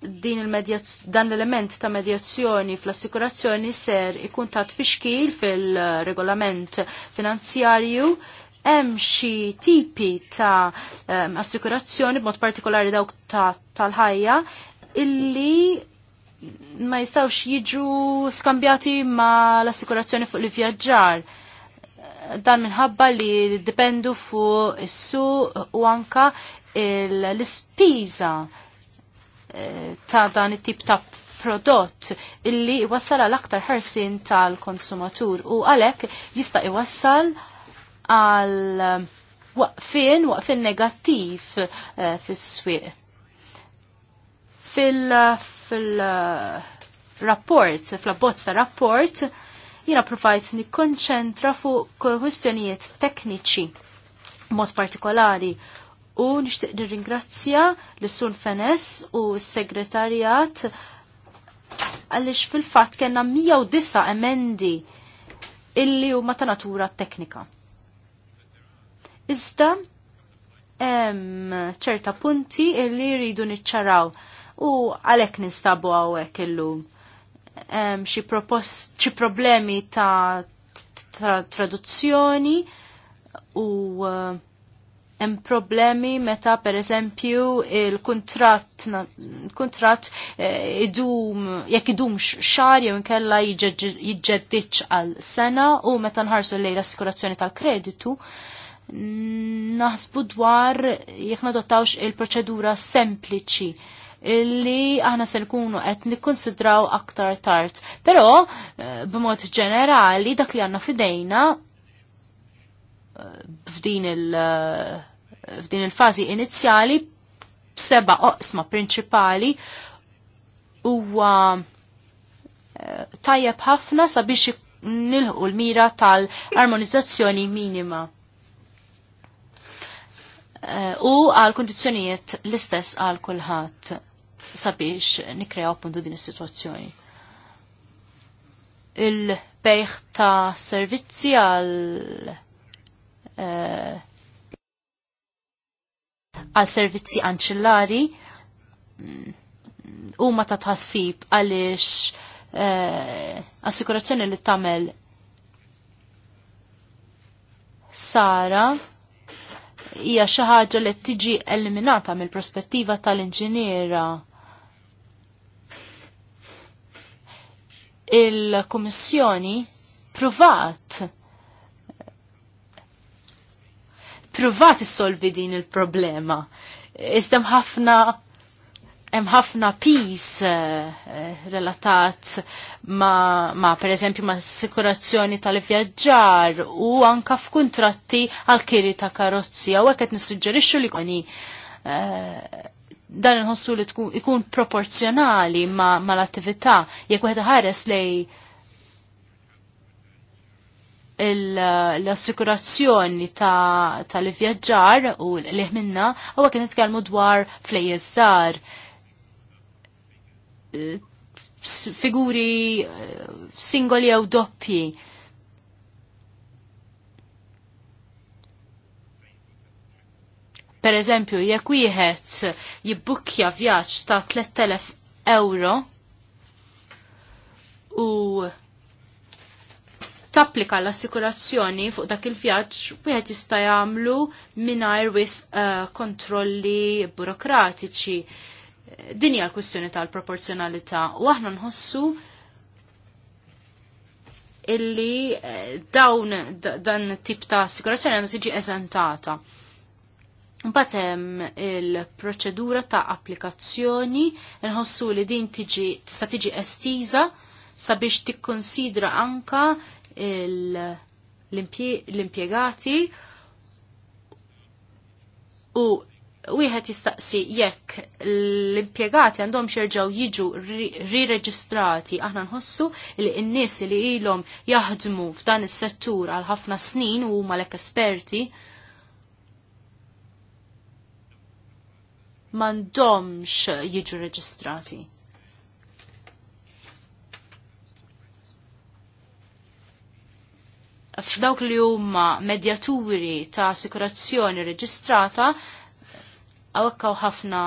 din il dan l-element ta' medjazzjoni fl-assikurazzjoni ser ikun ta' tfixkil fil-regolament finanzjarju hemm xi tipi ta' um, assikurazzjoni b'mod partikolari dawk tal-ħajja ta illi ma jistawx jiġu skambjati ma l-assikurazzjoni fuq l-vjaġġar. Dan minħabba li dipendu fuq is-su u anka l-ispiża eh, ta' dan it-tip ta' prodott illi iwassal għal aktar ħarsin tal-konsumatur u għalek jista' iwassal għal eh, waqfin, waqfin negattiv eh, fis-swieq. Fil-rapport, fil-abbozz ta' rapport, jina provajt nikkonċentra fuq kwistjonijiet tekniċi mod partikolari u nixtieq nirringrazzja l-Sun Fenes u s-Segretarjat għaliex fil-fatt kellna 109 emendi illi huma ta' natura teknika. Iżda hemm ċerta punti illi rridu niċċaraw u għalhekk nistabu għawek illum. Hemm xi xi problemi ta' traduzzjoni u eh, hemm problemi meta per eżempju il-kuntratt kuntratt eh, idum jekk idum xar jew inkella jiġġeddiċ għal sena u meta nħarsu lejn l-assikurazzjoni tal-kreditu naħsbu dwar jekk nadottawx il-proċedura sempliċi illi aħna se nkunu qed nikkonsidraw aktar tard. Però eh, b'mod ġenerali dak li għandna fidejna eh, f'din il- f'din il-fazi inizjali b'seba' oqsma prinċipali huwa eh, tajjeb ħafna sabiex nilħu l-mira tal-armonizzazzjoni minima. Eh, u għal kondizjonijiet l-istess għal kulħadd sabiex nikrew appuntu din is-sitwazzjoni. Il-bejħ ta' servizzi għal eh, għal servizzi anċillari mm, huma ta' tħassib għaliex eh, assikurazzjoni li tagħmel Sara hija xi ħaġa li tiġi eliminata mill-prospettiva tal-inġiniera. Il-Kummissjoni provat pruvat issolvi din il-problema. Iżda ħafna hemm ħafna pis uh, eh, eh, relatat ma, ma per eżempju ma assikurazzjoni tal-vjaġġar u anka f'kuntratti għal kiri ta' karozzi u hekk qed nissuġġerixxu li koni eh, dan inħossu li tkun ikun proporzjonali ma, ma l-attività jekk wieħed ħares lej l-assikurazzjoni tal-vjaġġar u l ihminna u għak nitkellmu dwar flejjes figuri singoli jew doppji. Per eżempju, jekk wieħed jibbukkja vjaġġ ta' 3000 euro u tapplika l-assikurazzjoni fuq dak il-vjaġġ wieħed jista' jagħmlu mingħajr wis uh, kontrolli burokratiċi. Din hija l-kwistjoni tal-proporzjonalità u aħna nħossu illi uh, dawn dan tip ta' assikurazzjoni għandu tiġi eżentata. Mbagħad hemm il-proċedura ta' applikazzjoni nħossu li din tiġi tista' tiġi estiża sabiex tikkonsidra anka l-impjegati u wieħed jistaqsi jekk l-impjegati għandhom xerġaw jiġu rireġistrati aħna nħossu li n-nies li ilhom jaħdmu f'dan is-settur għal ħafna snin u huma lek esperti m'għandhomx jiġu reġistrati. f'dawk li huma medjaturi ta' assikurazzjoni reġistrata għawekkaw ħafna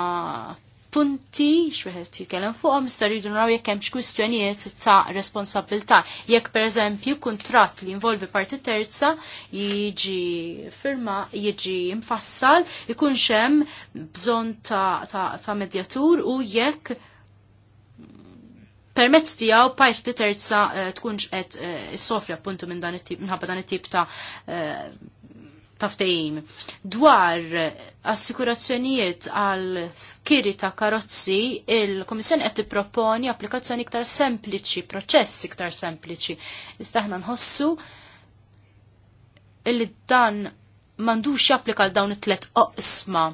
punti xbeħet jikellem fuqhom staridu naraw jekk hemm kwistjonijiet ta' responsabilità. Jekk pereżempju kuntratt li involvi parti terza jiġi firma jiġi mfassal, ikunx hemm bżonn ta', ta, ta medjatur u jekk permezz tiegħu parti terza eh, tkunx qed eh, issofri appuntu minn dan it-tip minħabba dan it-tip ta' eh, taftejim. Dwar assikurazzjonijiet għal kiri ta' karozzi, il-Komissjoni qed tipproponi applikazzjoni iktar sempliċi, proċess iktar sempliċi. Iżda aħna nħossu illi dan mandux japplika għal dawn it-tlet oqsma.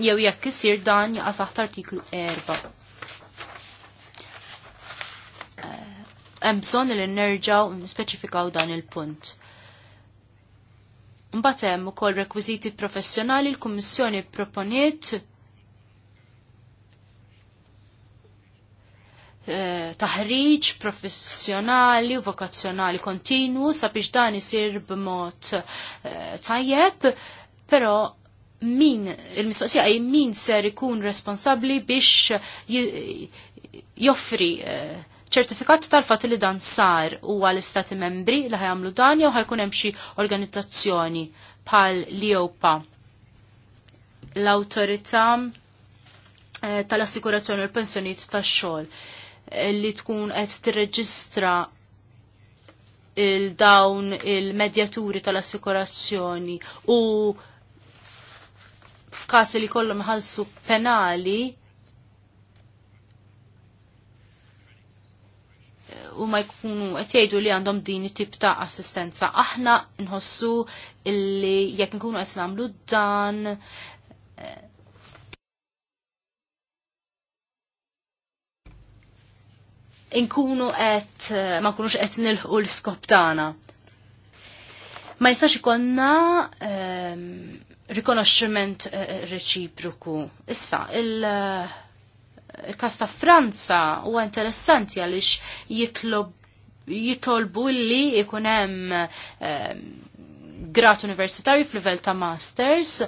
Jew jekk isir dan jaqa' taħt artiklu 4. hemm bżonn li nerġaw nispeċifikaw dan il-punt. Mbagħad hemm ukoll rekwiżiti professjonali l-Kummissjoni proponiet eh, taħriġ professjonali u vokazzjonali kontinu sabiex dan isir b'mod eh, tajjeb, però min il-mistoqsija min ser ikun responsabbli biex joffri uh, ċertifikat tal-fat li dan sar u għal-istati membri li ħajamlu dan jew ħajkun hemm xi organizzazzjoni bħal l l-autorità eh, tal-assikurazzjoni u l-pensjoniet tax-xogħol eh, li tkun qed tirreġistra il-dawn il-medjaturi tal-assikurazzjoni u f'każ li kollhom ħalsu penali u ma jkunu qed jgħidu li għandhom din it-tip ta' assistenza. Aħna nħossu illi jekk nkunu qed nagħmlu dan inkunu eh, qed eh, ma nkunux qed nilħu l-iskop tagħna. Ma jistax ikonna um, rikonoxximent uh, reċiproku. Issa, il- uh, kas ta' Franza huwa interessanti għaliex jitlob jitolbu li ikun hemm eh, grat universitarju f'livell ta' masters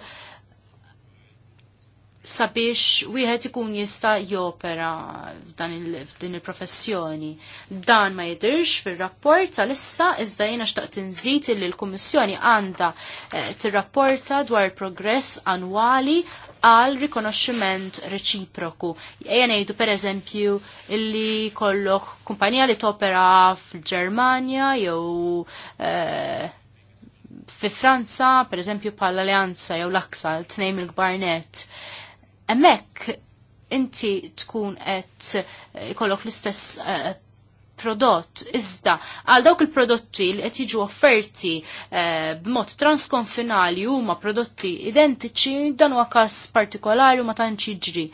sabiex wieħed ikun jista' jopera f'dan il-din il-professjoni. Dan ma jidirx fir-rapport għalissa iżda jiena xtaqt inżid li l-Kummissjoni għandha eh, tirrapporta dwar progress annwali għal rikonoxximent reċiproku. Ejja ngħidu pereżempju illi kollok kumpanija li topera fil-Ġermanja jew eh, fi Franza, per eżempju, pal-Alleanza jew l-Aksa, t-nejm il-Gbarnet emmek inti tkun qed eh, ikollok l-istess eh, prodott iżda għal dawk il-prodotti li qed jiġu offerti eh, b'mod transkonfinali huma prodotti identiċi dan huwa każ partikolari u ma tantx jiġri.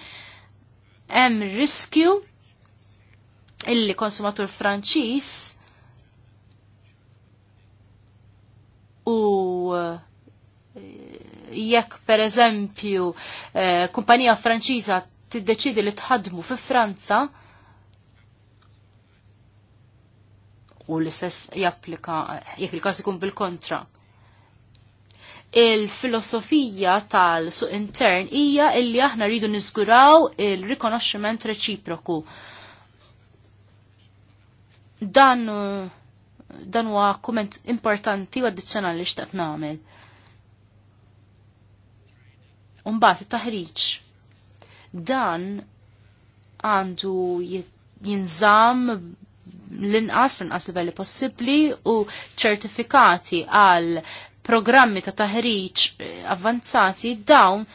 Hemm riskju illi konsumatur Franċiż u uh, jekk per eżempju eh, kumpanija Franċiża tiddeċidi li tħadmu fi Franza u l-istess japplika jekk il-każ ikun bil-kontra. Il-filosofija tal-suq intern hija illi aħna rridu niżguraw il-rikonoxximent reċiproku. Dan dan huwa komment importanti u addizzjonali x'taqt nagħmel. Umbat, it-taħriġ. Dan għandu jinżam l-inqas fl-inqas livelli possibbli u ċertifikati għal programmi ta' taħriġ eh, avvanzati dawn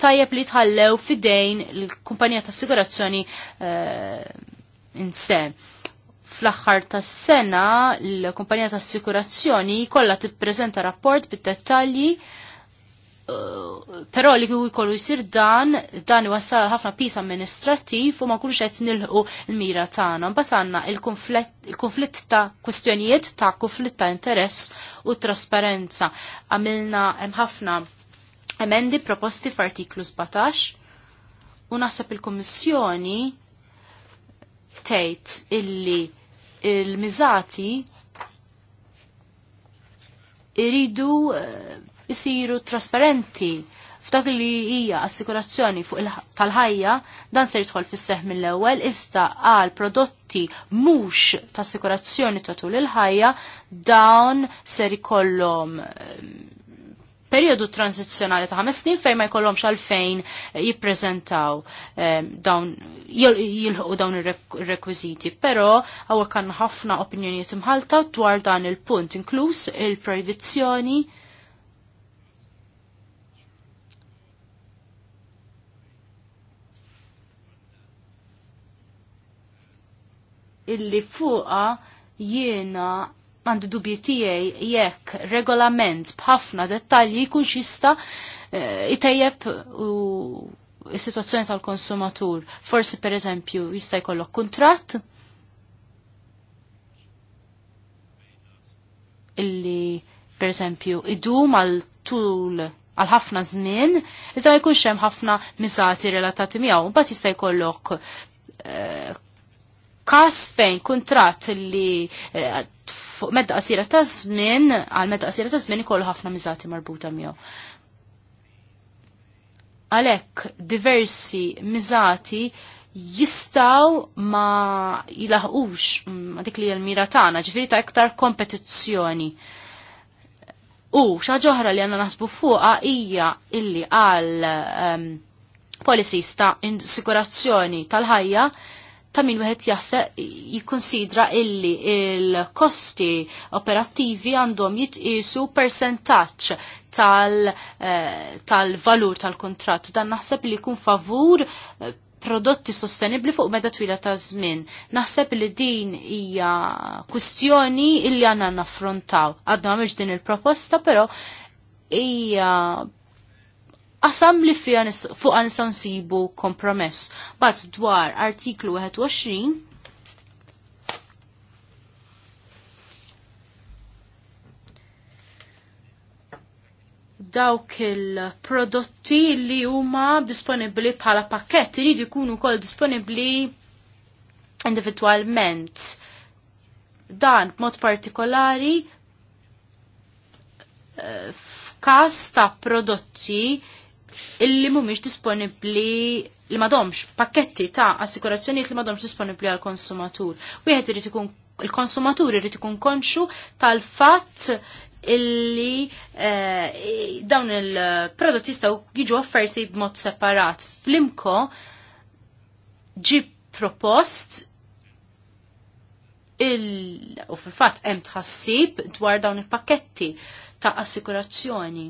tajjeb li tħallew fidejn l-kumpanija ta' assigurazzjoni uh, se. Fl-axħar ta' sena l-kumpanija ta' assigurazzjoni kollha tippreżenta rapport bit-dettalji però li jkollu jsir dan, dan iwassal ħafna pis amministrattiv u ma kunx qed nilħu l-mira tagħna. Mbagħad għandna il-konflitt ta' kwestjonijiet ta' konflitt ta' interess u trasparenza. Għamilna hemm ħafna emendi proposti f'artiklu 17 u naħseb il-Kummissjoni tgħid illi il-miżati iridu eh, isiru trasparenti f'dak li hija assikurazzjoni fuq tal-ħajja dan se jidħol fis-seħ mill-ewwel iżda għal prodotti mhux ta' assikurazzjoni ta' tul il-ħajja dawn ser ikollhom ehm, periodu transizzjonali ta' ħames snin fejn ma jkollhomx għalfejn jippreżentaw ehm, dawn jilħu dawn ir-rekwiżiti. Però hawnhekk kan ħafna opinjonijiet imħalta dwar dan il-punt, inkluż il-proibizzjoni il punt inkluż il proibizzjoni illi fuqa jiena għandu dubji tiegħi jekk regolament b'ħafna dettalji jkun jista' eh, itejjeb u s-situazzjoni tal-konsumatur. Forsi per eżempju jista' jkollok kuntratt illi per eżempju idum għal tul għal ħafna żmien, iżda ma jkunx hemm ħafna miżati relatati miegħu, mbagħad jista' jkollok eh, kas fejn kuntratt li eh, medda qasira ta' żmien għal medda qasira ta' żmien ikollu ħafna miżati marbuta miegħu. Għalhekk diversi miżati jistaw ma jilaħqux mm, ma dik li l-mira tagħna, ġifieri ta' iktar kompetizzjoni. U ħaġa li għandna naħsbu fuqha hija illi għal um, policies ta' insikurazzjoni tal-ħajja ta' min wieħed jaħseb jikkonsidra illi il-kosti operattivi għandhom jitqisu percentaġġ eh, tal-valur tal tal-kontratt. Dan naħseb li jkun favur eh, prodotti sostenibli fuq meta twila ta' żmien. Naħseb li din hija kwistjoni illi għandna naffrontaw. Għadna mhux din il-proposta, però hija qasam li fija fuqa nistgħu nsibu kompromess. Bat dwar artiklu 21 dawk il-prodotti li huma disponibbli bħala pakket irid ikunu wkoll disponibbli individwalment. Dan b'mod partikolari eh, f'każ ta' prodotti illi mhumiex disponibbli li m'għadhomx pakketti ta' assikurazzjoni li m'għadhomx disponibbli għall konsumatur. Wieħed irid ikun il-konsumatur irid ikun konxu tal-fatt illi eh, dawn il-prodotti jistgħu jiġu offerti b'mod separat. Flimko ġi propost il u fil-fatt hemm tħassib dwar dawn il-pakketti ta' assikurazzjoni.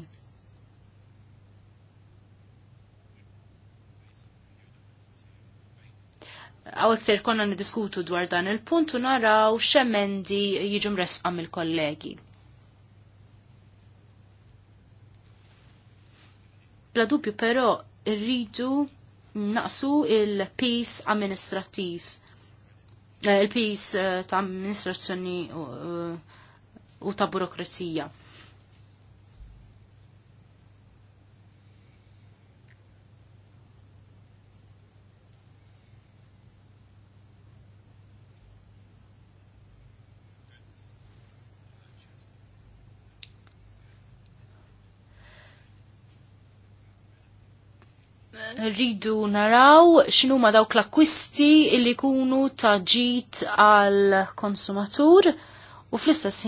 għawek ser konna nidiskutu dwar dan il-punt u naraw xemendi jiġum resqam il-kollegi. Bla dubju però rridu naqsu il-pis amministrativ. Eh, il-pis eh, ta' amministrazzjoni eh, u ta' burokrazija rridu naraw x'nu ma dawk l-akkwisti illi kunu taġit għal konsumatur u fl-istess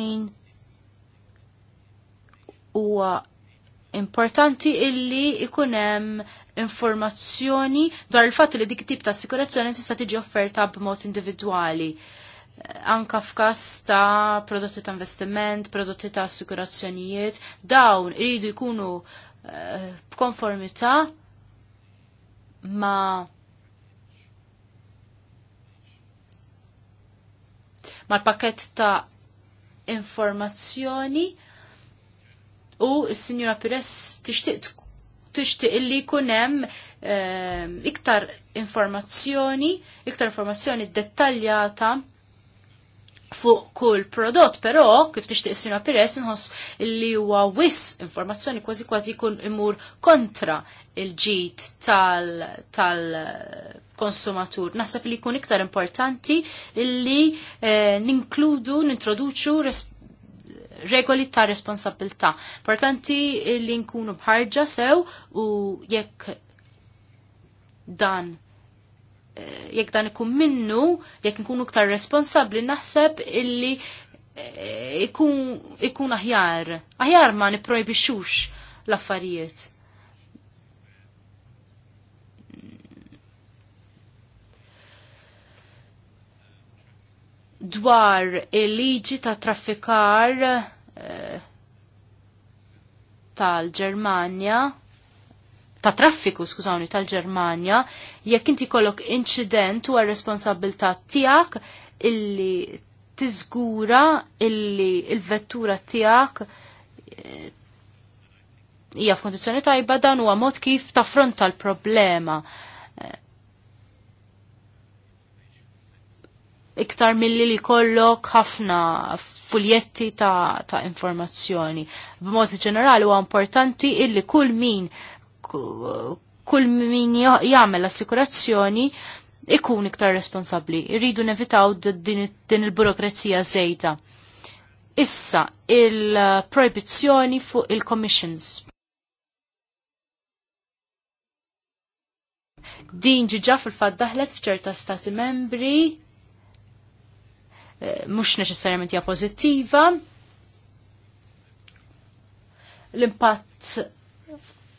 u huwa importanti illi ikun hemm informazzjoni dwar il-fatt li dik tip ta' sikurazzjoni tista' tiġi offerta b'mod individwali anka f'kas ta' prodotti ta' investiment, prodotti ta' assikurazzjonijiet, dawn iridu jkunu eh, b'konformità ma ma l-pakket ta' informazzjoni u s-Sinjura Pires tixtieq tixtieq illi jkun hemm ehm, iktar informazzjoni, iktar informazzjoni dettaljata fuq kull prodott, però kif tixtieq is-Sinjura Pires inħoss illi huwa wis informazzjoni kważi kważi jkun imur kontra il-ġit tal-konsumatur. Tal eh, Naħseb li jkun iktar importanti illi eh, ninkludu, nintroduċu regoli ta' responsabilta. Importanti li nkunu bħarġa sew u jekk dan eh, jekk dan ikun minnu, jekk nkunu iktar responsabli, naħseb illi eh, ikun, aħjar. Aħjar ma xux l-affarijiet. dwar il-liġi ta' traffikar eh, tal-Ġermanja ta' traffiku, skużawni, tal-Ġermanja, jekk inti kollok incident u responsabilta tijak illi tiżgura illi il-vettura tijak eh, hija f'kondizzjoni tajba dan huwa mod kif taffronta l-problema. Eh, iktar milli li kollok ħafna fuljetti ta', ta informazzjoni. B'mod ġenerali huwa importanti illi kull min kull min jagħmel assikurazzjoni ikun iktar responsabbli. Irridu nevitaw din, din il-burokrazija żejda. Issa il-proibizzjoni fuq il-commissions. Din ġiġa fil-fat daħlet fċerta stati membri Eh, mhux neċessarjament hija pożittiva. L-impatt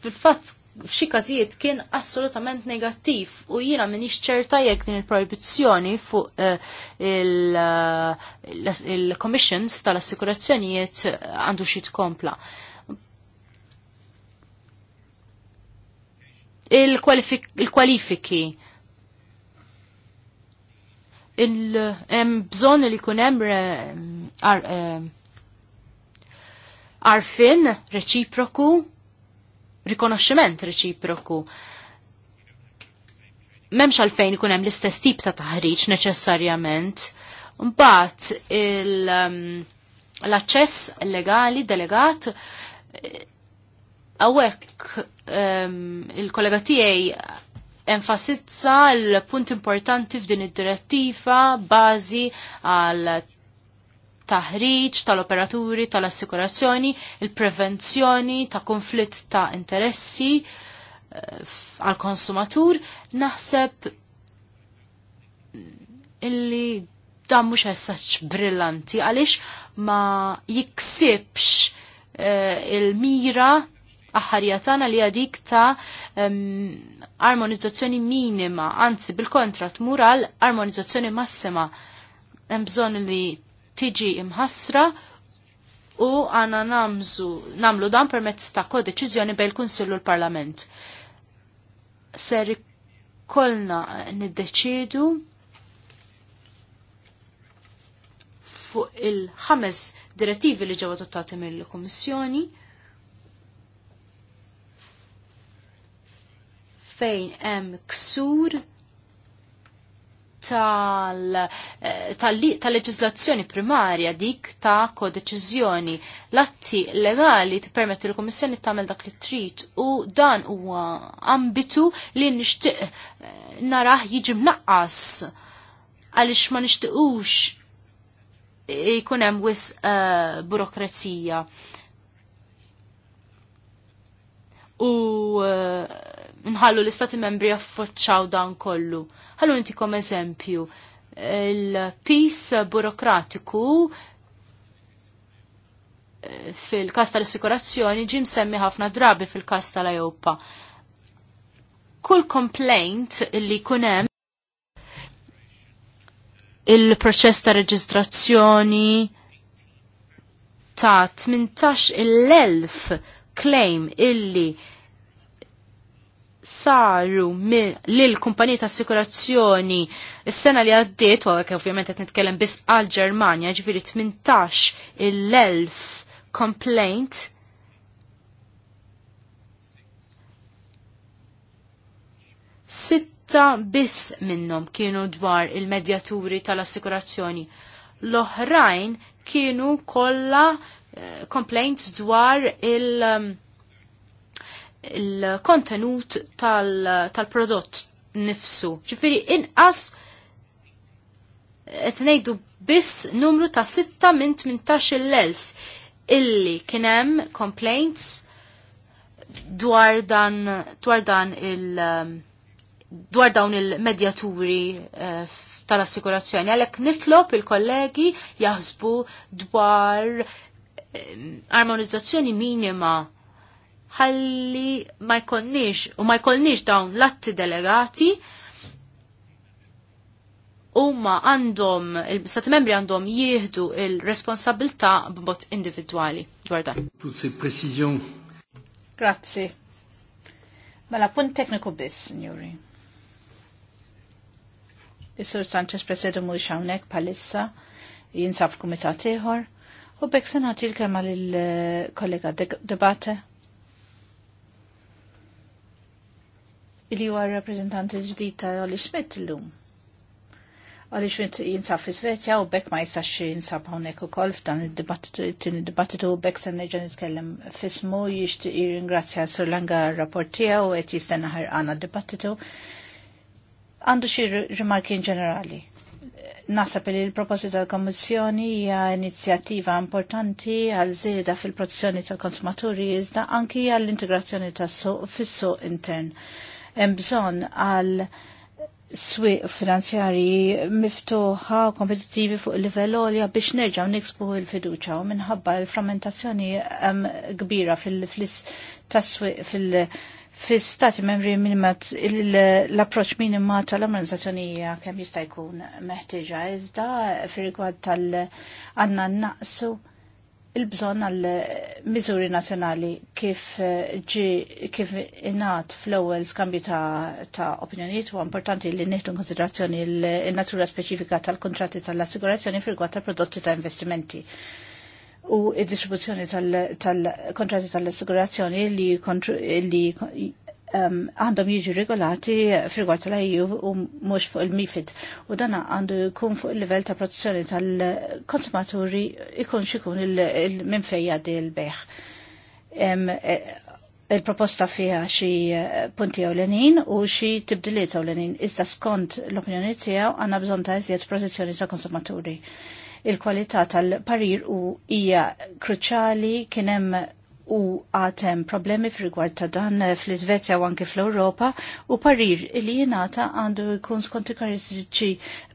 fil-fatt f'xi każijiet kien assolutament negattiv u jiena m'iniex ċerta jekk din il-proibizzjoni fuq eh, il-commissions eh, tal-assikurazzjonijiet għandu xi tkompla. Il-kwalifiki il-em bżon li kunem eh, arfin reċiproku, rikonoxximent reċiproku. Memx għalfejn ikun hemm l-istess tip ta' taħriġ neċessarjament. Mbagħad l-aċċess legali delegat hawnhekk eh, il-kollega tiegħi enfasizza l-punt importanti f'din id-direttiva bażi għal taħriġ tal-operaturi tal-assikurazzjoni, il-prevenzjoni ta' konflitt ta' interessi eh, għal konsumatur, naħseb illi dan mhux brillanti għaliex ma jiksibx eh, il-mira Aħarjatana li għadik ta' um, armonizzazzjoni minima, anzi bil kontrat mural għal armonizzazzjoni massima. Hemm bżonn li tiġi imħasra u għana namzu, namlu dan permezz ta' kodeċiżjoni bejn il-Kunsill u l-Parlament. Ser kolna niddeċidu fuq il-ħames direttivi li ġew adottati mill-Kummissjoni fejn hemm ksur eh, tal-leġizlazzjoni tal, primarja dik ta' kodeċizjoni. L-atti legali permetti l-Komissjoni tagħmel dak li trid u dan huwa ambitu li nixtieq eh, narah jiġi mnaqqas għaliex ma nixtiequx jkun hemm wis uh, burokrazija. U uh, nħallu l-istati membri affoċċaw dan kollu. Ħallu intikom eżempju, il-pis burokratiku eh, fil kasta tal-assikurazzjoni ġim semmi ħafna drabi fil kasta tal-Ajopa. Kull complaint li kunem il-proċess ta' reġistrazzjoni ta' 18 il-elf claim illi saru lil kumpanija ta' assikurazzjoni s-sena li għaddiet, u għek ovvijament għet nitkellem bis għal Ġermanja, ġifiri 18 il-1000 complaint sitta bis minnom kienu dwar il-medjaturi tal-assikurazzjoni. L-oħrajn kienu kolla eh, complaints dwar il- um, il-kontenut tal-prodott nifsu. ċifiri, inqas etnejdu biss numru ta' 6 minn 18.000 illi kienem complaints dwar dan, dwar dan il- um, dwar dawn il-medjaturi uh, tal-assikurazzjoni. Għalek nitlob il-kollegi jaħsbu dwar um, armonizzazzjoni minima ħalli ma jkonniex u ma jkollniex dawn l-atti delegati huma għandhom il-sat membri għandhom jieħdu il-responsabilità b'mod individwali dwar dan. Grazzi. Mela punt tekniku biss, signori. Is-Sur Sanchez presedu mu hawnhekk bħalissa jinsab f'kumitat ieħor u bekk se nagħti l kema lill-kollega eh, Debate. De li huwa rappreżentanti ġdid ta' Oli Smith illum. Oli Smith jinsab fi Svezja u bekk ma jistax jinsab hawnhekk ukoll f'dan id-dibattitu u bekk se nerġa' nitkellem fismu jixtieq jirringrazzja Sur Langa rapport tiegħu qed jistenna ħarqana dibattitu. Għandu xi rimarkin ġenerali. Nasab li l-proposta tal-Kommissjoni hija inizjattiva importanti għal żieda fil-protezzjoni tal-konsumaturi iżda anki għall-integrazzjoni tas-suq fis-suq intern hemm bżonn għal swiq finanzjarji miftuħa kompetitivi fuq livell għolja biex nerġgħu nixbu l-fiduċja u minħabba l-frammentazzjoni kbira fil-taswiq fil fil-stati membri minimat l-approċ minima tal-amministrazzjonija kemm jista' jkun meħtieġa iżda fir-rigward tal n naqsu il-bżon għal miżuri nazjonali kif eh, ġi kif inat fl-ewwel skambju ta', opinjonijiet u importanti li nieħdu konsiderazzjoni l-natura speċifika tal-kontratti tal-assigurazzjoni firgwa tal-prodotti ta' investimenti u id-distribuzzjoni tal-kontratti tal-assigurazzjoni li, li Um, għandhom jiġu regolati frigward tal-EU u mux fuq il-mifid. U dana għandu jkun fuq il-level ta' protezzjoni tal-konsumaturi ikun xikun il-minfejja di l-beħ. E, il-proposta fija xie punti ewlenin u xie tibdiliet ewlenin. Iżda skont l-opinjoni tijaw għanna bżon ta' eżiet protezzjoni tal-konsumaturi. Il-kwalità tal-parir u hija kruċali kienem u għatem problemi f'rigward ta' dan eh, fl-Izvezja u anke fl-Europa u parir li jenata għandu jkun skont karisġi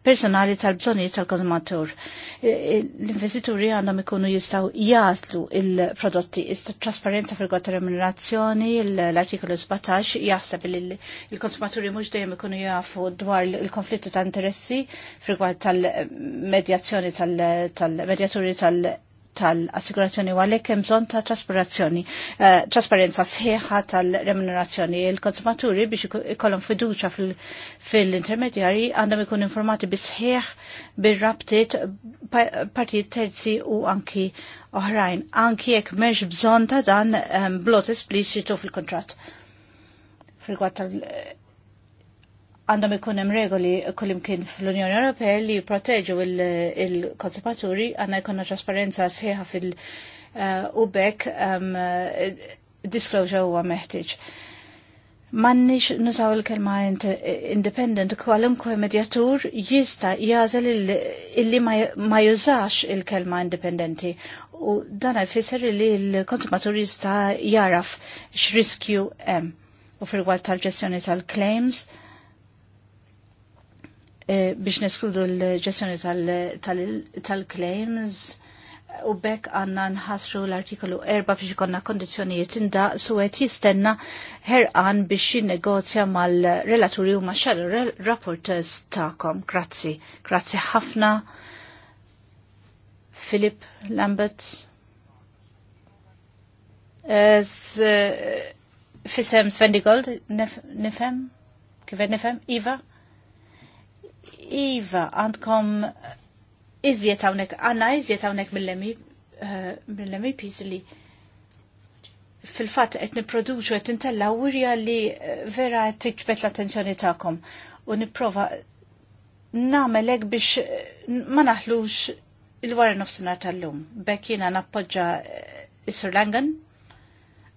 personali tal-bżonijiet tal-konsumatur. Eh, eh, l-investituri għandhom ikunu jistaw jaslu il-prodotti, trasparenza f'rigward ta' remunerazzjoni, l-artikolu 17 jaħseb li il-konsumaturi mhux dejjem ikunu jafu dwar il-konflitti ta' interessi f'rigward tal-medjazzjoni tal-medjaturi tal-, -tal, -tal tal-assigurazzjoni u għalhekk hemm bżonn ta' trasparazzjoni, eh, trasparenza sħiħa tal-remunerazzjoni. Il-konsumaturi biex ikollhom fiduċa fil-intermedjari għandhom ikun informati bisħiħ bir-rabtiet partijiet terzi u anki oħrajn, anki jekk m'hemmx bżonn ta' dan blot esplicitu fil kuntratt fil tal- għandhom ikun hemm regoli kullimkien fl-Unjoni Ewropea li jipproteġu il-konservaturi għandna jkollna trasparenza sħiħa fil- eh, u bekk ehm, disclosure huwa meħtieġ. Mannix nusaw il-kelma independent, kwalunkwe medjatur jista jazel illi ma jużax il-kelma independenti. U dan jfisser li l-konsumatur jista jaraf x-riskju hemm. U fil tal-ġestjoni tal-claims, tal claims Eh, biex neskludu l-ġestjoni tal-claims u bekk għanna nħasru l-artikolu 4 biex ikonna kondizjonijiet inda għet jistenna herqan biex jinnegozja mal-relaturi u maċċal rapporters ta'kom. Grazzi. Grazzi ħafna. Filip Lambert. Eh, Fisem Svendigold, nifem? Kifed nifem? Iva? Iva, għandkom iżjed hawnhekk, għandna iżjed hawnhekk mill-MEPs eh, li fil-fatt qed nipproduċu qed intella wirja li eh, vera qed tiġbed l-attenzjoni tagħkom u nipprova nagħmelek biex eh, ma naħlux il-wara nofsinhar tal-lum. Bekk jiena nappoġġa Isr Langan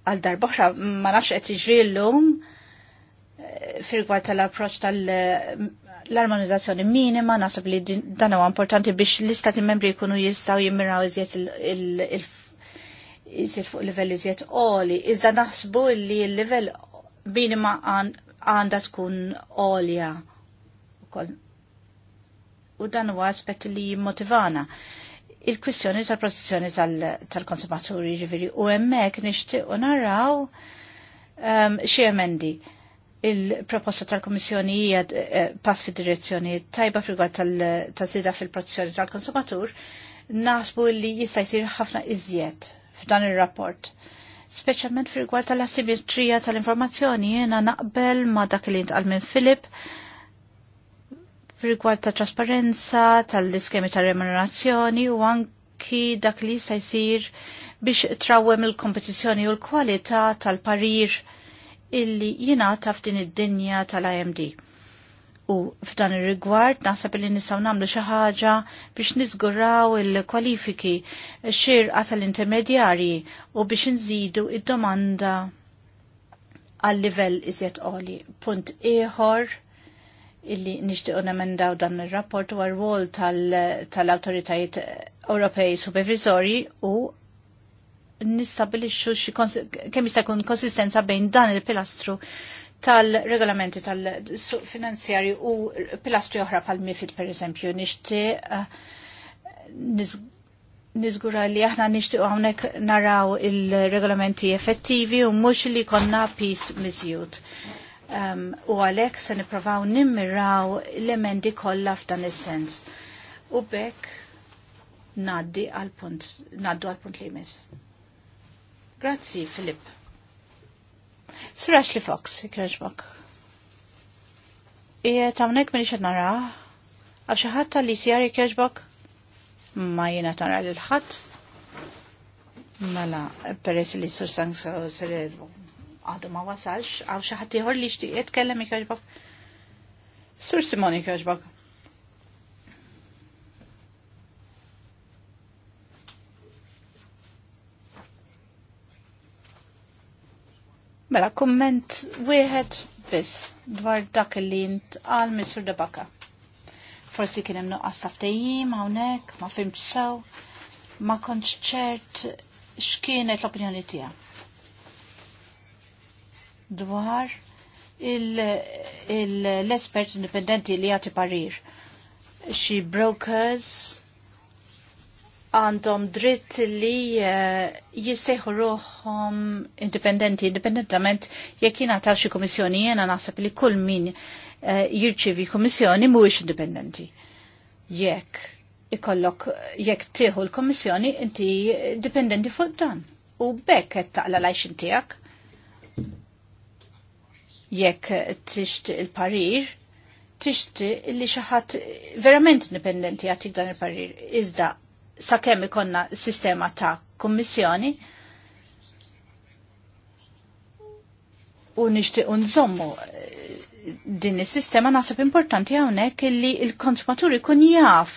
għal darboħra ma nafx qed jiġri llum fil-gwar tal-approċ tal-, -approċ tal tal l-armonizzazzjoni minima nasab li dan huwa importanti biex l-istati membri jkunu jistgħu jimmiraw iżjed il fuq livell iżjed oli. Iżda naħsbu li l-livell minima għandha tkun olja u dan huwa aspett li jimmotivana. Il-kwistjoni tal-protezzjoni tal-konsumaturi tal ġifiri u hemmhekk nixtiequ naraw narraw ehm, xi emendi il-proposta tal-Komissjoni hija eh, pass fid direzzjoni tajba frigward tal-żida fil-protezzjoni tal-konsumatur, nasbu li jista' jsir ħafna iżjed f'dan ir-rapport. Speċjalment frigward tal-asimetrija tal-informazzjoni jiena naqbel ma' dak li ntqal minn Filip frigward ta' trasparenza, tal-iskemi ta' remunerazzjoni u anki dak li jista' jsir biex trawwem il-kompetizzjoni u l-kwalità tal-parir illi jina taf din id-dinja tal-IMD. U f'dan ir-rigward naħseb li nistgħu nagħmlu xi ħaġa biex niżguraw il-kwalifiki xirqa tal-intermedjarji u biex nżidu id-domanda għal livell iżjed qoli. Punt ieħor illi nixtiequ nemendaw dan ir-rapport huwa r-wol tal-awtoritajiet Ewropej Supervizorji u nistabilixxu xi kemm jista' jkun konsistenza bejn dan il-pilastru tal-regolamenti tal-suq finanzjarju u pilastri oħra bħal mifid per eżempju nixti uh, nizgura li aħna nixtiqu hawnhekk naraw il-regolamenti effettivi u mhux li konna pis miżjud. Um, u għalhekk se nippruvaw nimmiraw l-emendi kollha f'dan is-sens. U bekk naddi għal punt, naddu għal punt li jmiss. Grazzi, Filip. Sir Ashley Fox, ikreġbok. Ie, eh, tamnek minni xed nara, għaw xaħat tal-li sijari ikreġbok? Eh, ma jena tara l-ħat? Mela, peress li sur sang sir għadu ma wasalx, għaw xaħat tiħor li xtiqiet kellem ikreġbok? Eh, sur Simoni ikreġbok. Mela, komment wieħed biss dwar dak li għal Mr. Debaka. Forsi kien hemm nuqqas taftejjim hawnhekk, ma fimx sew, ma kontx ċert x'kienet l-opinjoni tiegħek dwar l-espert indipendenti li jagħti parir. Xi brokers għandhom dritt li eh, jisseħu ruħom indipendenti, indipendentament jekk jina tal xi komissjoni jena naħseb li kull min eh, jirċivi komissjoni mhuwiex indipendenti. Jekk ikollok jekk tieħu l-komissjoni inti dipendenti fuq dan. U bekk qed taqla lajxin tiegħek. Jekk tixti il-parir, tixti li xi ħadd verament indipendenti għatik dan il-parir. Iżda sa sakemm ikonna sistema ta' kummissjoni u nixtieq nżommu eh, din is-sistema naħseb importanti hawnhekk illi l-konsumatur ikun jaf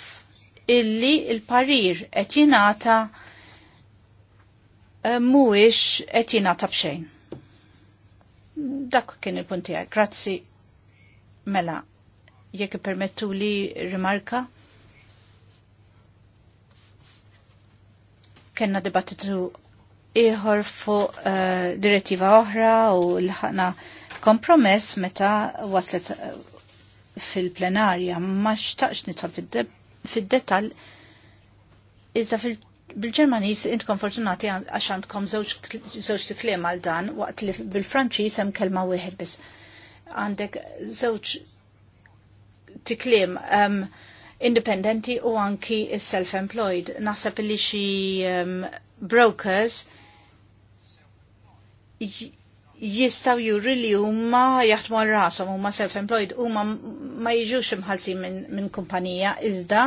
illi il-parir qed jingħata eh, mhuwiex qed jingħata b'xejn. Dak kien il-punt tiegħek. Grazzi mela jekk permettu li rimarka kena dibattitu iħor fuq uh, direttiva oħra u l-ħana kompromess meta waslet uh, fil-plenarja ma xtaqx nitħol fil-detal iżda fil bil-Ġermanis intkom fortunati għax għandkom żewġ tikliem għal dan waqt li bil-Franċiż hemm kelma wieħed biss. Għandek żewġ tikliem um, independenti u anki self-employed. Nasab li xi um, brokers jistaw juri li huma jaħdmu għal rashom huma self-employed huma ma jiġux imħalsin minn min kumpanija iżda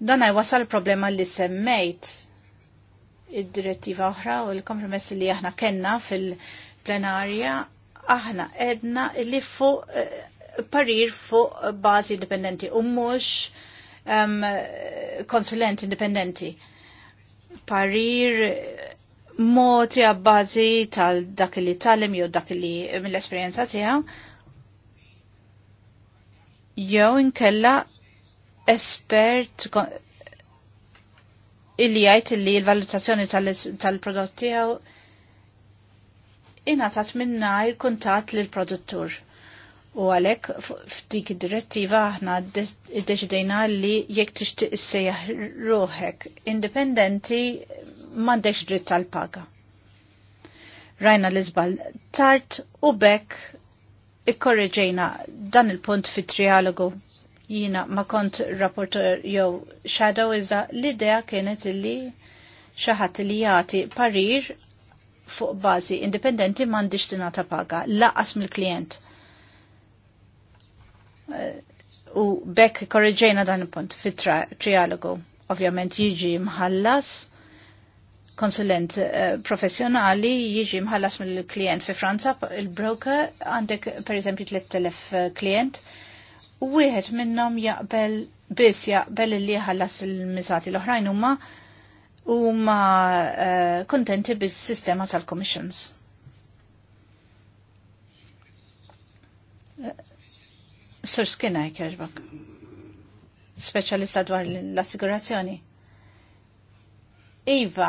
dan wasal problema li semmejt id-direttiva oħra u l-kompromess li aħna kenna fil-plenarja aħna edna li fuq eh, parir fuq bażi indipendenti u mhux um, konsulent indipendenti. Parir motri bazi tal-dak li talim jew dak li mill-esperjenza tiegħu jew inkella espert illi jgħid illi l-valutazzjoni tal-prodott tiegħu ingħatat minnha kuntat lill produttur U għalek f'dik id-direttiva aħna deċidejna li jekk tixtieq issejjaħ ruħek indipendenti m'għandekx dritt tal-paga. Rajna l-iżbal tard u bekk ikkorreġejna dan il-punt fit trialogu Jina ma kont rapporter jew shadow iżda l-idea kienet li xi ħadd li jagħti parir fuq bażi indipendenti m'għandix tingħata paga, laqas mill-klient u bekk korreġejna dan il-punt fit trialogu Ovvjament jiġi mħallas konsulent eh, professjonali jiġi mħallas mill-klient fi Franza, il-broker għandek per eżempju 3000 eh, klient u wieħed minnhom jaqbel biss jaqbel li ħallas il-miżati l-oħrajn huma huma eh, kontenti bis-sistema tal-commissions Sur Skinner jkerġbok. Speċjalista dwar l-assigurazzjoni. Iva,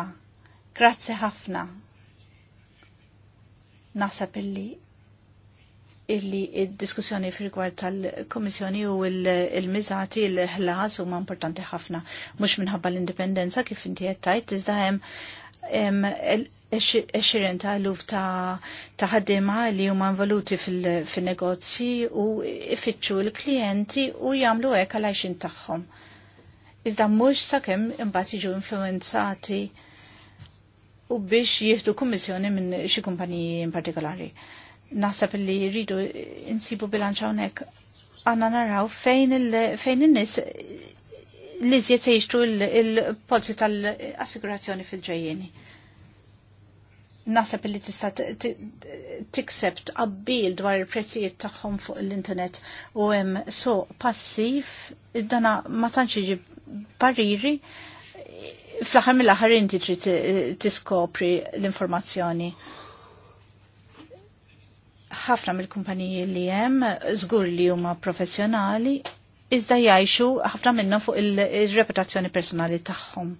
grazzi ħafna. Naħseb illi illi il diskussjoni fil-gwar tal-Komissjoni u il-mizati il l-ħlas u huma importanti ħafna, mhux minħabba l-indipendenza kif inti qed iżda hemm 20 ta' luf ta' ħaddima li huma involuti fil-negozji u ifittxu l-klijenti u jagħmlu hekk għal għajxin tagħhom. Iżda mhux sakemm imbagħad jiġu influenzati u biex jieħdu kummissjoni minn xi kumpaniji in partikolari. Naħseb li jridu insibu bilanċ hawnhekk għandna naraw fejn in-nies li zjiet se jixtru il-pozzi tal-assigurazzjoni fil-ġejjeni nasab li tista tikseb tqabbil dwar il-prezzijiet tagħhom fuq l-internet u hemm so passiv dana ma tantx jiġi pariri fl-aħħar mill-aħħar inti trid tiskopri l-informazzjoni. Ħafna mill-kumpaniji li hemm żgur li huma professjonali iżda jgħixu ħafna minnhom fuq il-reputazzjoni personali tagħhom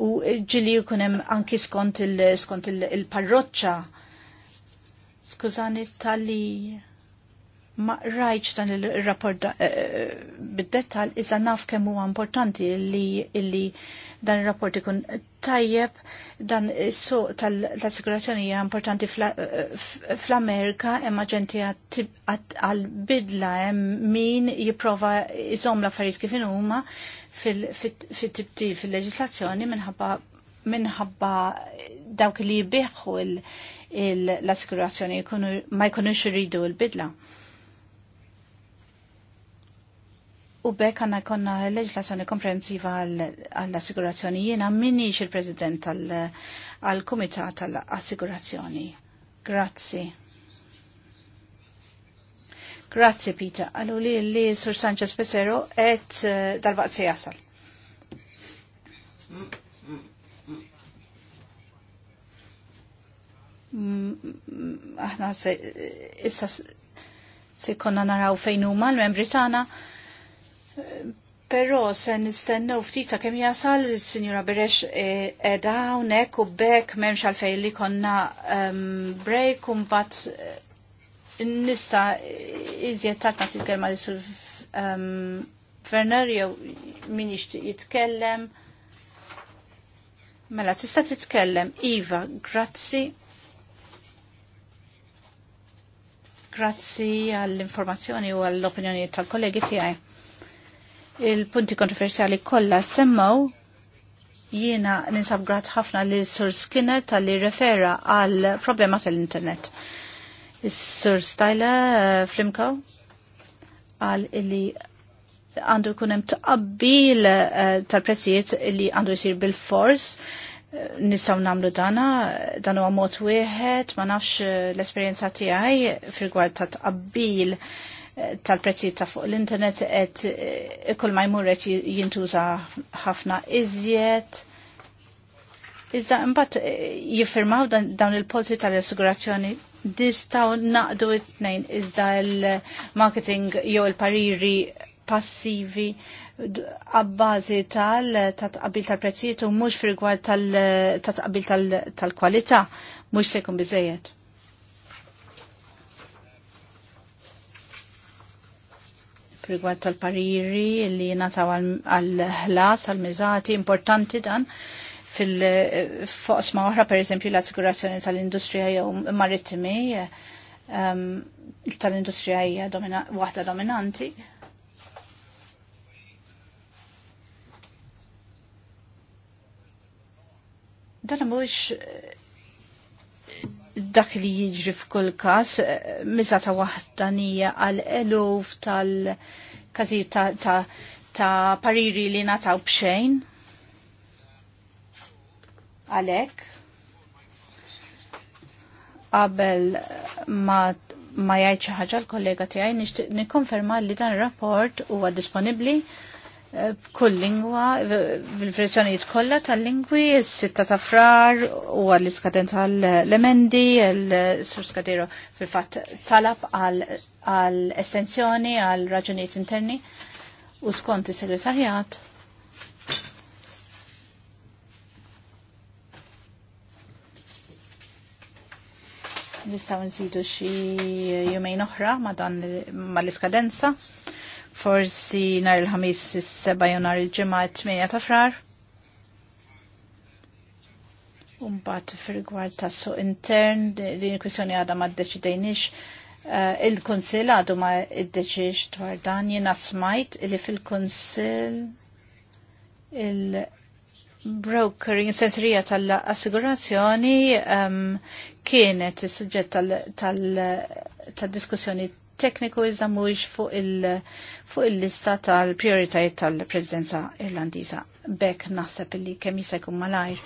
u ġili kunem anki skont il-skont il-parroċċa. Skużani tal-li ma rajċ dan il-rapport eh, eh, bid-detal, iza naf kemm huwa importanti li dan il-rapport ikun tajjeb, dan is-suq so, tal-assigurazzjoni hija importanti eh, fl-Amerika hemm aġenti għal-bidla hemm min jipprova iżomm l-affarijiet kif huma fil-tibti fil-leġislazzjoni minħabba minħabba dawk li jibieħu l-assikurazzjoni ma jkunux iridu l-bidla. U bekk għanna jkonna leġislazzjoni komprensiva għall-assigurazzjoni jiena minni il-President għall-Kumitat għall-Assigurazzjoni. Grazzi. Grazzi, Pita. Għallu li li Sur Sanchez Pesero et dal-waqt se jasal. Aħna se issa se konna naraw fejn huma l-membri tagħna. Però se nistennew ftit kemm jasal is-Sinjura Berex qiegħda hawnhekk u bekk m'hemmx għalfejn li konna ehm, break u mbagħad nista iżjed tatna titkellem għal sul ehm, Werner jew min jixtieq jitkellem. Mela, tista' titkellem. Iva, grazzi. Grazzi għall-informazzjoni u għall-opinjoni tal-kollegi tiegħi. Il-punti kontroversjali kollha semmaw jiena ninsab grat ħafna li Sur Skinner tal-li refera għal problema tal-internet. Is-Sur uh, eh, Flimko għal illi għandu kunem taqbil eh, tal-prezzijiet illi għandu jisir bil-fors eh, nistaw namlu dana, dan huwa mod wieħed, ma nafx l-esperjenza tiegħi firgwad ta' tqabbil tal-prezzijiet ta' fuq l-internet qed kull ma jmurret jintuża ħafna iżjed. Iżda imbat jiffirmaw dawn il-polsi tal-assigurazzjoni distaw naqdu it-tnejn iżda l-marketing jew il-pariri passivi għabbażi tal tatqabil tal-prezzijiet u mhux fil-rigward tal-tatqabil tal-kwalità mhux se jkun biżejjed. rigward tal-pariri li nataw għal-ħlas, għal-mizati, importanti dan, fil-fosma oħra, per eżempju, l-assigurazzjoni tal-industrija jew marittimi, tal-industrija hija waħda dominanti. Dan mhux dak li jiġri f'kull każ miżata nija għal eluf tal-każijiet ta', ta pariri li nataw b'xejn Għalek, qabel ma ma jgħid xi ħaġa l-kollega tiegħi nixtieq nikkonferma li dan ir-rapport huwa disponibbli eh, b'kull lingwa fil-verżjonijiet kollha tal-lingwi is-sitta ta' frar huwa l-iskadenza l-emendi l-sur skadiru fil-fatt talab għal estensjoni għal raġunijiet interni u skont is-segretarjat nistaw nżidu xi jumejn oħra ma dan ma l-iskadenza. Forsi nar il-ħamis is-seba jonar il-ġimgħa t-8 ta' frar. Umbat fil-gwar ta' su intern, din il-kwissjoni għada ma' d-deċidejnix, eh, il-konsil għadu ma' d deċiġ dwar dan jena smajt li fil-konsil il- brokering, sensorija tal-assigurazzjoni um, kienet il-sujġet tal-diskussjoni tal, tal tekniku iżda fuq il- fuq il-lista tal-prioritajiet tal-Presidenza Irlandiża. Bekk naħseb illi kemm jista' jkun malajr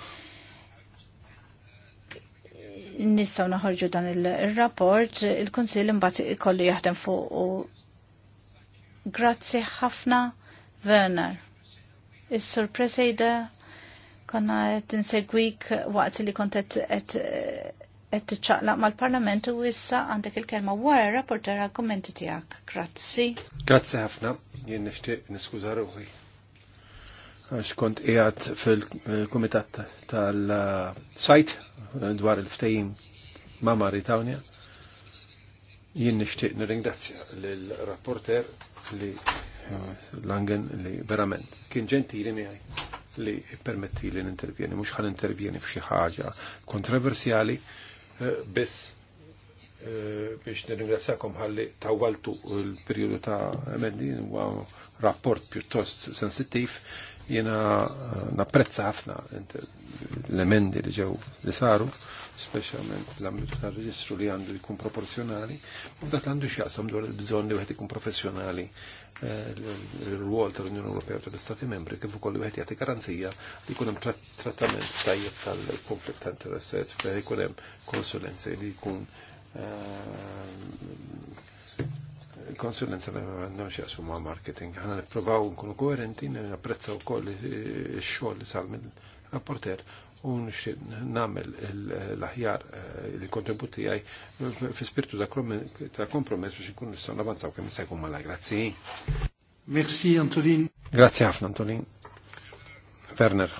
nistgħu naħorġu dan il-rapport, il-Kunsill imbagħad ikollu jaħdem fuq u grazzi ħafna Werner. Is-Sur Presejda konna qed insegwik waqt li kont qed tiċċaqlaq mal-Parlament u issa għandek il-kelma wara rapporter għal-kommenti tiegħek. Grazzi. Grazzi ħafna, jien nixtieq niskuza ruħi. Għax kont qiegħed fil komitat tal-sajt dwar il-ftehim ma' Maritawnia. Jien nixtieq nirringrazzja lill-rapporter li Langen li verament kien ġentili miegħi li permetti li n-intervjeni, mux ħan intervjeni f'xi ħaġa kontroversjali, eh, biss eh, biex nirringrazzakom ħalli tawaltu il-periodu ta' emendi, u rapport piuttost sensittiv, jena eh, napprezza ħafna l-emendi li ġew li saru, specialment l-ambitu ta' reġistru li għandu jkun proporzjonali, u dak għandu xjaqsam dwar il-bżon li wieħed jkun professjonali il-ruol tal-Unjoni Ewropea u tal stati Membri kif ukoll wieħed jagħti garanzija li jkun hemm trattament tajjeb tal-konflitt ta' interessat fejn jkun hemm konsulenza li jkun konsulenza għandna xi jaqsmu ma' marketing. Għana nippruvaw nkunu koerenti, napprezzaw koll ix-xogħol li sal mill rapporter u namel l-aħjar eh, li kontributi għaj fi spirtu ta' kompromess biex ikun nistan avanzaw kemm se jkun mala. Grazzi. Merci Antolin. Grazzi ħafna Antolin. Werner,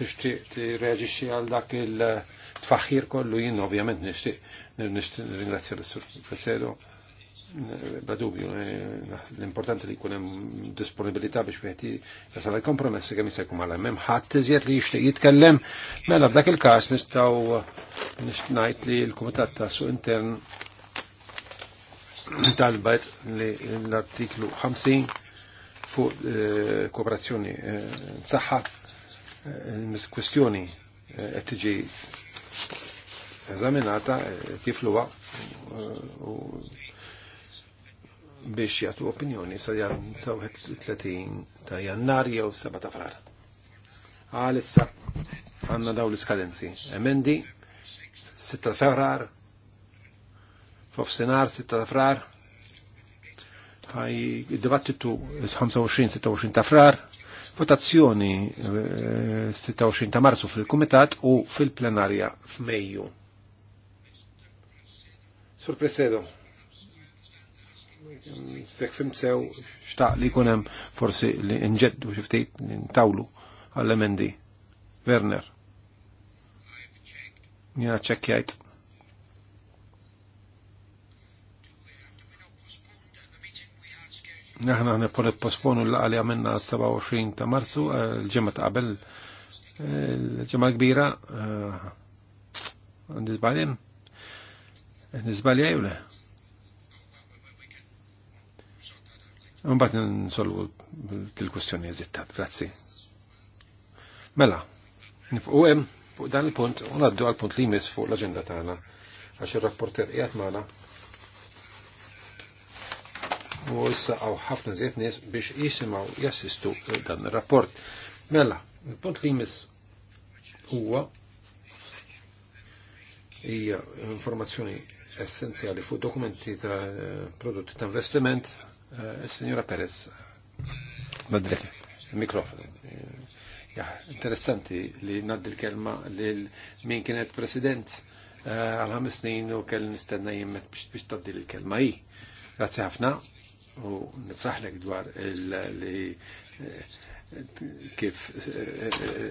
tixtieq tirreaġixxi għal dak il-tfaħħir kollu jien ovvjament nixtieq nixtieq ringrazzja l-Sur Fesedo. Badubju, eh, l-importanti li kunem disponibilità biex fiħti jasal il-kompromessi kemm jista' jkun għalhem. Hemm ħadd iżjed li jixtieq jitkellem, mela f'dak il kas nistaw ngħid li l komitat ta' su Intern talbet li l-artiklu 50 fuq eh, kooperazzjoni eh, saħħa kwestjoni qed tiġi eżaminata kif biex jagħtu opinjoni sa jgħan sa 30 ta' jannar jew 7 ta' frar. Għalissa għandna daw l-iskadenzi. Emendi 6 ta' frar, fofsenar 6 ta' frar, ħaj dibattitu 25-26 ta' frar, votazzjoni 26 eh, ta' marzu fil-kumitat u fil-plenarja f'Mejju. Sur Presedo sekk fimsew xtaq li kunem forsi li nġeddu xiftit ntawlu għall-emendi. Werner. Jena ċekkjajt. Naħna ħna posponu l-għali għamenna 27 ta' marzu, eh, l-ġemma ta' qabel, eh, l-ġemma kbira, eh, għandi zbaljem, nizbalja Mbagħad nsolvu til kwestjoni eżittat, grazzi. Mela, u hemm dan il-punt u ngħaddu għal punt li jmiss fuq l-aġenda tagħna għax ir-rapporter qiegħed magħna u għaw ħafna żiet nies biex jisimgħu jassistu dan ir-rapport. Mela, il-punt li jmiss huwa hija informazzjoni essenzjali fuq dokumenti ta' prodotti ta' investiment Eh, signora Perez, nadrek il-mikrofonu. Interessanti li naddi l-kelma li min kienet president eh, għal ħames snin u kell nistenna jimmet biex taddi il kelma i. Grazie ħafna u nifsaħlek dwar li eh, kif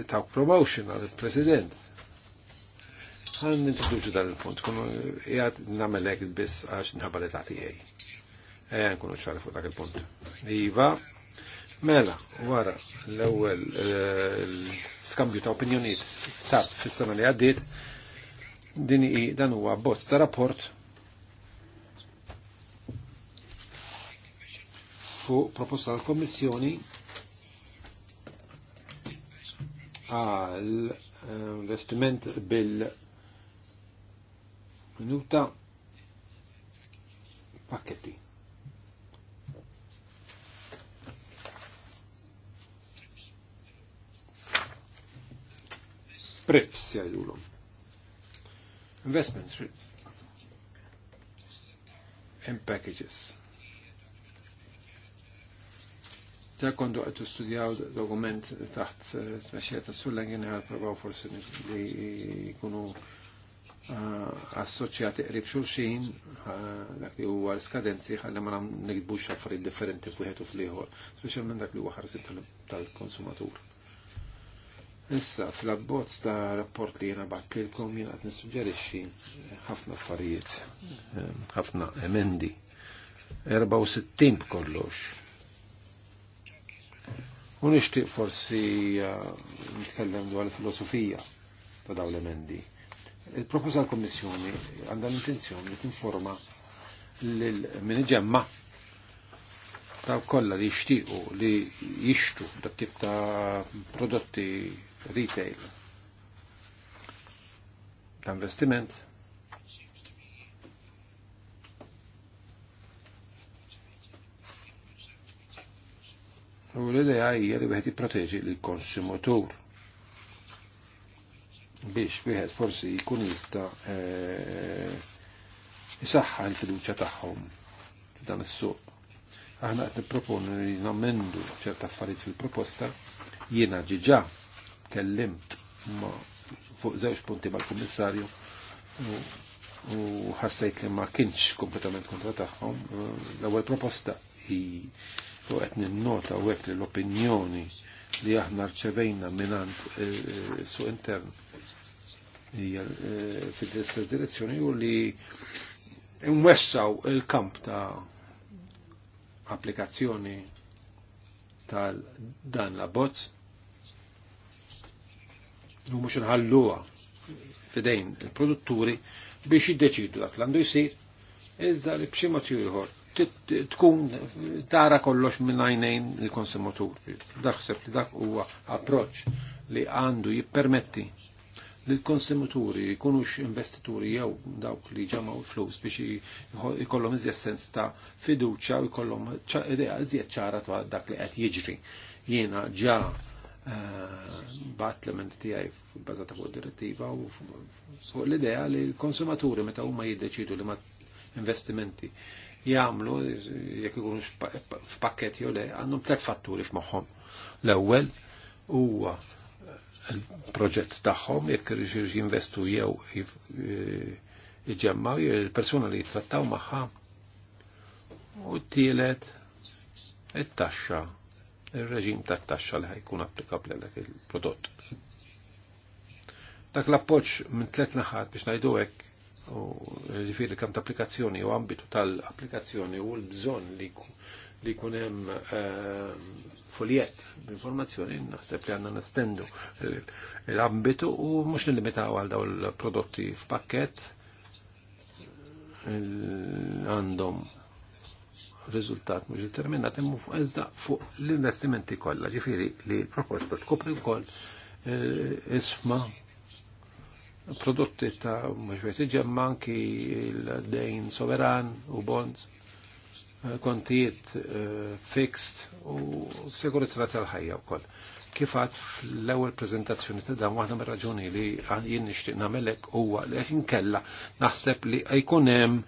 ta' promotion għal president. Għan nintroduċu dal-punt, kun jgħat namelek bis għax nħabba li taħti Eh, nkunu ċari fuq dak il-punt. Iva, mela, wara l-ewwel eh, skambju ta' opinjoniet ta' fis li għaddit, din i dan huwa bozz ta' rapport fuq proposta tal-Kommissjoni għal investiment bil minuta pakketti. prefs jgħidulhom. Investment and packages. Ta' kondu għattu studijaw dokument taħt eh, t-mexħija ta' sullengin għal-provaw forse li kunu eh, assoċjati qrib xulxin eh, dak li huwa l-skadenzi ħalli ma nikdbux affarijiet differenti fuħetu u fl-ieħor, speċjalment dak li huwa ħarsin tal-konsumatur. Issa, fl-abbozz ta' rapport li jena battilkom jena għat nissuġġerixi ħafna affarijiet, ehm, ħafna emendi. 64 kollox. U nixtieq forsi eh, nitkellem dwar il-filosofija ta' dawn l-emendi. il proposa l-Kommissjoni għandha l-intenzjoni li tinforma l mini ġemma ta' kolla li jixtiequ li jixtru dak tip ta' prodotti retail. L-investiment U l-idea hija li wieħed jipproteġi l-konsumatur biex wieħed forsi jkun jista jisaħħa eh, l-fiduċja tagħhom f'dan is-suq. Aħna qed nipproponu li nammendu ċert affarijiet fil-proposta jiena ġiġa kellimt ma fuq żewġ punti mal-kummissarju u ħassejt li ma kienx kompletament kontra tagħhom. Eh, l-ewwel proposta hi u qed ninnota wek li l-opinjoni li aħna rċevejna minant eh, eh, su intern hija fid-istess direzzjoni u li nwessaw il-kamp ta' applikazzjoni tal dan la bozz u mux nħalluha fidejn il-produtturi biex jiddeċidu dak l-għandu jisir, iżda li b'xi motiv ieħor tkun tara kollox minn għajnejn il-konsumatur. Daħseb li dak huwa approċċ li għandu jippermetti li l-konsumaturi jkunux investituri jew dawk li ġamaw flus biex jkollhom iżjed sens ta' fiduċja u jkollhom idea iżjed ċara ta' dak li qed jiġri. Jiena ġa bat l-ment tijaj bazata fuq direttiva u fuq l-idea li l-konsumaturi meta huma jiddeċidu li ma investimenti jagħmlu jekk ikunu f'pakket jew le għandhom tliet fatturi f'moħħom. L-ewwel huwa il-proġett tagħhom jekk jinvestu jew jġemmaw eh, il-persuna li jittrattaw magħha u t-tielet it-taxxa il-reġim ta' taxxa li ħajkun applikabli dak il-prodott. Dak l-appoċ minn tlet naħat biex najdu hekk u ġifieri kemm ta' applikazzjoni u ambitu tal-applikazzjoni u l-bżonn li li jkun hemm ehm, foljet b'informazzjoni naħseb li għandna nestendu l-ambitu u mhux nillimitaw għal dawn il-prodotti f'pakket għandhom riżultat mhux determinat fuq iżda fuq l-investimenti kollha, ġifieri li l-proposta tkopri wkoll eh, isma prodotti ta' mhux wieħed iġemma anki l-dejn soveran u bonds eh, kontijiet eh, fixed u sekurizza tal-ħajja wkoll kifat fl-ewwel prezentazzjoni ta' dan waħda mir-raġuni li jien nixtieq nagħmelek huwa li qed inkella naħseb li jkun hemm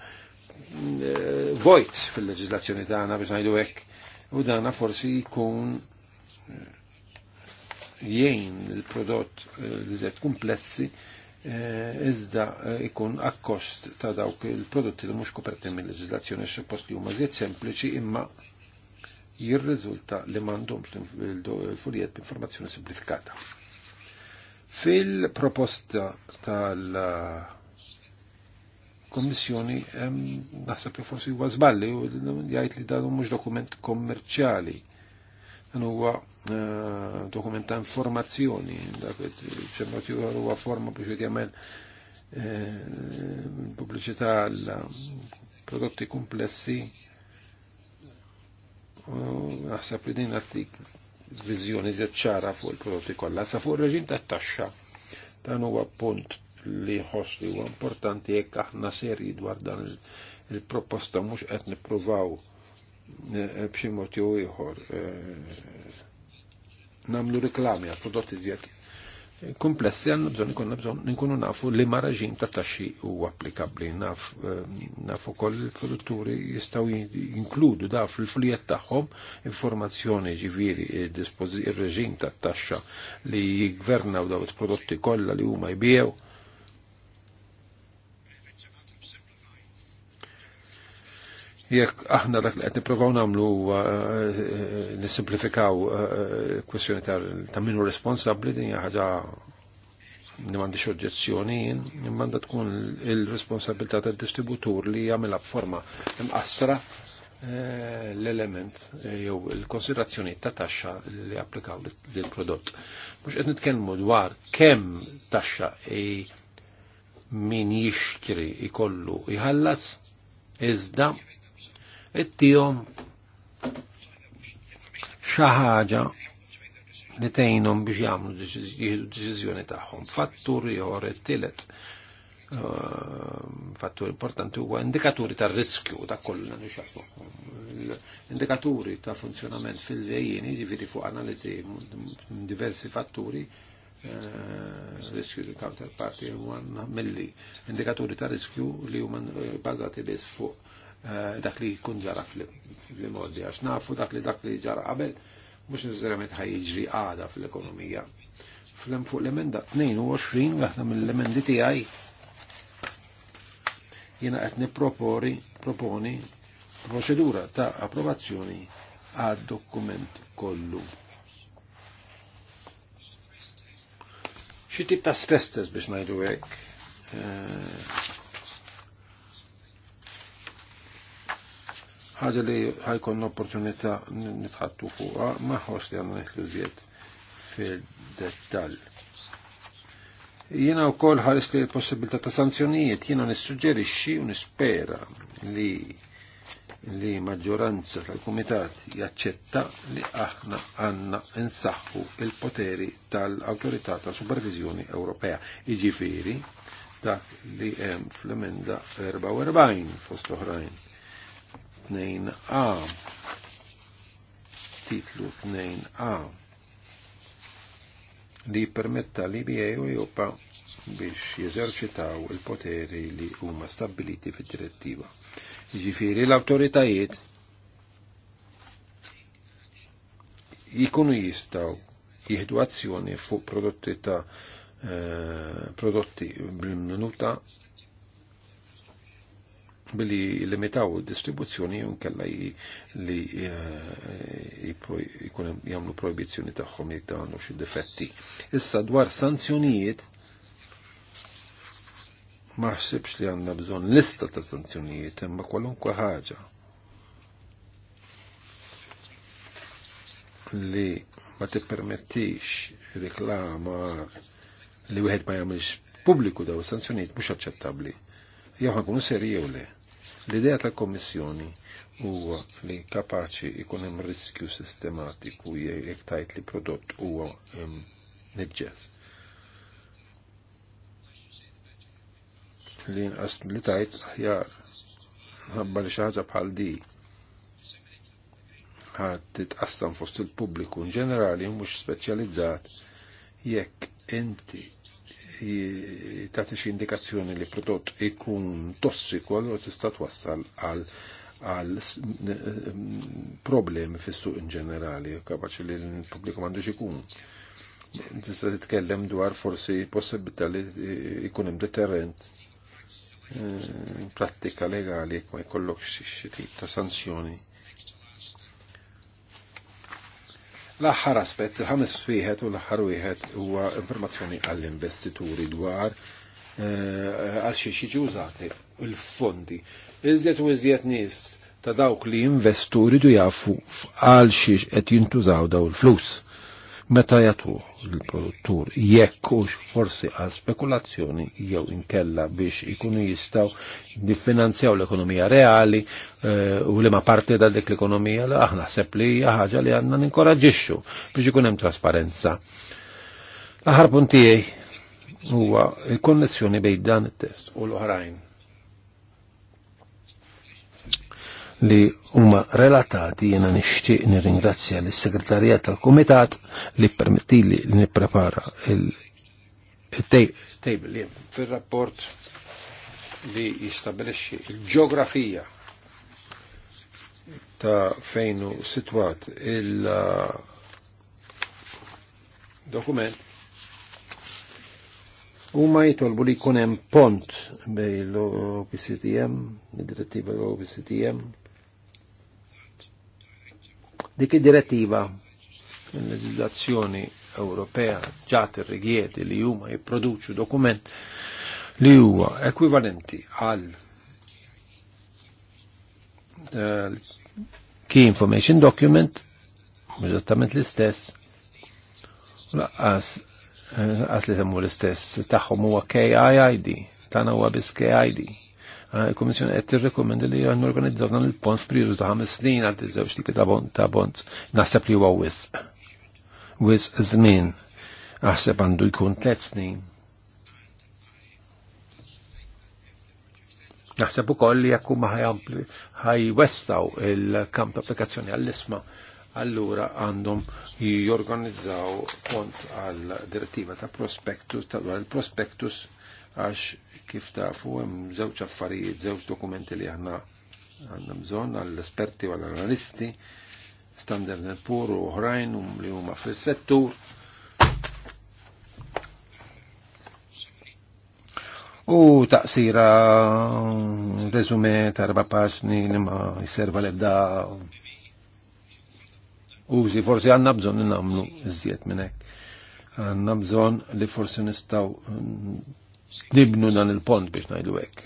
vojt fil-leġizlazzjoni tagħna biex ngħidu hekk u dana forsi jkun eh, jien il-prodott eh, li zed komplessi eh, iżda ikun akkost ta' dawk il-prodotti li mhux koperti mill-leġizlazzjoni x'post li huma zed sempliċi imma jirriżulta li m'għandhomx il-furijiet b'informazzjoni simplifikata. Fil-proposta tal- kommissjoni naħseb li forsi huwa żballi u jgħid li dan mhux dokument kommerċjali. Dan huwa eh, dokument ta' informazzjoni, dak ċemmot huwa forma biex jagħmel eh, pubbliċità għal prodotti komplessi. Naħseb li din għattik viżjoni ċara fuq il-prodotti kollha. Sa fuq ir-reġim tat-taxxa dan huwa punt li ħosli u importanti jekk aħna serji dwar dan il-proposta mhux qed nippruvaw eh, eh, b'xi mod jew ieħor eh, nagħmlu riklami għal prodotti żjed komplessi għandna bżonn ikunna bżonn inkunu nafu li ma raġim ta' taxxi huwa applikabbli naf naf ukoll il-produtturi jistgħu jinkludu da fil-flijiet tagħhom informazzjoni ġifieri ir-reġim tat-taxxa li jgvernaw daw il-prodotti kollha li huma jbiegħu jekk aħna dak li qed nippruvaw nagħmlu huwa eh, eh, nisimplifikaw eh, kwestjoni ta' hu responsabbli din hija ħaġa li m'għandix oġġezzjoni jien, imma tkun il-responsabilità tad-distributur li jagħmilha b'forma imqassra l-element jew il-konsiderazzjoni ta' taxxa li applikaw lill prodott Mhux qed nitkellmu dwar kemm taxxa min jixtri ikollu jħallas iżda ittijom xaħġa li tejnum biex jagħmlu deċizjoni taħħom. Fatturi ieħor it-tielet uh, Fatturi importanti huwa indikaturi ta' riskju ta' kollha nixafu. Indikaturi ta' funzjonament fil-żejjin ġifiri fuq analizi diversi fatturi uh, riskju ta' counterparty huwa milli indikaturi ta' riskju li huma uh, bazati bis fuq Eh, dak li jkun ġara fl-modi, għax nafu dak li dak li ġara qabel, mux nizzerament ħajġri għada fl-ekonomija. Flem fuq l-emenda 22, għahna mill-emendi tijaj, jena għetni propori, proponi proċedura ta' approvazzjoni għad dokument kollu. Xi ta' stress test biex najdu hekk eh, ħaġa li ħajkon opportunità nitħattu fuqa maħħos li għanna zjed fil-dettal. Jiena u kol ħaris li l-possibilità ta' sanzjonijiet, jiena nissuġġerixxi u nispera li li maġġoranza tal-Kumitat jaċċetta li aħna għanna nsaħħu il-poteri tal-Autorità ta' Supervizjoni Ewropea. Iġifieri dak li hemm fl-emenda 44 fost oħrajn. 2A. Titlu 2A li permetta li BA u Jopa biex jeżerċitaw il-poteri li huma stabiliti fid-direttiva. Ġifiri l-autoritajiet jikunu jistaw jihdu azzjoni fuq prodotti ta' eh, prodotti bil-minuta billi limitaw distribuzzjoni unkella li jikunem eh, jamlu proibizjoni taħħom jek daħnu xie defetti. Issa dwar sanzjonijiet maħsibx li għanna bżon lista ta' sanzjonijiet imma kwalunkwe ħaġa li ma tippermettix reklama li wieħed ma jagħmilx pubbliku daw sanzjonijiet mhux aċċettabbli. Jew ħankunu serji jew le. L-idea tal-Komissjoni huwa li kapaċi ikun hemm riskju sistematiku jekk tajt li prodott huwa niġġes. Li nqas li tajt aħjar ħabba li xi ħaġa bħal di ħad titqassam fost il-pubbliku in ġenerali mhux speċjalizzat jekk inti tagħti xi indikazzjoni li prodott ikun tossiku għallu tista' twassal għal għal eh, problemi fissu in ġenerali, kapaxi li l-pubbliku mandu xikun. Tista' titkellem dwar forsi possibilità li ikun hemm deterrent eh, prattika legali ma jkollok xi tip ta' sanzjoni L-aħħar aspett, il-ħames wieħed u l-aħħar wieħed huwa informazzjoni għall-investituri dwar eh, għal xi xi użati il-fondi. Iżjed u iżjed nies ta' dawk li investuri jridu jafu għal xiex qed jintużaw daw il-flus meta jatu l-produttur jekk u forsi għal spekulazzjoni jew inkella biex ikunu jistaw diffinanzjaw l-ekonomija reali eh, u li ma parti da dik l-ekonomija li aħna sepp li ħaġa li għanna ninkoraġiċu biex ikun hemm trasparenza. L-aħar puntijaj huwa il-konnessjoni bejn dan it-test u l-oħrajn li huma relatati jena nixtieq nirringrazzja lis segretarija tal-Kumitat li permettili li nipprepara il-tejbel fil-rapport li jistabilixxi il-ġeografija ta' fejn hu sitwat il-dokument Huma jitolbu li jkun hemm pont bej l-OPCTM, id-direttiva l-OPCTM, Dik id-direttiva il leġislazzjoni Ewropea ġat ir-rigieti li huma jipproduċu dokument li huwa ekwivalenti għal eh, key information document eżattament l-istess laqqas għas eh, li semmu l-istess taħħom huwa KIID tana huwa biss KID Eh, il-Komissjoni qed tirrekomendi li għan organizzaw dan il-pont f'periodu ta' ħames snin għal tiżewġ li ta' bont ta' bont naħseb li huwa wisq. Wisq żmien naħseb għandu jkun tliet snin. Naħseb ukoll li jekk huma ħajwessaw il-kamp applikazzjoni għall-isma' allura għandhom jorganizzaw kont għal direttiva ta' prospektus, tal-għal il-prospektus għax Kif tafu hemm żewġ affarijiet, żewġ dokumenti li aħna għandna bżonn għall-esperti u għall-analisti, standard pur u oħrajn um, li huma fis-settur. U taqsira reżumé ta' erba' paġni li ma jserva l-ebda użi, forsi għandna bżonn li namlu iżjed minn hekk. Għanna bżonn li forsi nistgħu nibnu dan il-pont biex najdu għek.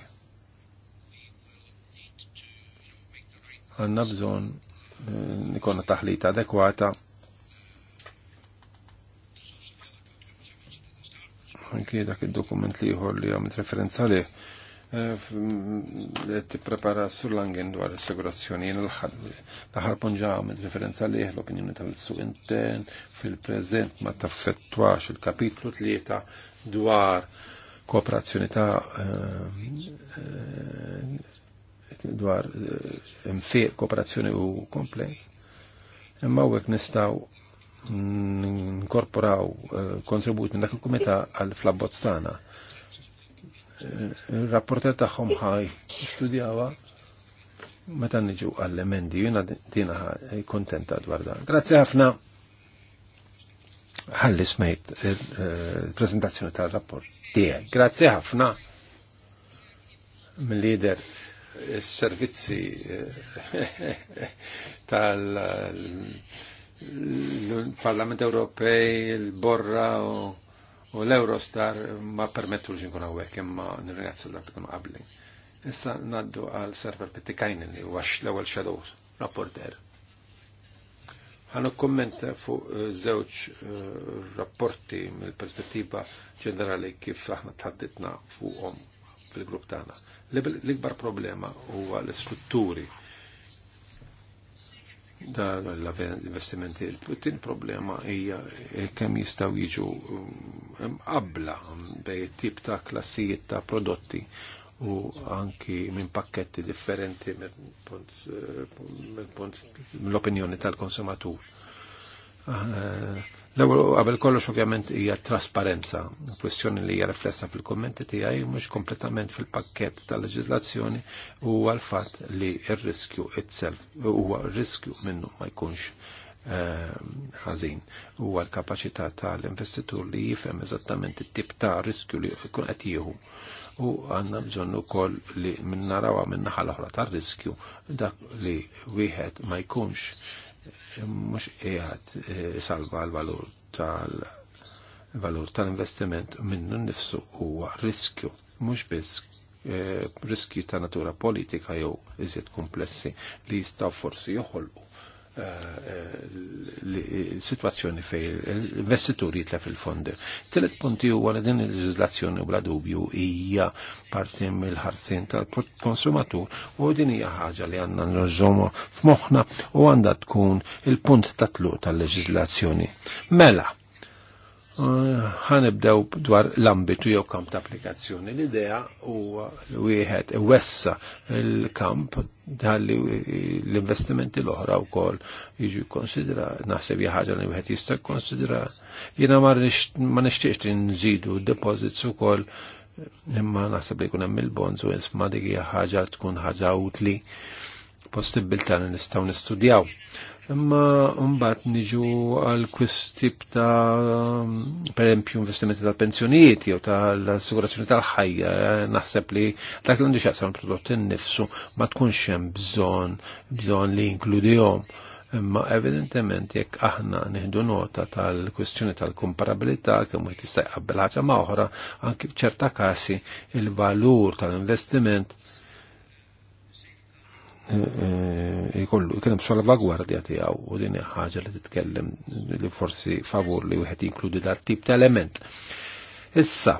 Għanna bżon eh, nikonna taħlita adekwata anki dak il-dokument li jħor li għamit referenza li eh, li għetti prepara sur-langen dwar assegurazzjoni l-ħar ponġa għamit referenza li l-opinjoni tal su intern fil-prezent ma taffettwax il-kapitlu tlieta dwar kooperazzjoni ta' eh, eh, dwar eh, mfiq kooperazzjoni u komplejs. Imma għek nistaw nkorporaw kontribut minn dak il-kumita għal flabbot stana. rapporter tagħhom ħaj studjawa meta niġu għall-emendi, jina dina kontenta dwar dan. Grazie ħafna ħalli smajt il-prezentazzjoni tal-rapport tiegħi. Grazzi ħafna mill-lider servizzi eh, tal-Parlament Ewropej, il-Borra u l-Eurostar ma permettu li nkun hawnhekk imma nirringrazzju l kun qabli. Issa naddu għal server Pittikajn li huwa l-ewwel shadow rapporter. Għan kommenta fuq eh, zewċ eh, rapporti mill-perspettiva ġenerali kif aħna tħadditna fuqhom fil-grupp tagħna. L-ikbar problema huwa l-istrutturi da l-investimenti. Il-tin problema hija eh, kemm jistgħu jiġu mm, qabla bej tip ta' klassijiet ta' prodotti u anki minn pakketti differenti mill-opinjoni eh, tal-konsumatur. Eh, L-ewwel qabel kollox ovvjament hija trasparenza, kwestjoni li hija riflessa fil-kummenti tiegħi mhux kompletament fil-pakkett tal-leġiżlazzjoni u għal-fatt li r-riskju itself huwa riskju minnu ma jkunx eh, ħażin huwa l-kapaċità tal-investitur li jifhem eżattament it-tip ta' riskju li jkun qed jieħu u għanna bżonnu kol li rawa minna l ħra tar riskju dak li wieħed ma jkunx mux qiegħed eh, salva l-valur tal-valur tal-investiment minnu nifsu huwa riskju Mux biss eh, riskju ta' natura politika jew iżjed komplessi li jistaw forsi joħolqu Eh, eh, situazzjoni fej investituri jitla fil-fondi. Telet punti huwa din il legislazzjoni bla dubju hija parti mill-ħarsin tal-konsumatur u din hija ħaġa li għandna nżommu f'moħħna u għandha tkun il-punt tatlu tal legislazzjoni Mela, ħanibdew dwar l-ambitu jew kamp ta' applikazzjoni. L-idea huwa wieħed wessa l-kamp dalli l-investimenti l-oħra wkoll jiġu konsidera, naħseb ħaġa li wieħed jista' konsidera. Jiena ma nixtiex li nżidu deposits ukoll imma naħseb li jkun hemm il-bonds u isma' dik hija ħaġa tkun ħaġa utli possibilta li nistgħu nistudjaw imma mbagħad niġu għal kwistib ta' um, pereempju investimenti tal pensjonijiet jew tal-assigurazzjoni tal-ħajja naħseb li dak li għandu xaqsam prodott innifsu ma tkunx hemm bżonn bżonn li jinkludihom. Imma evidentement jekk aħna nieħdu nota tal-kwistjoni tal-komparabilità kemm wieħed jista' jqabbel ħaġa ma' oħra, anki f'ċerta każi il-valur tal-investiment jikollu, eh, eh, jikollu salvagwardja tiegħu u din ħaġa li titkellem li forsi favur li wieħed jinkludi dat tip ta' element. Issa,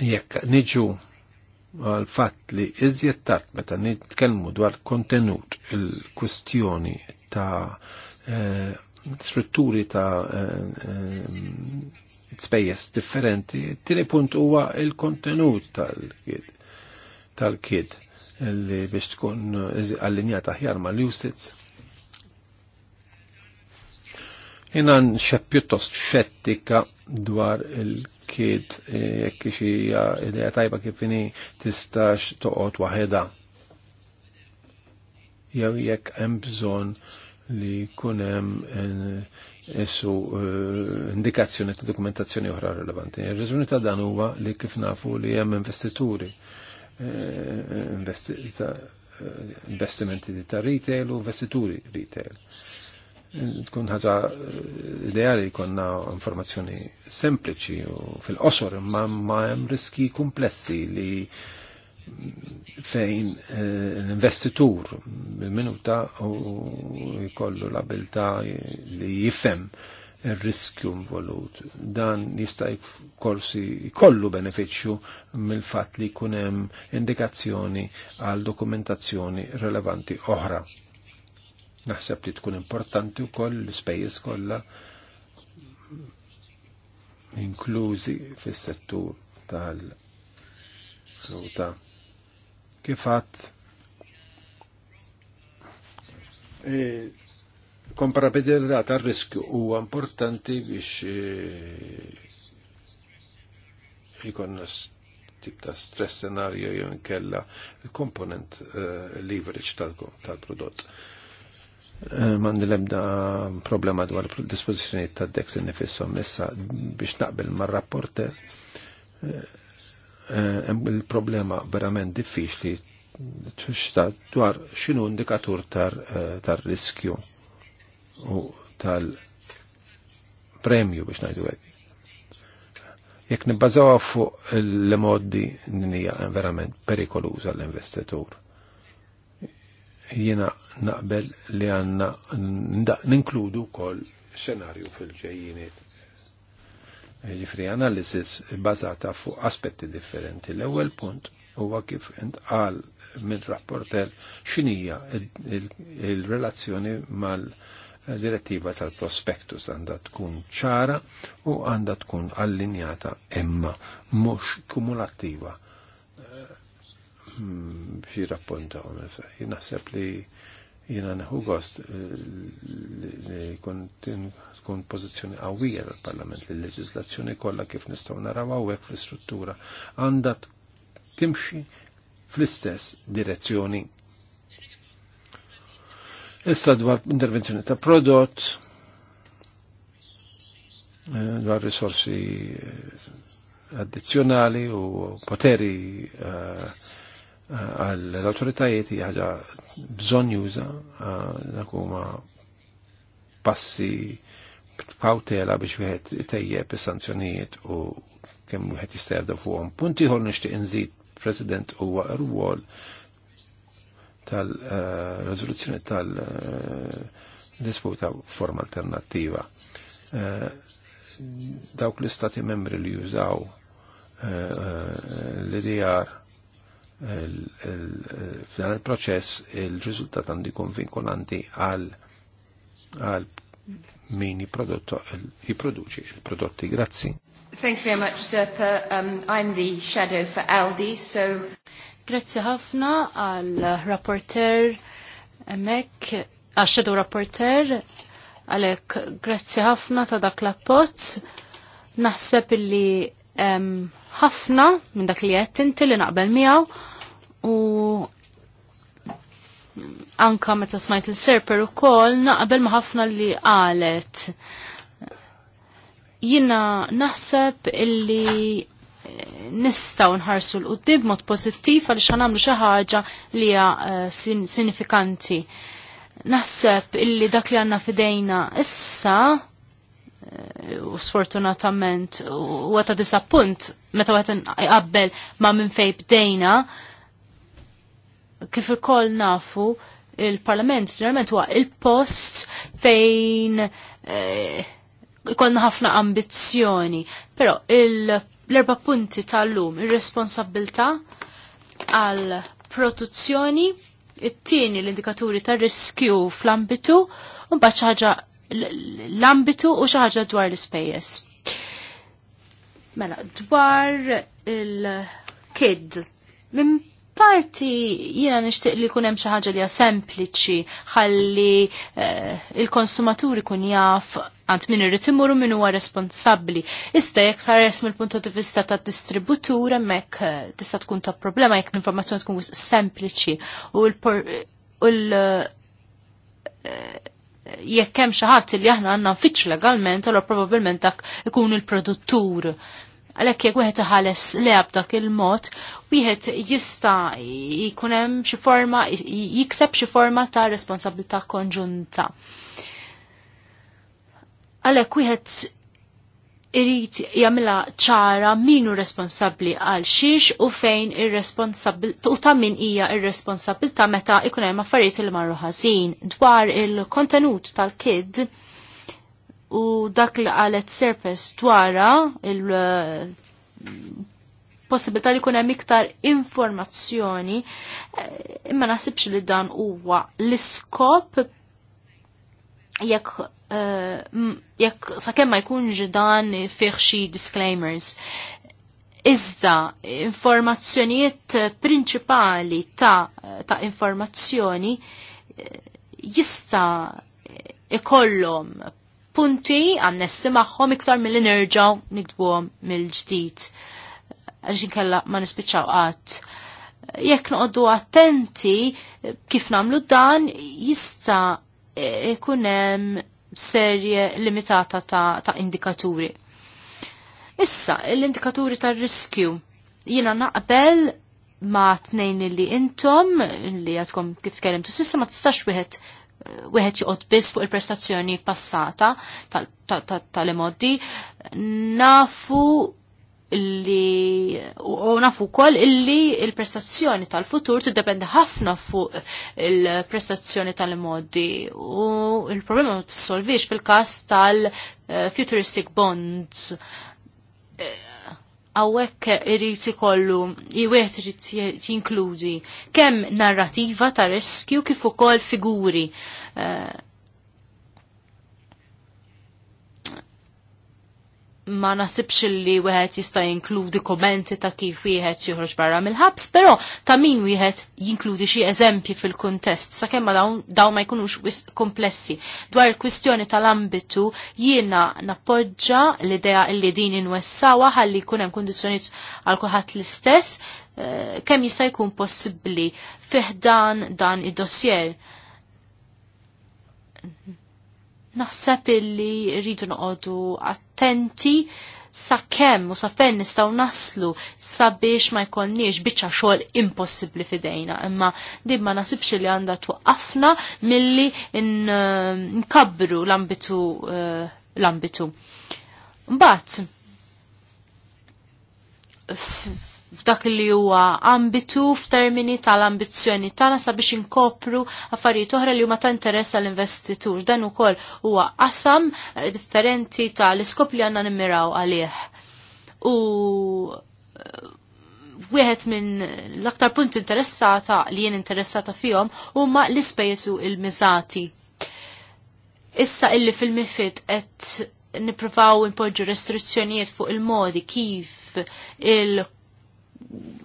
jekk niġu għal fatt li iżjed meta nitkellmu dwar kontenut il-kwestjoni ta' eh, strutturi ta' spejjeż differenti, tieni punt huwa il-kontenut tal-kid. tal kid li biex tkun allinjata ħjar ma' l-usits. Jena nxeb pjuttost xettika dwar il-kid e, jekk xija ideja tajba kif inhi tistax toqgħod waħedha. Jew jekk hemm bżonn li jkun hemm e, Issu e, indikazzjoni ta' dokumentazzjoni oħra rilevanti. ir reżuni ta' dan huwa li kif nafu li hemm investituri Eh, eh, investimenti ta' retail u investituri retail. Tkun ħaġa eh, ideali konna informazzjoni sempliċi u fil-qosor ma ma hemm riski komplessi li fejn l-investitur minuta u jkollu l-abilta li jifhem il-riskju involut. Dan jista' korsi kollu beneficju mill-fatt li kunem indikazzjoni għal dokumentazzjoni relevanti oħra. Naħseb li tkun importanti wkoll l-ispejjeż kollha inklużi fis-settur tal-ruta. Kif E komparabilità tar riskju huwa importanti biex jikonna eh, tip ta' stress scenario jew kella il-komponent eh, leverage tal-prodott. Eh, Mandi lebda problema dwar dispozizjoni ta' dex nifissom messa biex naqbel mar-rapporter il-problema verament diffiċli dwar xinu indikatur tar riskju u tal-premju biex najdu għek. Jek nibbazaw fuq l-modi n-nija eh, verament perikoluza l-investitur. Jena naqbel li għanna ninkludu kol xenarju fil-ġejjiniet. Ġifri analisis bazata fuq aspetti differenti. L-ewel punt huwa kif għal minn rapporter xinija il-relazzjoni mal- direttiva tal-prospektus għandha tkun ċara u għandha tkun allinjata imma mhux kumulattiva xi eh, rappunta naħseb li jiena neħu gost eh, li tkun pożizzjoni qawwija tal-Parlament li l leġislazzjoni kollha kif nistgħu naraw hawnhekk fl-istruttura għandha timxi fl-istess direzzjoni Issa dwar intervenzjoni ta' prodott, eh, dwar risorsi eh, addizjonali u poteri eh, għall-autoritajiet uh, ħaġa bżon juża, dakuma passi b'kautela biex wieħed tejjeb is-sanzjonijiet u kemm wieħed jista' jabda fuqhom. Punti ħol nixtieq inżid President huwa rwol tal-rezoluzzjoni uh, tal-disputa uh, forma alternativa. Uh, Dawk l-istati membri li jużaw eh, l-IDR f'dan il-proċess il-riżultat għandi kun vinkolanti għal għal min jiproduċi il-prodotti. Grazzi. Thank you very much, Serpa. Um, I'm the shadow for Aldi, so... Grazzi ħafna għal rapporter emek, għal rapporter, għalek grazzi ħafna ta' dak l-appozz. Naħseb illi ħafna minn dak li qed inti li naqbel miegħu u anka meta smajt il-serper ukoll naqbel ma' ħafna li qalet jina naħseb illi nistaw nħarsu l-qoddim mod pozittiv għal xan għamlu xaħġa li hija eh, sinifikanti. Naħseb illi dak li għanna fidejna issa eh, u sfortunatament u għata disappunt meta għet iqabbel ma minn fej bdejna kif il nafu il-parlament ġeneralment huwa il-post fejn ikollna eh, ħafna ambizzjoni, però il l-erba punti tal-lum, ir-responsabilta għal produzzjoni, it-tieni l-indikaturi tal riskju fl-ambitu, u mbagħad ħaġa l-ambitu u xi ħaġa dwar l-ispejjeż. Mela, dwar il-kid, minn parti jiena nixtieq li jkun hemm xi ħaġa li hija sempliċi ħalli eh, il konsumaturi kun jaf għand min irrid imur minn min huwa responsabbli. Iżda jekk tares mill punto di vista ta' distributur hemmhekk eh, tista' tkun ta' problema jekk l-informazzjoni tkun sempliċi u l- eh, jekk hemm xi ħadd li aħna għandna nfittx legalment, allora probabbilment dak ikun il-produttur. Għalhekk jekk wieħed iħales leab dak il-mod, wieħed jista' jkun hemm xi forma jikseb xi forma ta' responsabilità konġunta. Għalhekk wieħed irid jagħmilha ċara min hu responsabbli għal xiex u fejn irresponsabli u ta' min hija irresponsabli ta' meta ikun hemm affarijiet il marru ħażin dwar il-kontenut tal-kid u dak li qalet serpes dwara il uh, possibilità li kunem iktar informazzjoni, eh, imma naħsibx li dan huwa l-iskop jekk Eh, jekk sakemm ma jkunx dan fih xi disclaimers. Iżda informazzjonijiet prinċipali ta', ta informazzjoni eh, jista' ikollhom punti għannessi magħhom iktar mill nerġaw nikdbuhom mill-ġdid. Għax inkella ma nispiċċaw qatt. Jekk noqogħdu attenti kif nagħmlu dan jista' ikun hemm serje limitata ta', ta indikaturi. Issa, l-indikaturi ta' riskju. Jina naqbel ma' tnejn li intom, li għadkom kif tkellimtu sissa ma' tistax wieħed wieħed joqgħod biss fuq il-prestazzjoni passata tal-imoddi, ta ta ta nafu illi u nafu kol illi il-prestazzjoni tal-futur tiddependi ħafna fuq il-prestazzjoni tal-modi u il-problema ma tissolvix fil-kas tal-futuristic bonds e, għawek irrit ikollu, jwet irrit jinkludi kem narrativa ta' riskju kif ukoll figuri. Uh, ma nasibx li wieħed jista' jinkludi kommenti ta' kif wieħed joħroġ barra mill-ħabs, però ta' min wieħed jinkludi xi eżempji fil-kuntest sakemm dawn daw ma jkunux komplessi. Dwar il-kwistjoni tal-ambitu jiena nappoġġa l-idea li din inwessawa ħalli jkun hemm kundizzjonijiet għal kulħadd l-istess eh, kemm jista' jkun possibbli fiħdan dan id-dossier Naħseb illi rridu noqogħdu attenti sa kemm u sa fejn nistgħu naslu sabiex ma jkollniex biċċa xogħol impossibbli fidejna, imma din ma nasibx li għandha twaqqafna milli eh, nkabbru l-ambitu eh, l-ambitu. Mbagħad f'dak li huwa ambitu f'termini tal-ambizzjoni tagħna sabiex inkopru affarijiet oħra li huma ta' interess għall-investitur. Dan ukoll huwa qasam eh, differenti tal-iskop li għandna nimmiraw għalih. U eh, wieħed minn l-aktar punt interessata li jien interessata fihom huma l ispejsu il l-miżati. Issa illi fil-mifid qed nippruvaw impoġġu restrizzjonijiet fuq il-modi kif il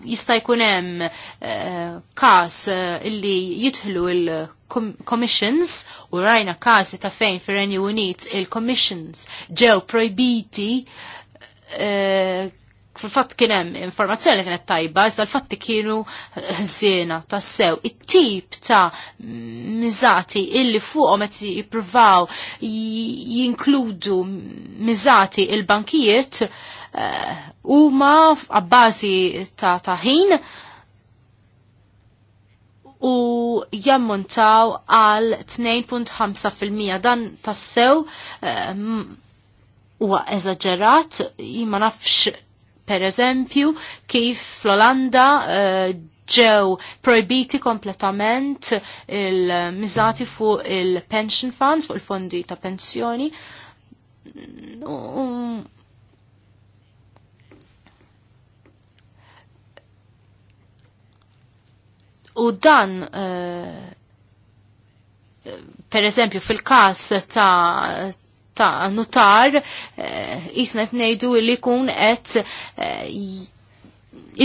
jista' jkun hemm eh, każ eh, illi jidħlu il-commissions u rajna każi ta' fejn fir-Renju Unit il-commissions ġew projbiti eh, fil-fatt kien hemm informazzjoni kienet tajba, iżda l-fatti kienu ħsiena tas-sew. It-tip ta' miżati illi fuqhom qed jippruvaw jinkludu miżati il-bankijiet Eh, huma għabbażi ta' taħin u jammontaw għal 2.5% dan tassew eh, huwa eżagġerat, ma nafx per eżempju kif fl-Olanda eh, ġew projbiti kompletament il-miżati fuq il-pension funds, fuq il-fondi ta' pensjoni. Mm, U dan eh, per eżempju fil-kas ta' ta' notar jisna eh, e, t-nejdu li kun et e, eh,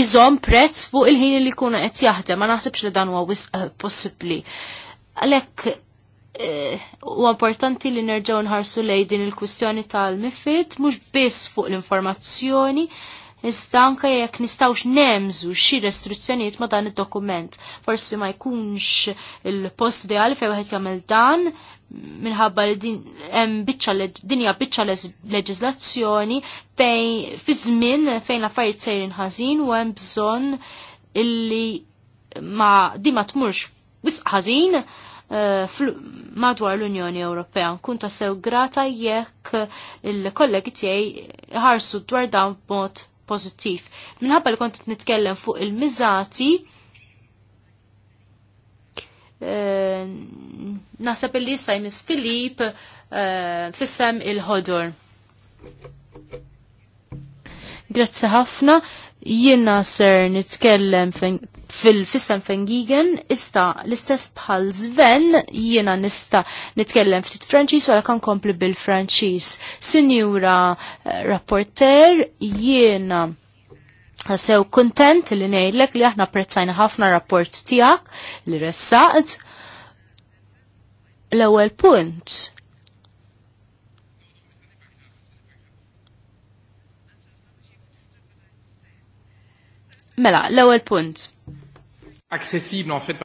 iżom prezz fuq il-ħin li kun et jaħdem, ma nasibx li dan huwa wisq possibbli. Għalek u importanti li nerġaw nħarsu lej din il-kustjoni tal-mifid, mux biss fuq l-informazzjoni, Iżda jekk nistgħux nemżu xi restrizzjonijiet ma' dan id-dokument. Forsi ma jkunx il-post ideali fejn wieħed jagħmel dan minħabba li din hemm biċċa dinja biċċa leġiżlazzjoni fejn fi żmien fejn l-affarijiet sejrin ħażin u hemm bżonn illi ma di ma tmurx wisq ħażin eh, madwar l-Unjoni Ewropea. Nkun ta' sew grata jekk il-kollegi tiegħi ħarsu dwar dan b'mod pożittiv. Minħabba li kont nitkellem fuq il-miżati eh, naħseb li jista' jmiss Filip eh, fissem il-ħodur. Grazzi ħafna, jiena ser nitkellem fil-fissem fengigen ista l-istess bħal Sven jiena nista nitkellem ftit Franċis wara kan kompli bil-Franċis. Sinjura eh, rapporter jiena sew kontent li ngħidlek li aħna apprezzajna ħafna rapport tiegħek li ressaqt l-ewwel punt. Mela, l-ewwel punt accessible en fait.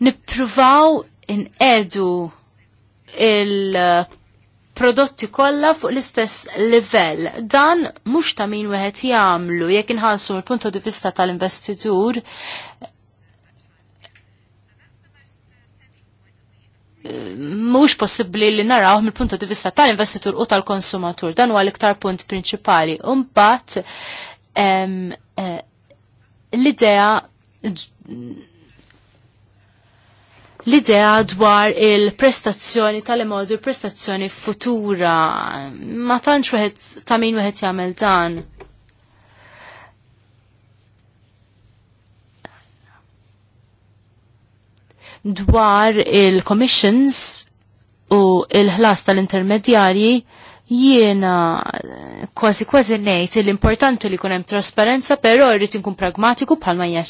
Nippruvaw edu il-prodotti kollha fuq l-istess livell. Dan mhux ta' min wieħed jagħmlu jekk inħallsu mill-punt di vista tal-investitur mhux possibbli li narawh mill-punt di vista tal-investitur u tal-konsumatur. Dan huwa l-iktar punt prinċipali. Imbagħad eh, l-idea l-idea dwar il-prestazzjoni tal-imod il-prestazzjoni futura ma tantx wieħed ta' min wieħed jagħmel dan. Dwar il-commissions u il-ħlas tal-intermedjarji jiena kważi kważi ngħid l-importanti li jkun hemm trasparenza, però rrid kun pragmatiku bħalma hija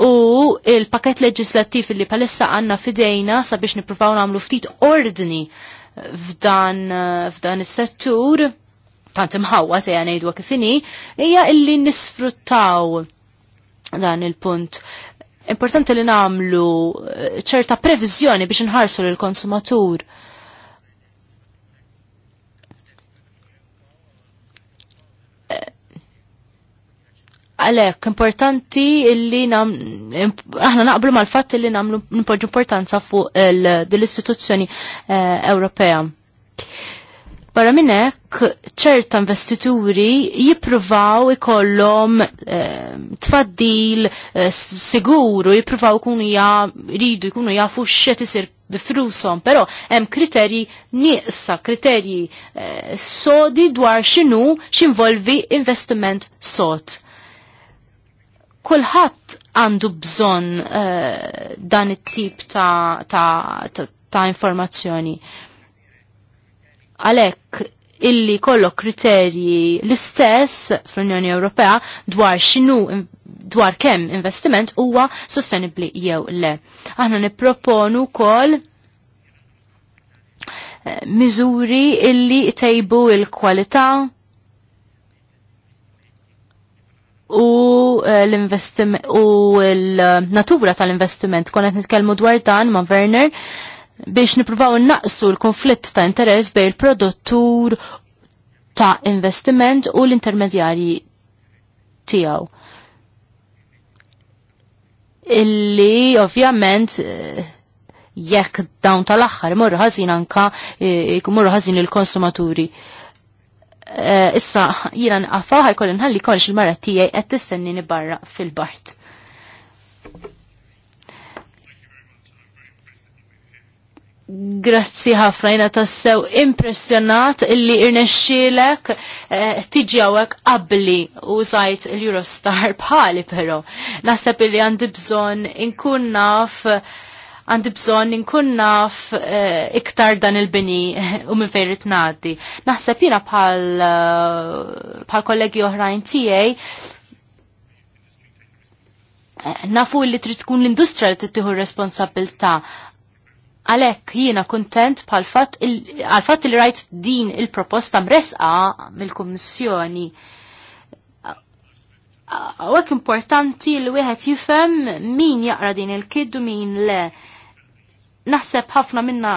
u il-paket leġislattiv li palissa għanna fidejna sabiex nipruvaw namlu ftit ordni f'dan, f'dan is-settur tant imħawwa tejja ngħidu kifini hija illi nisfruttaw dan il-punt. Importanti li namlu ċerta previżjoni biex nħarsu lill konsumatur Għalek, importanti illi nam, aħna naqblu mal fatt illi nam nipoġu importanza fuq l-istituzzjoni eh, Ewropea. Barra minnek, ċerta investituri jipruvaw ikollom eh, tfaddil eh, siguru, jipruvaw kunu ja, ridu, kunu jafu xet isir bifrusom, pero hemm kriterji nieqsa, kriterji eh, sodi dwar xinu xinvolvi investiment sot kulħadd għandu bżonn uh, dan it-tip ta', ta, ta, ta informazzjoni. Għalhekk illi kollok kriterji l-istess fl-Unjoni Ewropea dwar x'inhu dwar kemm investiment huwa sostenibbli jew le. Aħna nipproponu wkoll eh, miżuri illi tejbu il-kwalità, u eh, l-investiment u l-natura tal-investiment. Konet nitkellmu dwar dan ma' Werner biex nipruvaw naqsu l-konflitt ta' interess bej il-produttur ta' investiment u l-intermedjarji tiegħu. Illi ovvjament eh, jekk dawn tal-aħħar morru ħażin anka eh, morru ħażin il-konsumaturi. il konsumaturi Eh, issa jina nqafa ħajkolli nħalli kollox il-mara tiegħi qed tistennini barra fil-bart. Grazzi ħafna jina tassew impressjonat illi irnexxielek eh, tiġi hawnhekk qabli u sajt l-Eurostar bħali però. Naħseb illi għandi bżonn inkun naf għandi bżon nkun naf uh, iktar dan il-bini eh, u minn fejn rid Naħseb jiena bħal eh, bħal kollegi oħrajn tiegħi nafu li trid tkun l-industrija li tittieħu r-responsabilità għalek jiena kontent pal għal fatt rajt din il-proposta mresqa mill-Kummissjoni. Għawek importanti li wieħed jifhem min jaqra din il-kid u min le naħseb ħafna minna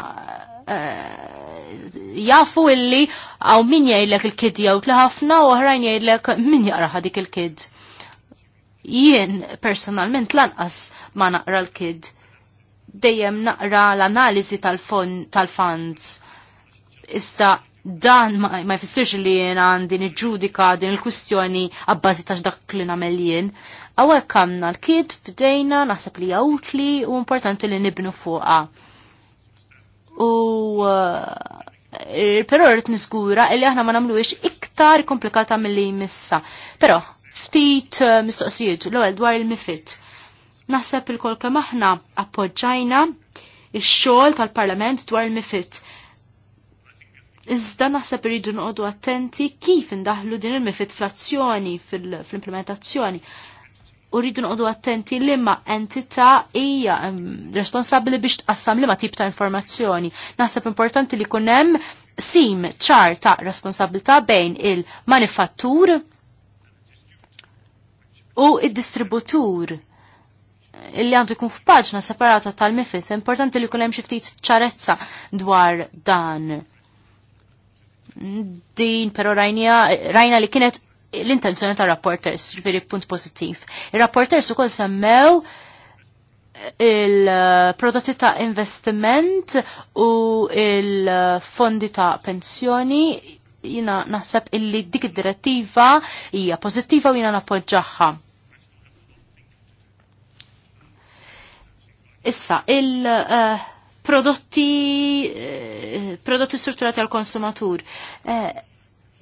eh, jafu illi għaw min jgħidlek il-kid jgħut li ħafna u ħrajn jgħidlek min jaqra dik il-kid. Jien personalment lanqas ma naqra l-kid. Dejjem naqra l-analizi tal-funds. Iżda dan ma jfissirx li jien għandi niġġudika din il-kustjoni għabbażi tax dak li namel jien. Għawek kamna l-kid f'dejna, naħseb li għawtli u importanti li nibnu fuqa. U eh, pero rrit nisgura illi aħna ma namluwix iktar komplikata mill-li missa. Pero, ftit eh, mistoqsijiet l-ewwel dwar il-mifit. Naħseb il-kol kemm aħna appoġġajna il xogħol tal-Parlament dwar il-mifit. Iżda naħseb rridu noqogħdu attenti kif indaħlu din il-mifit fl-azzjoni, implementazzjoni fl azzjoni fl implementazzjoni u rridu nqodu attenti li ma entità hija responsabbli biex tqassam li ma tip ta' informazzjoni. Naħseb importanti li kun hemm sim ċar ta' responsabilità bejn il-manifattur u id-distributur illi għandu jkun f'paġna separata tal-mifit. Importanti li kun hemm xi ftit ċarezza dwar dan din pero rajnija, rajna li kienet l-intenzjoni ta' rapporters, ġifiri punt pozittiv. Il-rapporters u semmew il-prodotti ta' investiment u il-fondi ta' pensjoni jina naħseb illi dik id-direttiva hija pozittiva u jina napoġġaħħa. Issa, il-prodotti eh, eh, prodotti strutturati għal konsumatur. Eh,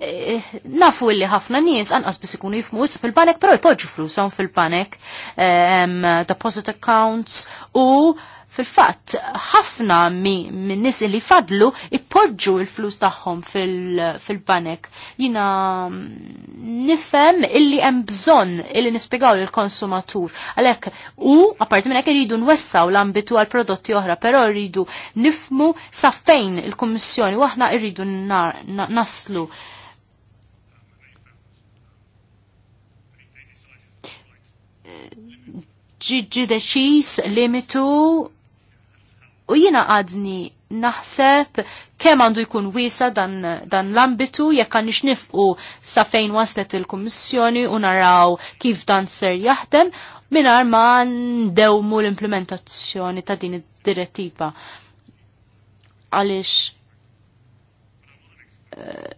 Eh, nafu illi ħafna nies anqas biss ikunu jifmu fil-banek, però jpoġġu flushom fil-banek, ehm, deposit accounts u fil-fatt ħafna minn nies li fadlu ippoġġu l-flus tagħhom fil-banek. Jina mm, nifhem illi hemm bżonn illi nispjegaw lill-konsumatur. Għalhekk u apparti minn hekk iridu nwessaw l-ambitu għal prodotti oħra, però rridu nifmu sa fejn il-Kummissjoni u aħna rridu naslu. Na ġiġi deċis limitu u jina għadni naħseb kemm għandu jkun wisa dan, dan l-ambitu jekk għan nifqu sa fejn waslet il-Kummissjoni u naraw kif dan ser jaħdem minar ma ndewmu l-implementazzjoni ta' din id-direttiva. Għalix eh,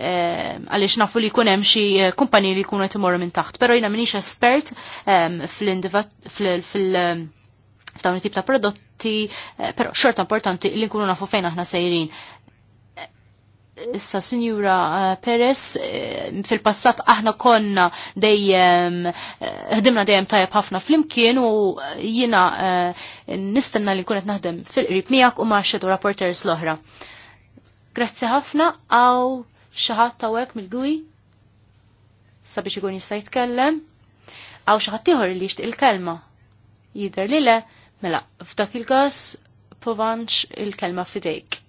Eh, għaliex nafu li jkun hemm xi eh, kumpani li jkunu qed imorru minn taħt. Però jiena minix espert ehm, fil- eh, f'dawn it-tip ta' prodotti, però xorta importanti li nkunu nafu fejn aħna sejrin issa Sinjura Perez, fil-passat aħna konna dejjem, ħdimna dejjem tajab ħafna fl-imkien u jina nistenna li kunet naħdem fil-qrib miegħek u ma' xedu rapporters l-oħra. Grazzi ħafna għaw xaħat tawek mill-gwi sabiex ikun jista' jitkellem għaw xaħat ieħor li jixtieq il-kelma. Jidher li le, mela f'dak il-każ povanċ il-kelma f'idejk.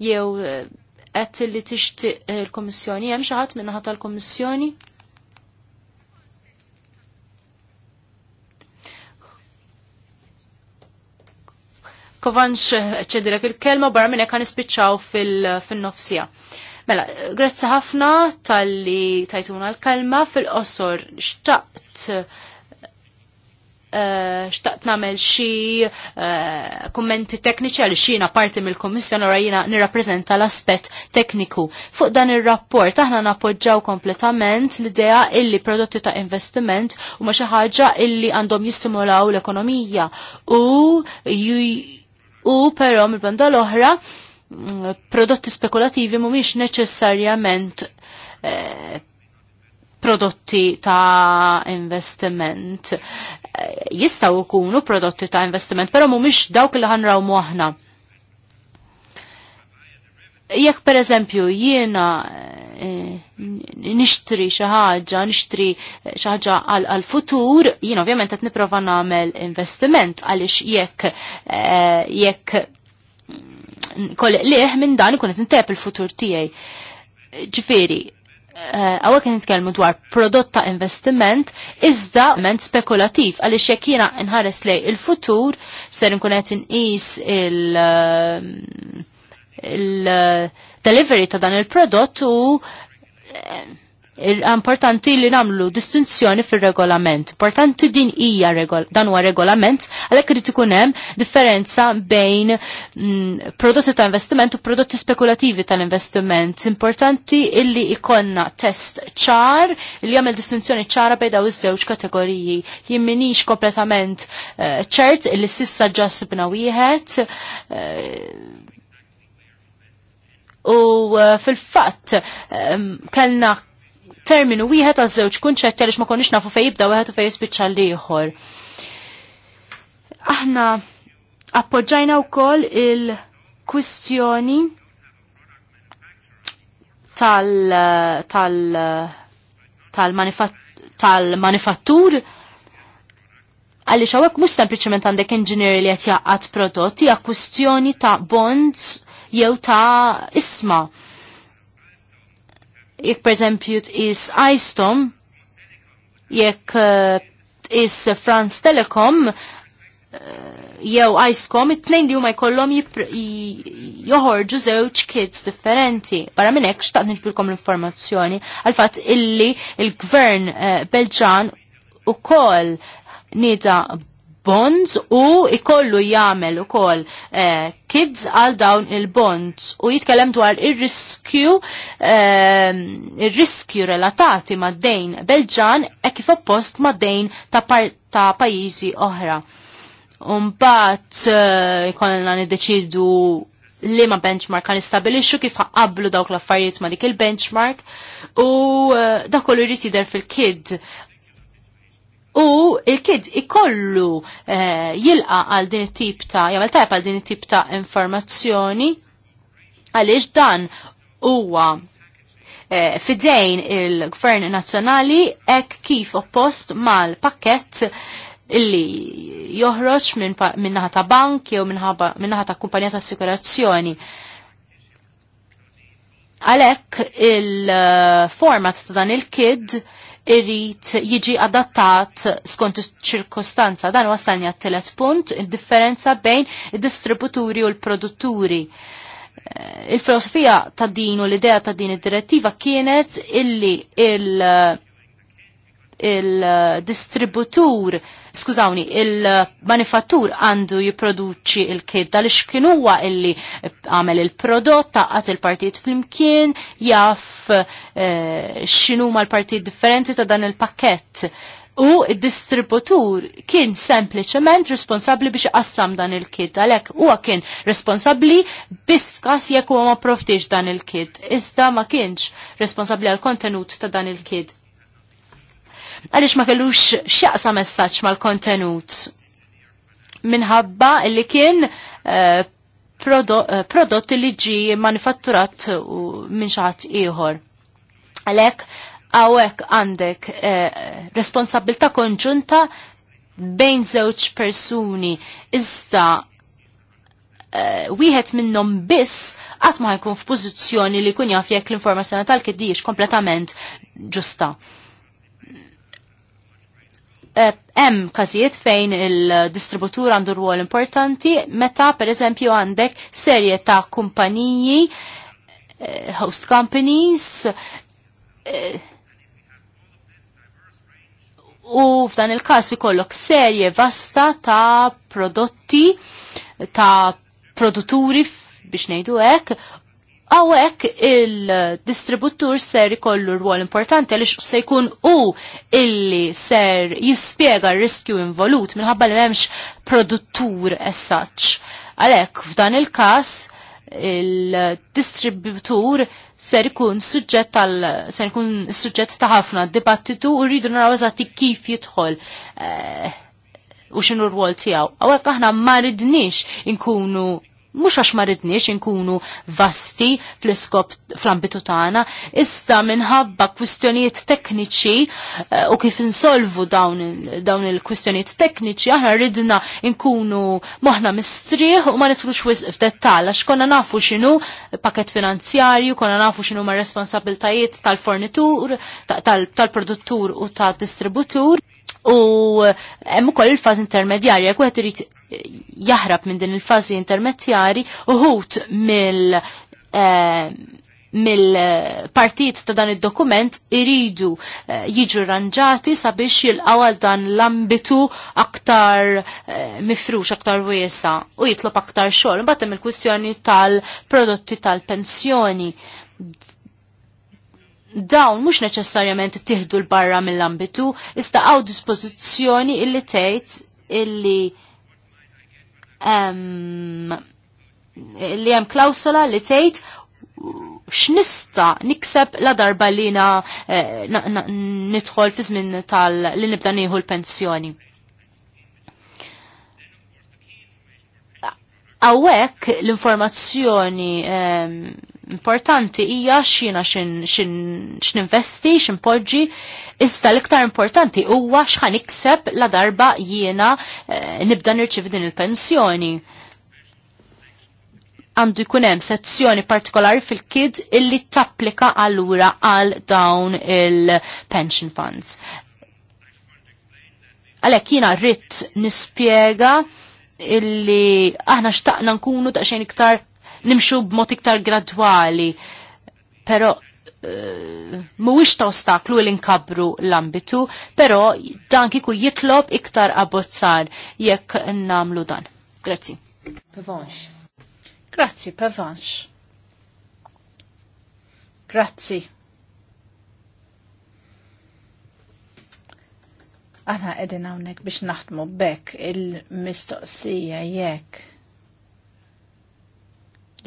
Jew qed eh, li tixtieq il kommissjoni hemm xi ħadd minnaħa tal-Kummissjoni? Kovanx ċedilek il-kelma barra minn hekk nispiċċaw fil-nofsija. Fil Mela, grazzi ħafna tal-li tajtuna l-kalma fil-qosor xtaqt eh, xtaqt namel xi eh, kummenti tekniċi għal xina parti mill komissjon ra jina nirrappreżenta l-aspett tekniku. Fuq dan ir-rapport aħna nappoġġaw kompletament l-idea illi prodotti ta' investiment huma xi ħaġa illi għandhom jistimulaw l-ekonomija u u però mill-banda l-oħra prodotti spekulativi mhumiex neċessarjament eh, prodotti ta' investiment. Eh, jistaw ikunu prodotti ta' investiment, pero mhumiex dawk li ħanraw muħna. Jekk per eżempju jiena eh, nixtri xi ħaġa, nixtri xi ħaġa għal futur, jiena ovvjament qed nipprova nagħmel investiment għaliex jekk jekk kolliq liħ minn dan ikun qed intep il-futur tiegħi. Ġifieri, għawek eh, nitkellmu dwar prodott ta' investiment, iżda ment spekulativ, għaliex jekk jiena nħares lej il-futur, ser nkunet qed inqis il- eh, il-delivery eh, ta' dan il-prodott u importanti li namlu distinzjoni fil-regolament. Importanti din hija regol dan huwa regolament għalhekk irid ikun hemm differenza bejn mm, prodotti ta' investiment u prodotti spekulativi tal-investiment. Importanti illi ikonna test ċar li jagħmel distinzjoni ċara bejn dawn iż-żewġ kategoriji. Jien minix kompletament eh, ċert uh, illi sissa ġasibna wieħed. Uh, u uh, fil-fatt um, kellna terminu wieħed għaż żewġ kunċetti għaliex ma konniex nafu fejn jibda wieħed u fejn jispiċċa l-ieħor. Aħna appoġġajna wkoll il-kwistjoni tal tal tal tal-manifattur għaliex hawnhekk mhux sempliċement għandek inġinier li qed jaqgħad prodotti, għak kwistjoni ta' bonds jew ta' isma' jekk perżempju tqis ISTOM, jekk eh, is France Telecom, eh, jew ISCOM, it-tnejn li huma jkollhom joħorġu żewġ kits differenti. Barra minn hekk xtaqt niġbilkom l-informazzjoni għal fatt illi il-Gvern eh, Belġan ukoll nida bonds u ikollu jagħmel ukoll eh, kids għal dawn il-bonds u jitkellem dwar ir-riskju eh, ir-riskju relatati ma' dejn Belġan e kif oppost ma' dejn ta', ta pajjiżi oħra. Umbagħad eh, jkollna niddeċidu li ma benchmark għan istabilixu kif qablu dawk l-affarijiet ma dik il-benchmark u uh, dak kollu jrid jidher fil-kid U il-kid ikollu eh, jilqa għal din it-tip ta' jagħmel tajp għal din it-tip ta' informazzjoni għaliex dan huwa eh, fidejn il-Gvern Nazzjonali hekk kif oppost mal-pakkett illi joħroġ minn min naħa ta' banki u minn naħa ta' kumpanija ta' assikurazzjoni. Għalhekk il-format eh, ta' dan il-kid irrit jiġi adattat skont ċirkostanza. Dan wasalni għat-telet punt, il-differenza bejn il-distributuri u l-produtturi. Eh, il-filosofija ta' din u l-idea ta' din id-direttiva kienet illi il- il-distributur il skużawni, il-manifattur għandu jiproduċi il kit dal huwa illi għamel il-prodott, taqqat il partijt fl-imkien, jaff eh, xinu ma l partijt differenti ta' dan il-pakket. U il-distributur kien sempliciment responsabli biex qassam dan il-kid, għalek huwa kien responsabli biss f'kas jekk huwa ma proftix dan il-kid, iżda ma kienx responsabli għal kontenut ta' dan il-kid għaliex ma kellux x'jaqsa messaġġ mal-kontenut minħabba li kien eh, eh, prodotti li ġi manifatturat minn xaħat ieħor. Għalhekk għawek għandek eh, responsabilta konġunta bejn żewġ persuni. Iżda wieħed minnhom biss qatt ma jkun f'pożizzjoni li jkun jaf jekk l-informazzjoni tal-kiddiġ kompletament ġusta. Eh, hemm każijiet fejn il-distributur għandu rwol importanti meta pereżempju għandek serje ta' kumpaniji eh, host companies eh, u f'dan il-każ ikollok serje vasta ta' prodotti ta' produtturi biex ngħidu hekk Għawek il-distributur ser ikollu rwol importanti għalix se jkun u illi ser jispiega r-riskju involut minħabba li memx produttur as such. Għalek f'dan il-kas il-distributur ser ikun suġġett tal ser jkun suġġett ta' ħafna dibattitu u rridu naraw eżatti kif jidħol eh, u xinu rwol tiegħu. Għawek aħna ma ridniex inkunu mux għax maridniex inkunu vasti fl-iskop fl-ambitu tagħna, issa minħabba kwistjonijiet tekniċi eh, u kif insolvu dawn il-kwistjonijiet tekniċi aħna ridna inkunu moħna mistrieħ u ma nitrux wisq f'dettall għax konna nafu x'inhu pakett finanzjarju, konna nafu x'inhu ma responsabiltajiet tal-fornitur, tal-produttur u tad-distributur U eh, hemm ukoll il-fażi intermedjarja, jekk wieħed irid jaħrab minn din il-fażi intermedjari uħut mill eh, mill-partijiet ta' dan id-dokument iridu eh, jiġu ranġati sabiex jilqaw dan l-ambitu aktar mifrux, aktar wiesa u jitlob aktar xogħol. Imbagħad hemm il-kwistjoni tal-prodotti tal-pensjoni dawn mhux neċessarjament tiħdu l-barra mill-ambitu, iżda għaw dispożizzjoni illi tgħid illi li hemm klausola li tgħid x'nista nikseb la darba li eh, na, nidħol fi żmien tal li nibda nieħu l-pensjoni. Awek l-informazzjoni importanti hija x'jiena x'ninvesti, x'inpoġġi, iżda l-iktar importanti huwa x'ħan ikseb la darba jiena eh, nibda nirċivi din il-pensjoni. Għandu jkun hemm sezzjoni partikolari fil-kid illi tapplika allura għal dawn il-pension funds. Għalhekk jiena rrid nispjega illi aħna xtaqna nkunu daqsxejn iktar nimxu b'mod iktar gradwali, pero uh, eh, mhuwiex ta' ostaklu li nkabru l-ambitu, però dan kiku jitlob iktar abbozzar jekk namlu dan. Grazzi. Pavanx. Grazzi, Pavanx. Grazzi. Aħna edin hawnhekk biex naħdmu bekk il-mistoqsija jekk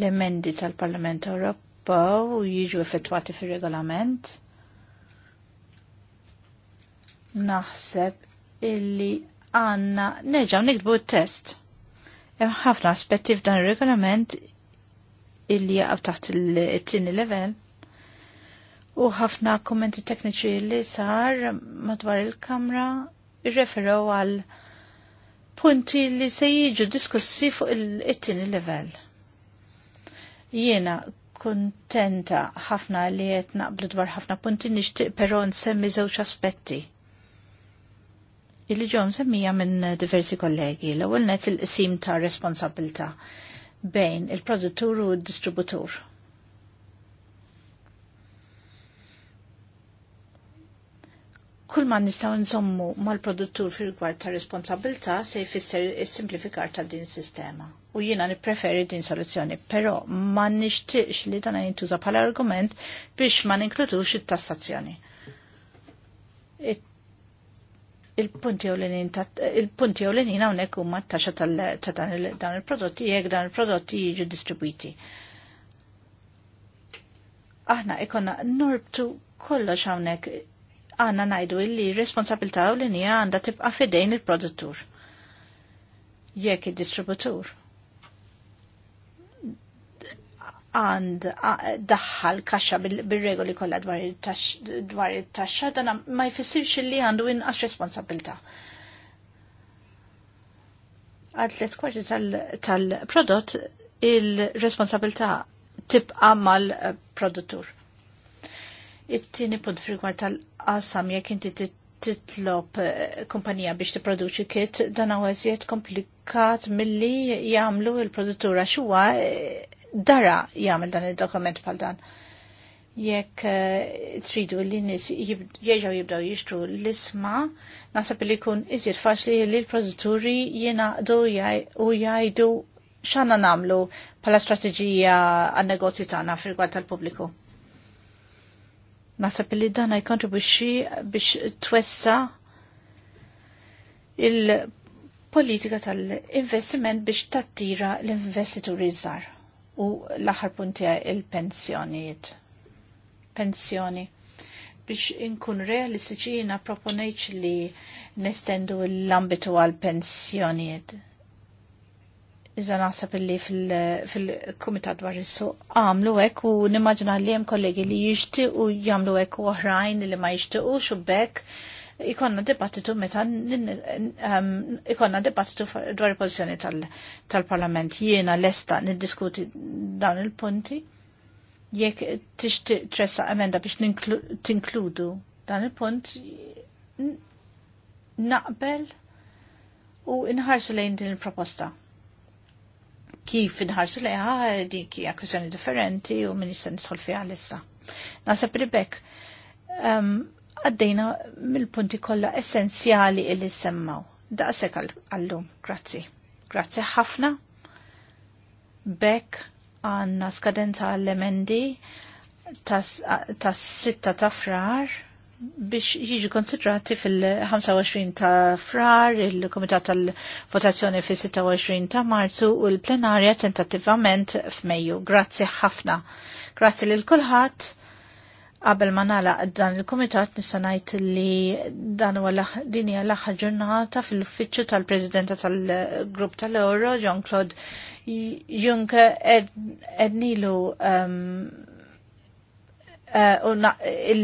l-emendi tal-Parlament Ewropew jiġu effettwati fir-regolament. Naħseb illi għanna neġaw nikdbu t-test. Hemm ħafna aspetti f'dan ir-regolament illi jaqgħu taħt it-tieni level u ħafna kummenti tekniċi li sar madwar il-kamra irreferew għal punti li se jiġu diskussi fuq it-tieni level Jiena kontenta ħafna li qed naqblu dwar ħafna punti nixtieq però nsemmi żewġ aspetti. Illi ġom semmija minn diversi kollegi, l-ewwel net il-qsim ta' responsabilità bejn il-produttur u d-distributur. Kulman nistaw nżommu mal-produttur fil-gwar ta' responsabilta se jfisser il simplifikar ta' din sistema u jiena nippreferi din soluzzjoni, però ma nishtiqx li dan jintuża bħala argument biex ma ninkludux it-tassazzjoni. Il-punti u l-inin hawnhekk huma t-taxxa ta' dan il-prodotti jekk dan il-prodotti jiġu distribuiti. Aħna ikonna norbtu kollox hawnhekk għanna najdu illi responsabilta u l-inija għanda tibqa fidejn il-produttur. Jekk il-distributur għand daħħal kaxxa bil-regoli kollha dwar it-taxxa dan ma jfissirx li għandu inqas responsabilità. Għad let kwarti tal-prodott il-responsabilità tibqa' mal-produttur. It-tieni punt frigwar tal-qasam jekk inti titlob eh, kumpanija biex tipproduċi kit dan għaziet komplikat milli jagħmlu il-produttura xuwa eh, dara jagħmel dan il-dokument bħal dan. Jekk eh, tridu li nis jieġaw jibdaw jixtru l-isma, nasab li kun iżjed faċli li l-produtturi jenaqdu u jajdu xanna namlu pala strategija għan negozju tagħna fil-gwad tal-pubbliku. Nasab li dan jkontribwixxi biex twessa il-politika tal-investiment biex tattira l-investituri żgħar u l-aħħar punti il-pensjonijiet. Pensjoni. Biex inkun realistiċi jina proponejċ li nestendu l-ambitu għal pensjonijiet. Iżda naħseb illi fil-Kumitat dwar issu għamlu hekk u nimmaġna li hemm kollegi li jixtiequ jagħmlu hekk u oħrajn li ma jixtiequx u xubbek ikonna dibattitu meta ikonna dibattitu dwar il-pozizjoni tal-Parlament. Jiena lesta niddiskuti dawn il-punti. Jekk tixtieq tressa emenda biex tinkludu dan il-punt naqbel u inħarsu lejn din il-proposta kif inħarsu lejn dik hija kwistjoni differenti u min jista' nidħol fiha issa. Naħseb ribek, għaddejna mill-punti kollha essenzjali illi semmaw. Daqsek għallum, grazzi. Grazzi ħafna. Bek għanna skadenza għall-emendi tas, sitta ta' frar biex jiġi konsidrati fil-25 ta' frar, il-Komitat tal-Votazzjoni fil-26 ta' Marzu u l-Plenarja tentativament f'Mejju. Grazzi ħafna. Grazzi lil kulħadd Qabel ma nalaq dan il-Kumitat nista' ngħid li dan huwa din hija l-aħħar ġurnata fil-uffiċċju tal-Presidenta tal-Grupp tal-Euro, John Claude Juncker ednilu ehm, eh, nilu il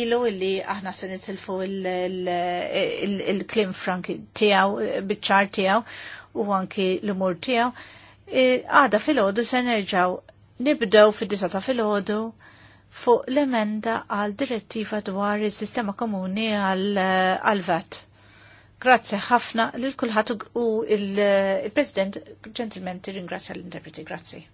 ilu illi aħna se nitilfu il-klim frank tijaw, bitċar tijaw u anki l-umur tijaw. Eh, għada fil-ħodu se nerġaw nibdew fil-disa ta' fil-ħodu fuq l-emenda għal direttiva dwar is sistema komuni għal eh, VAT. Grazzi ħafna lil kulħadd u eh, il-President ti ringrazzja l-interpreti. Grazzi.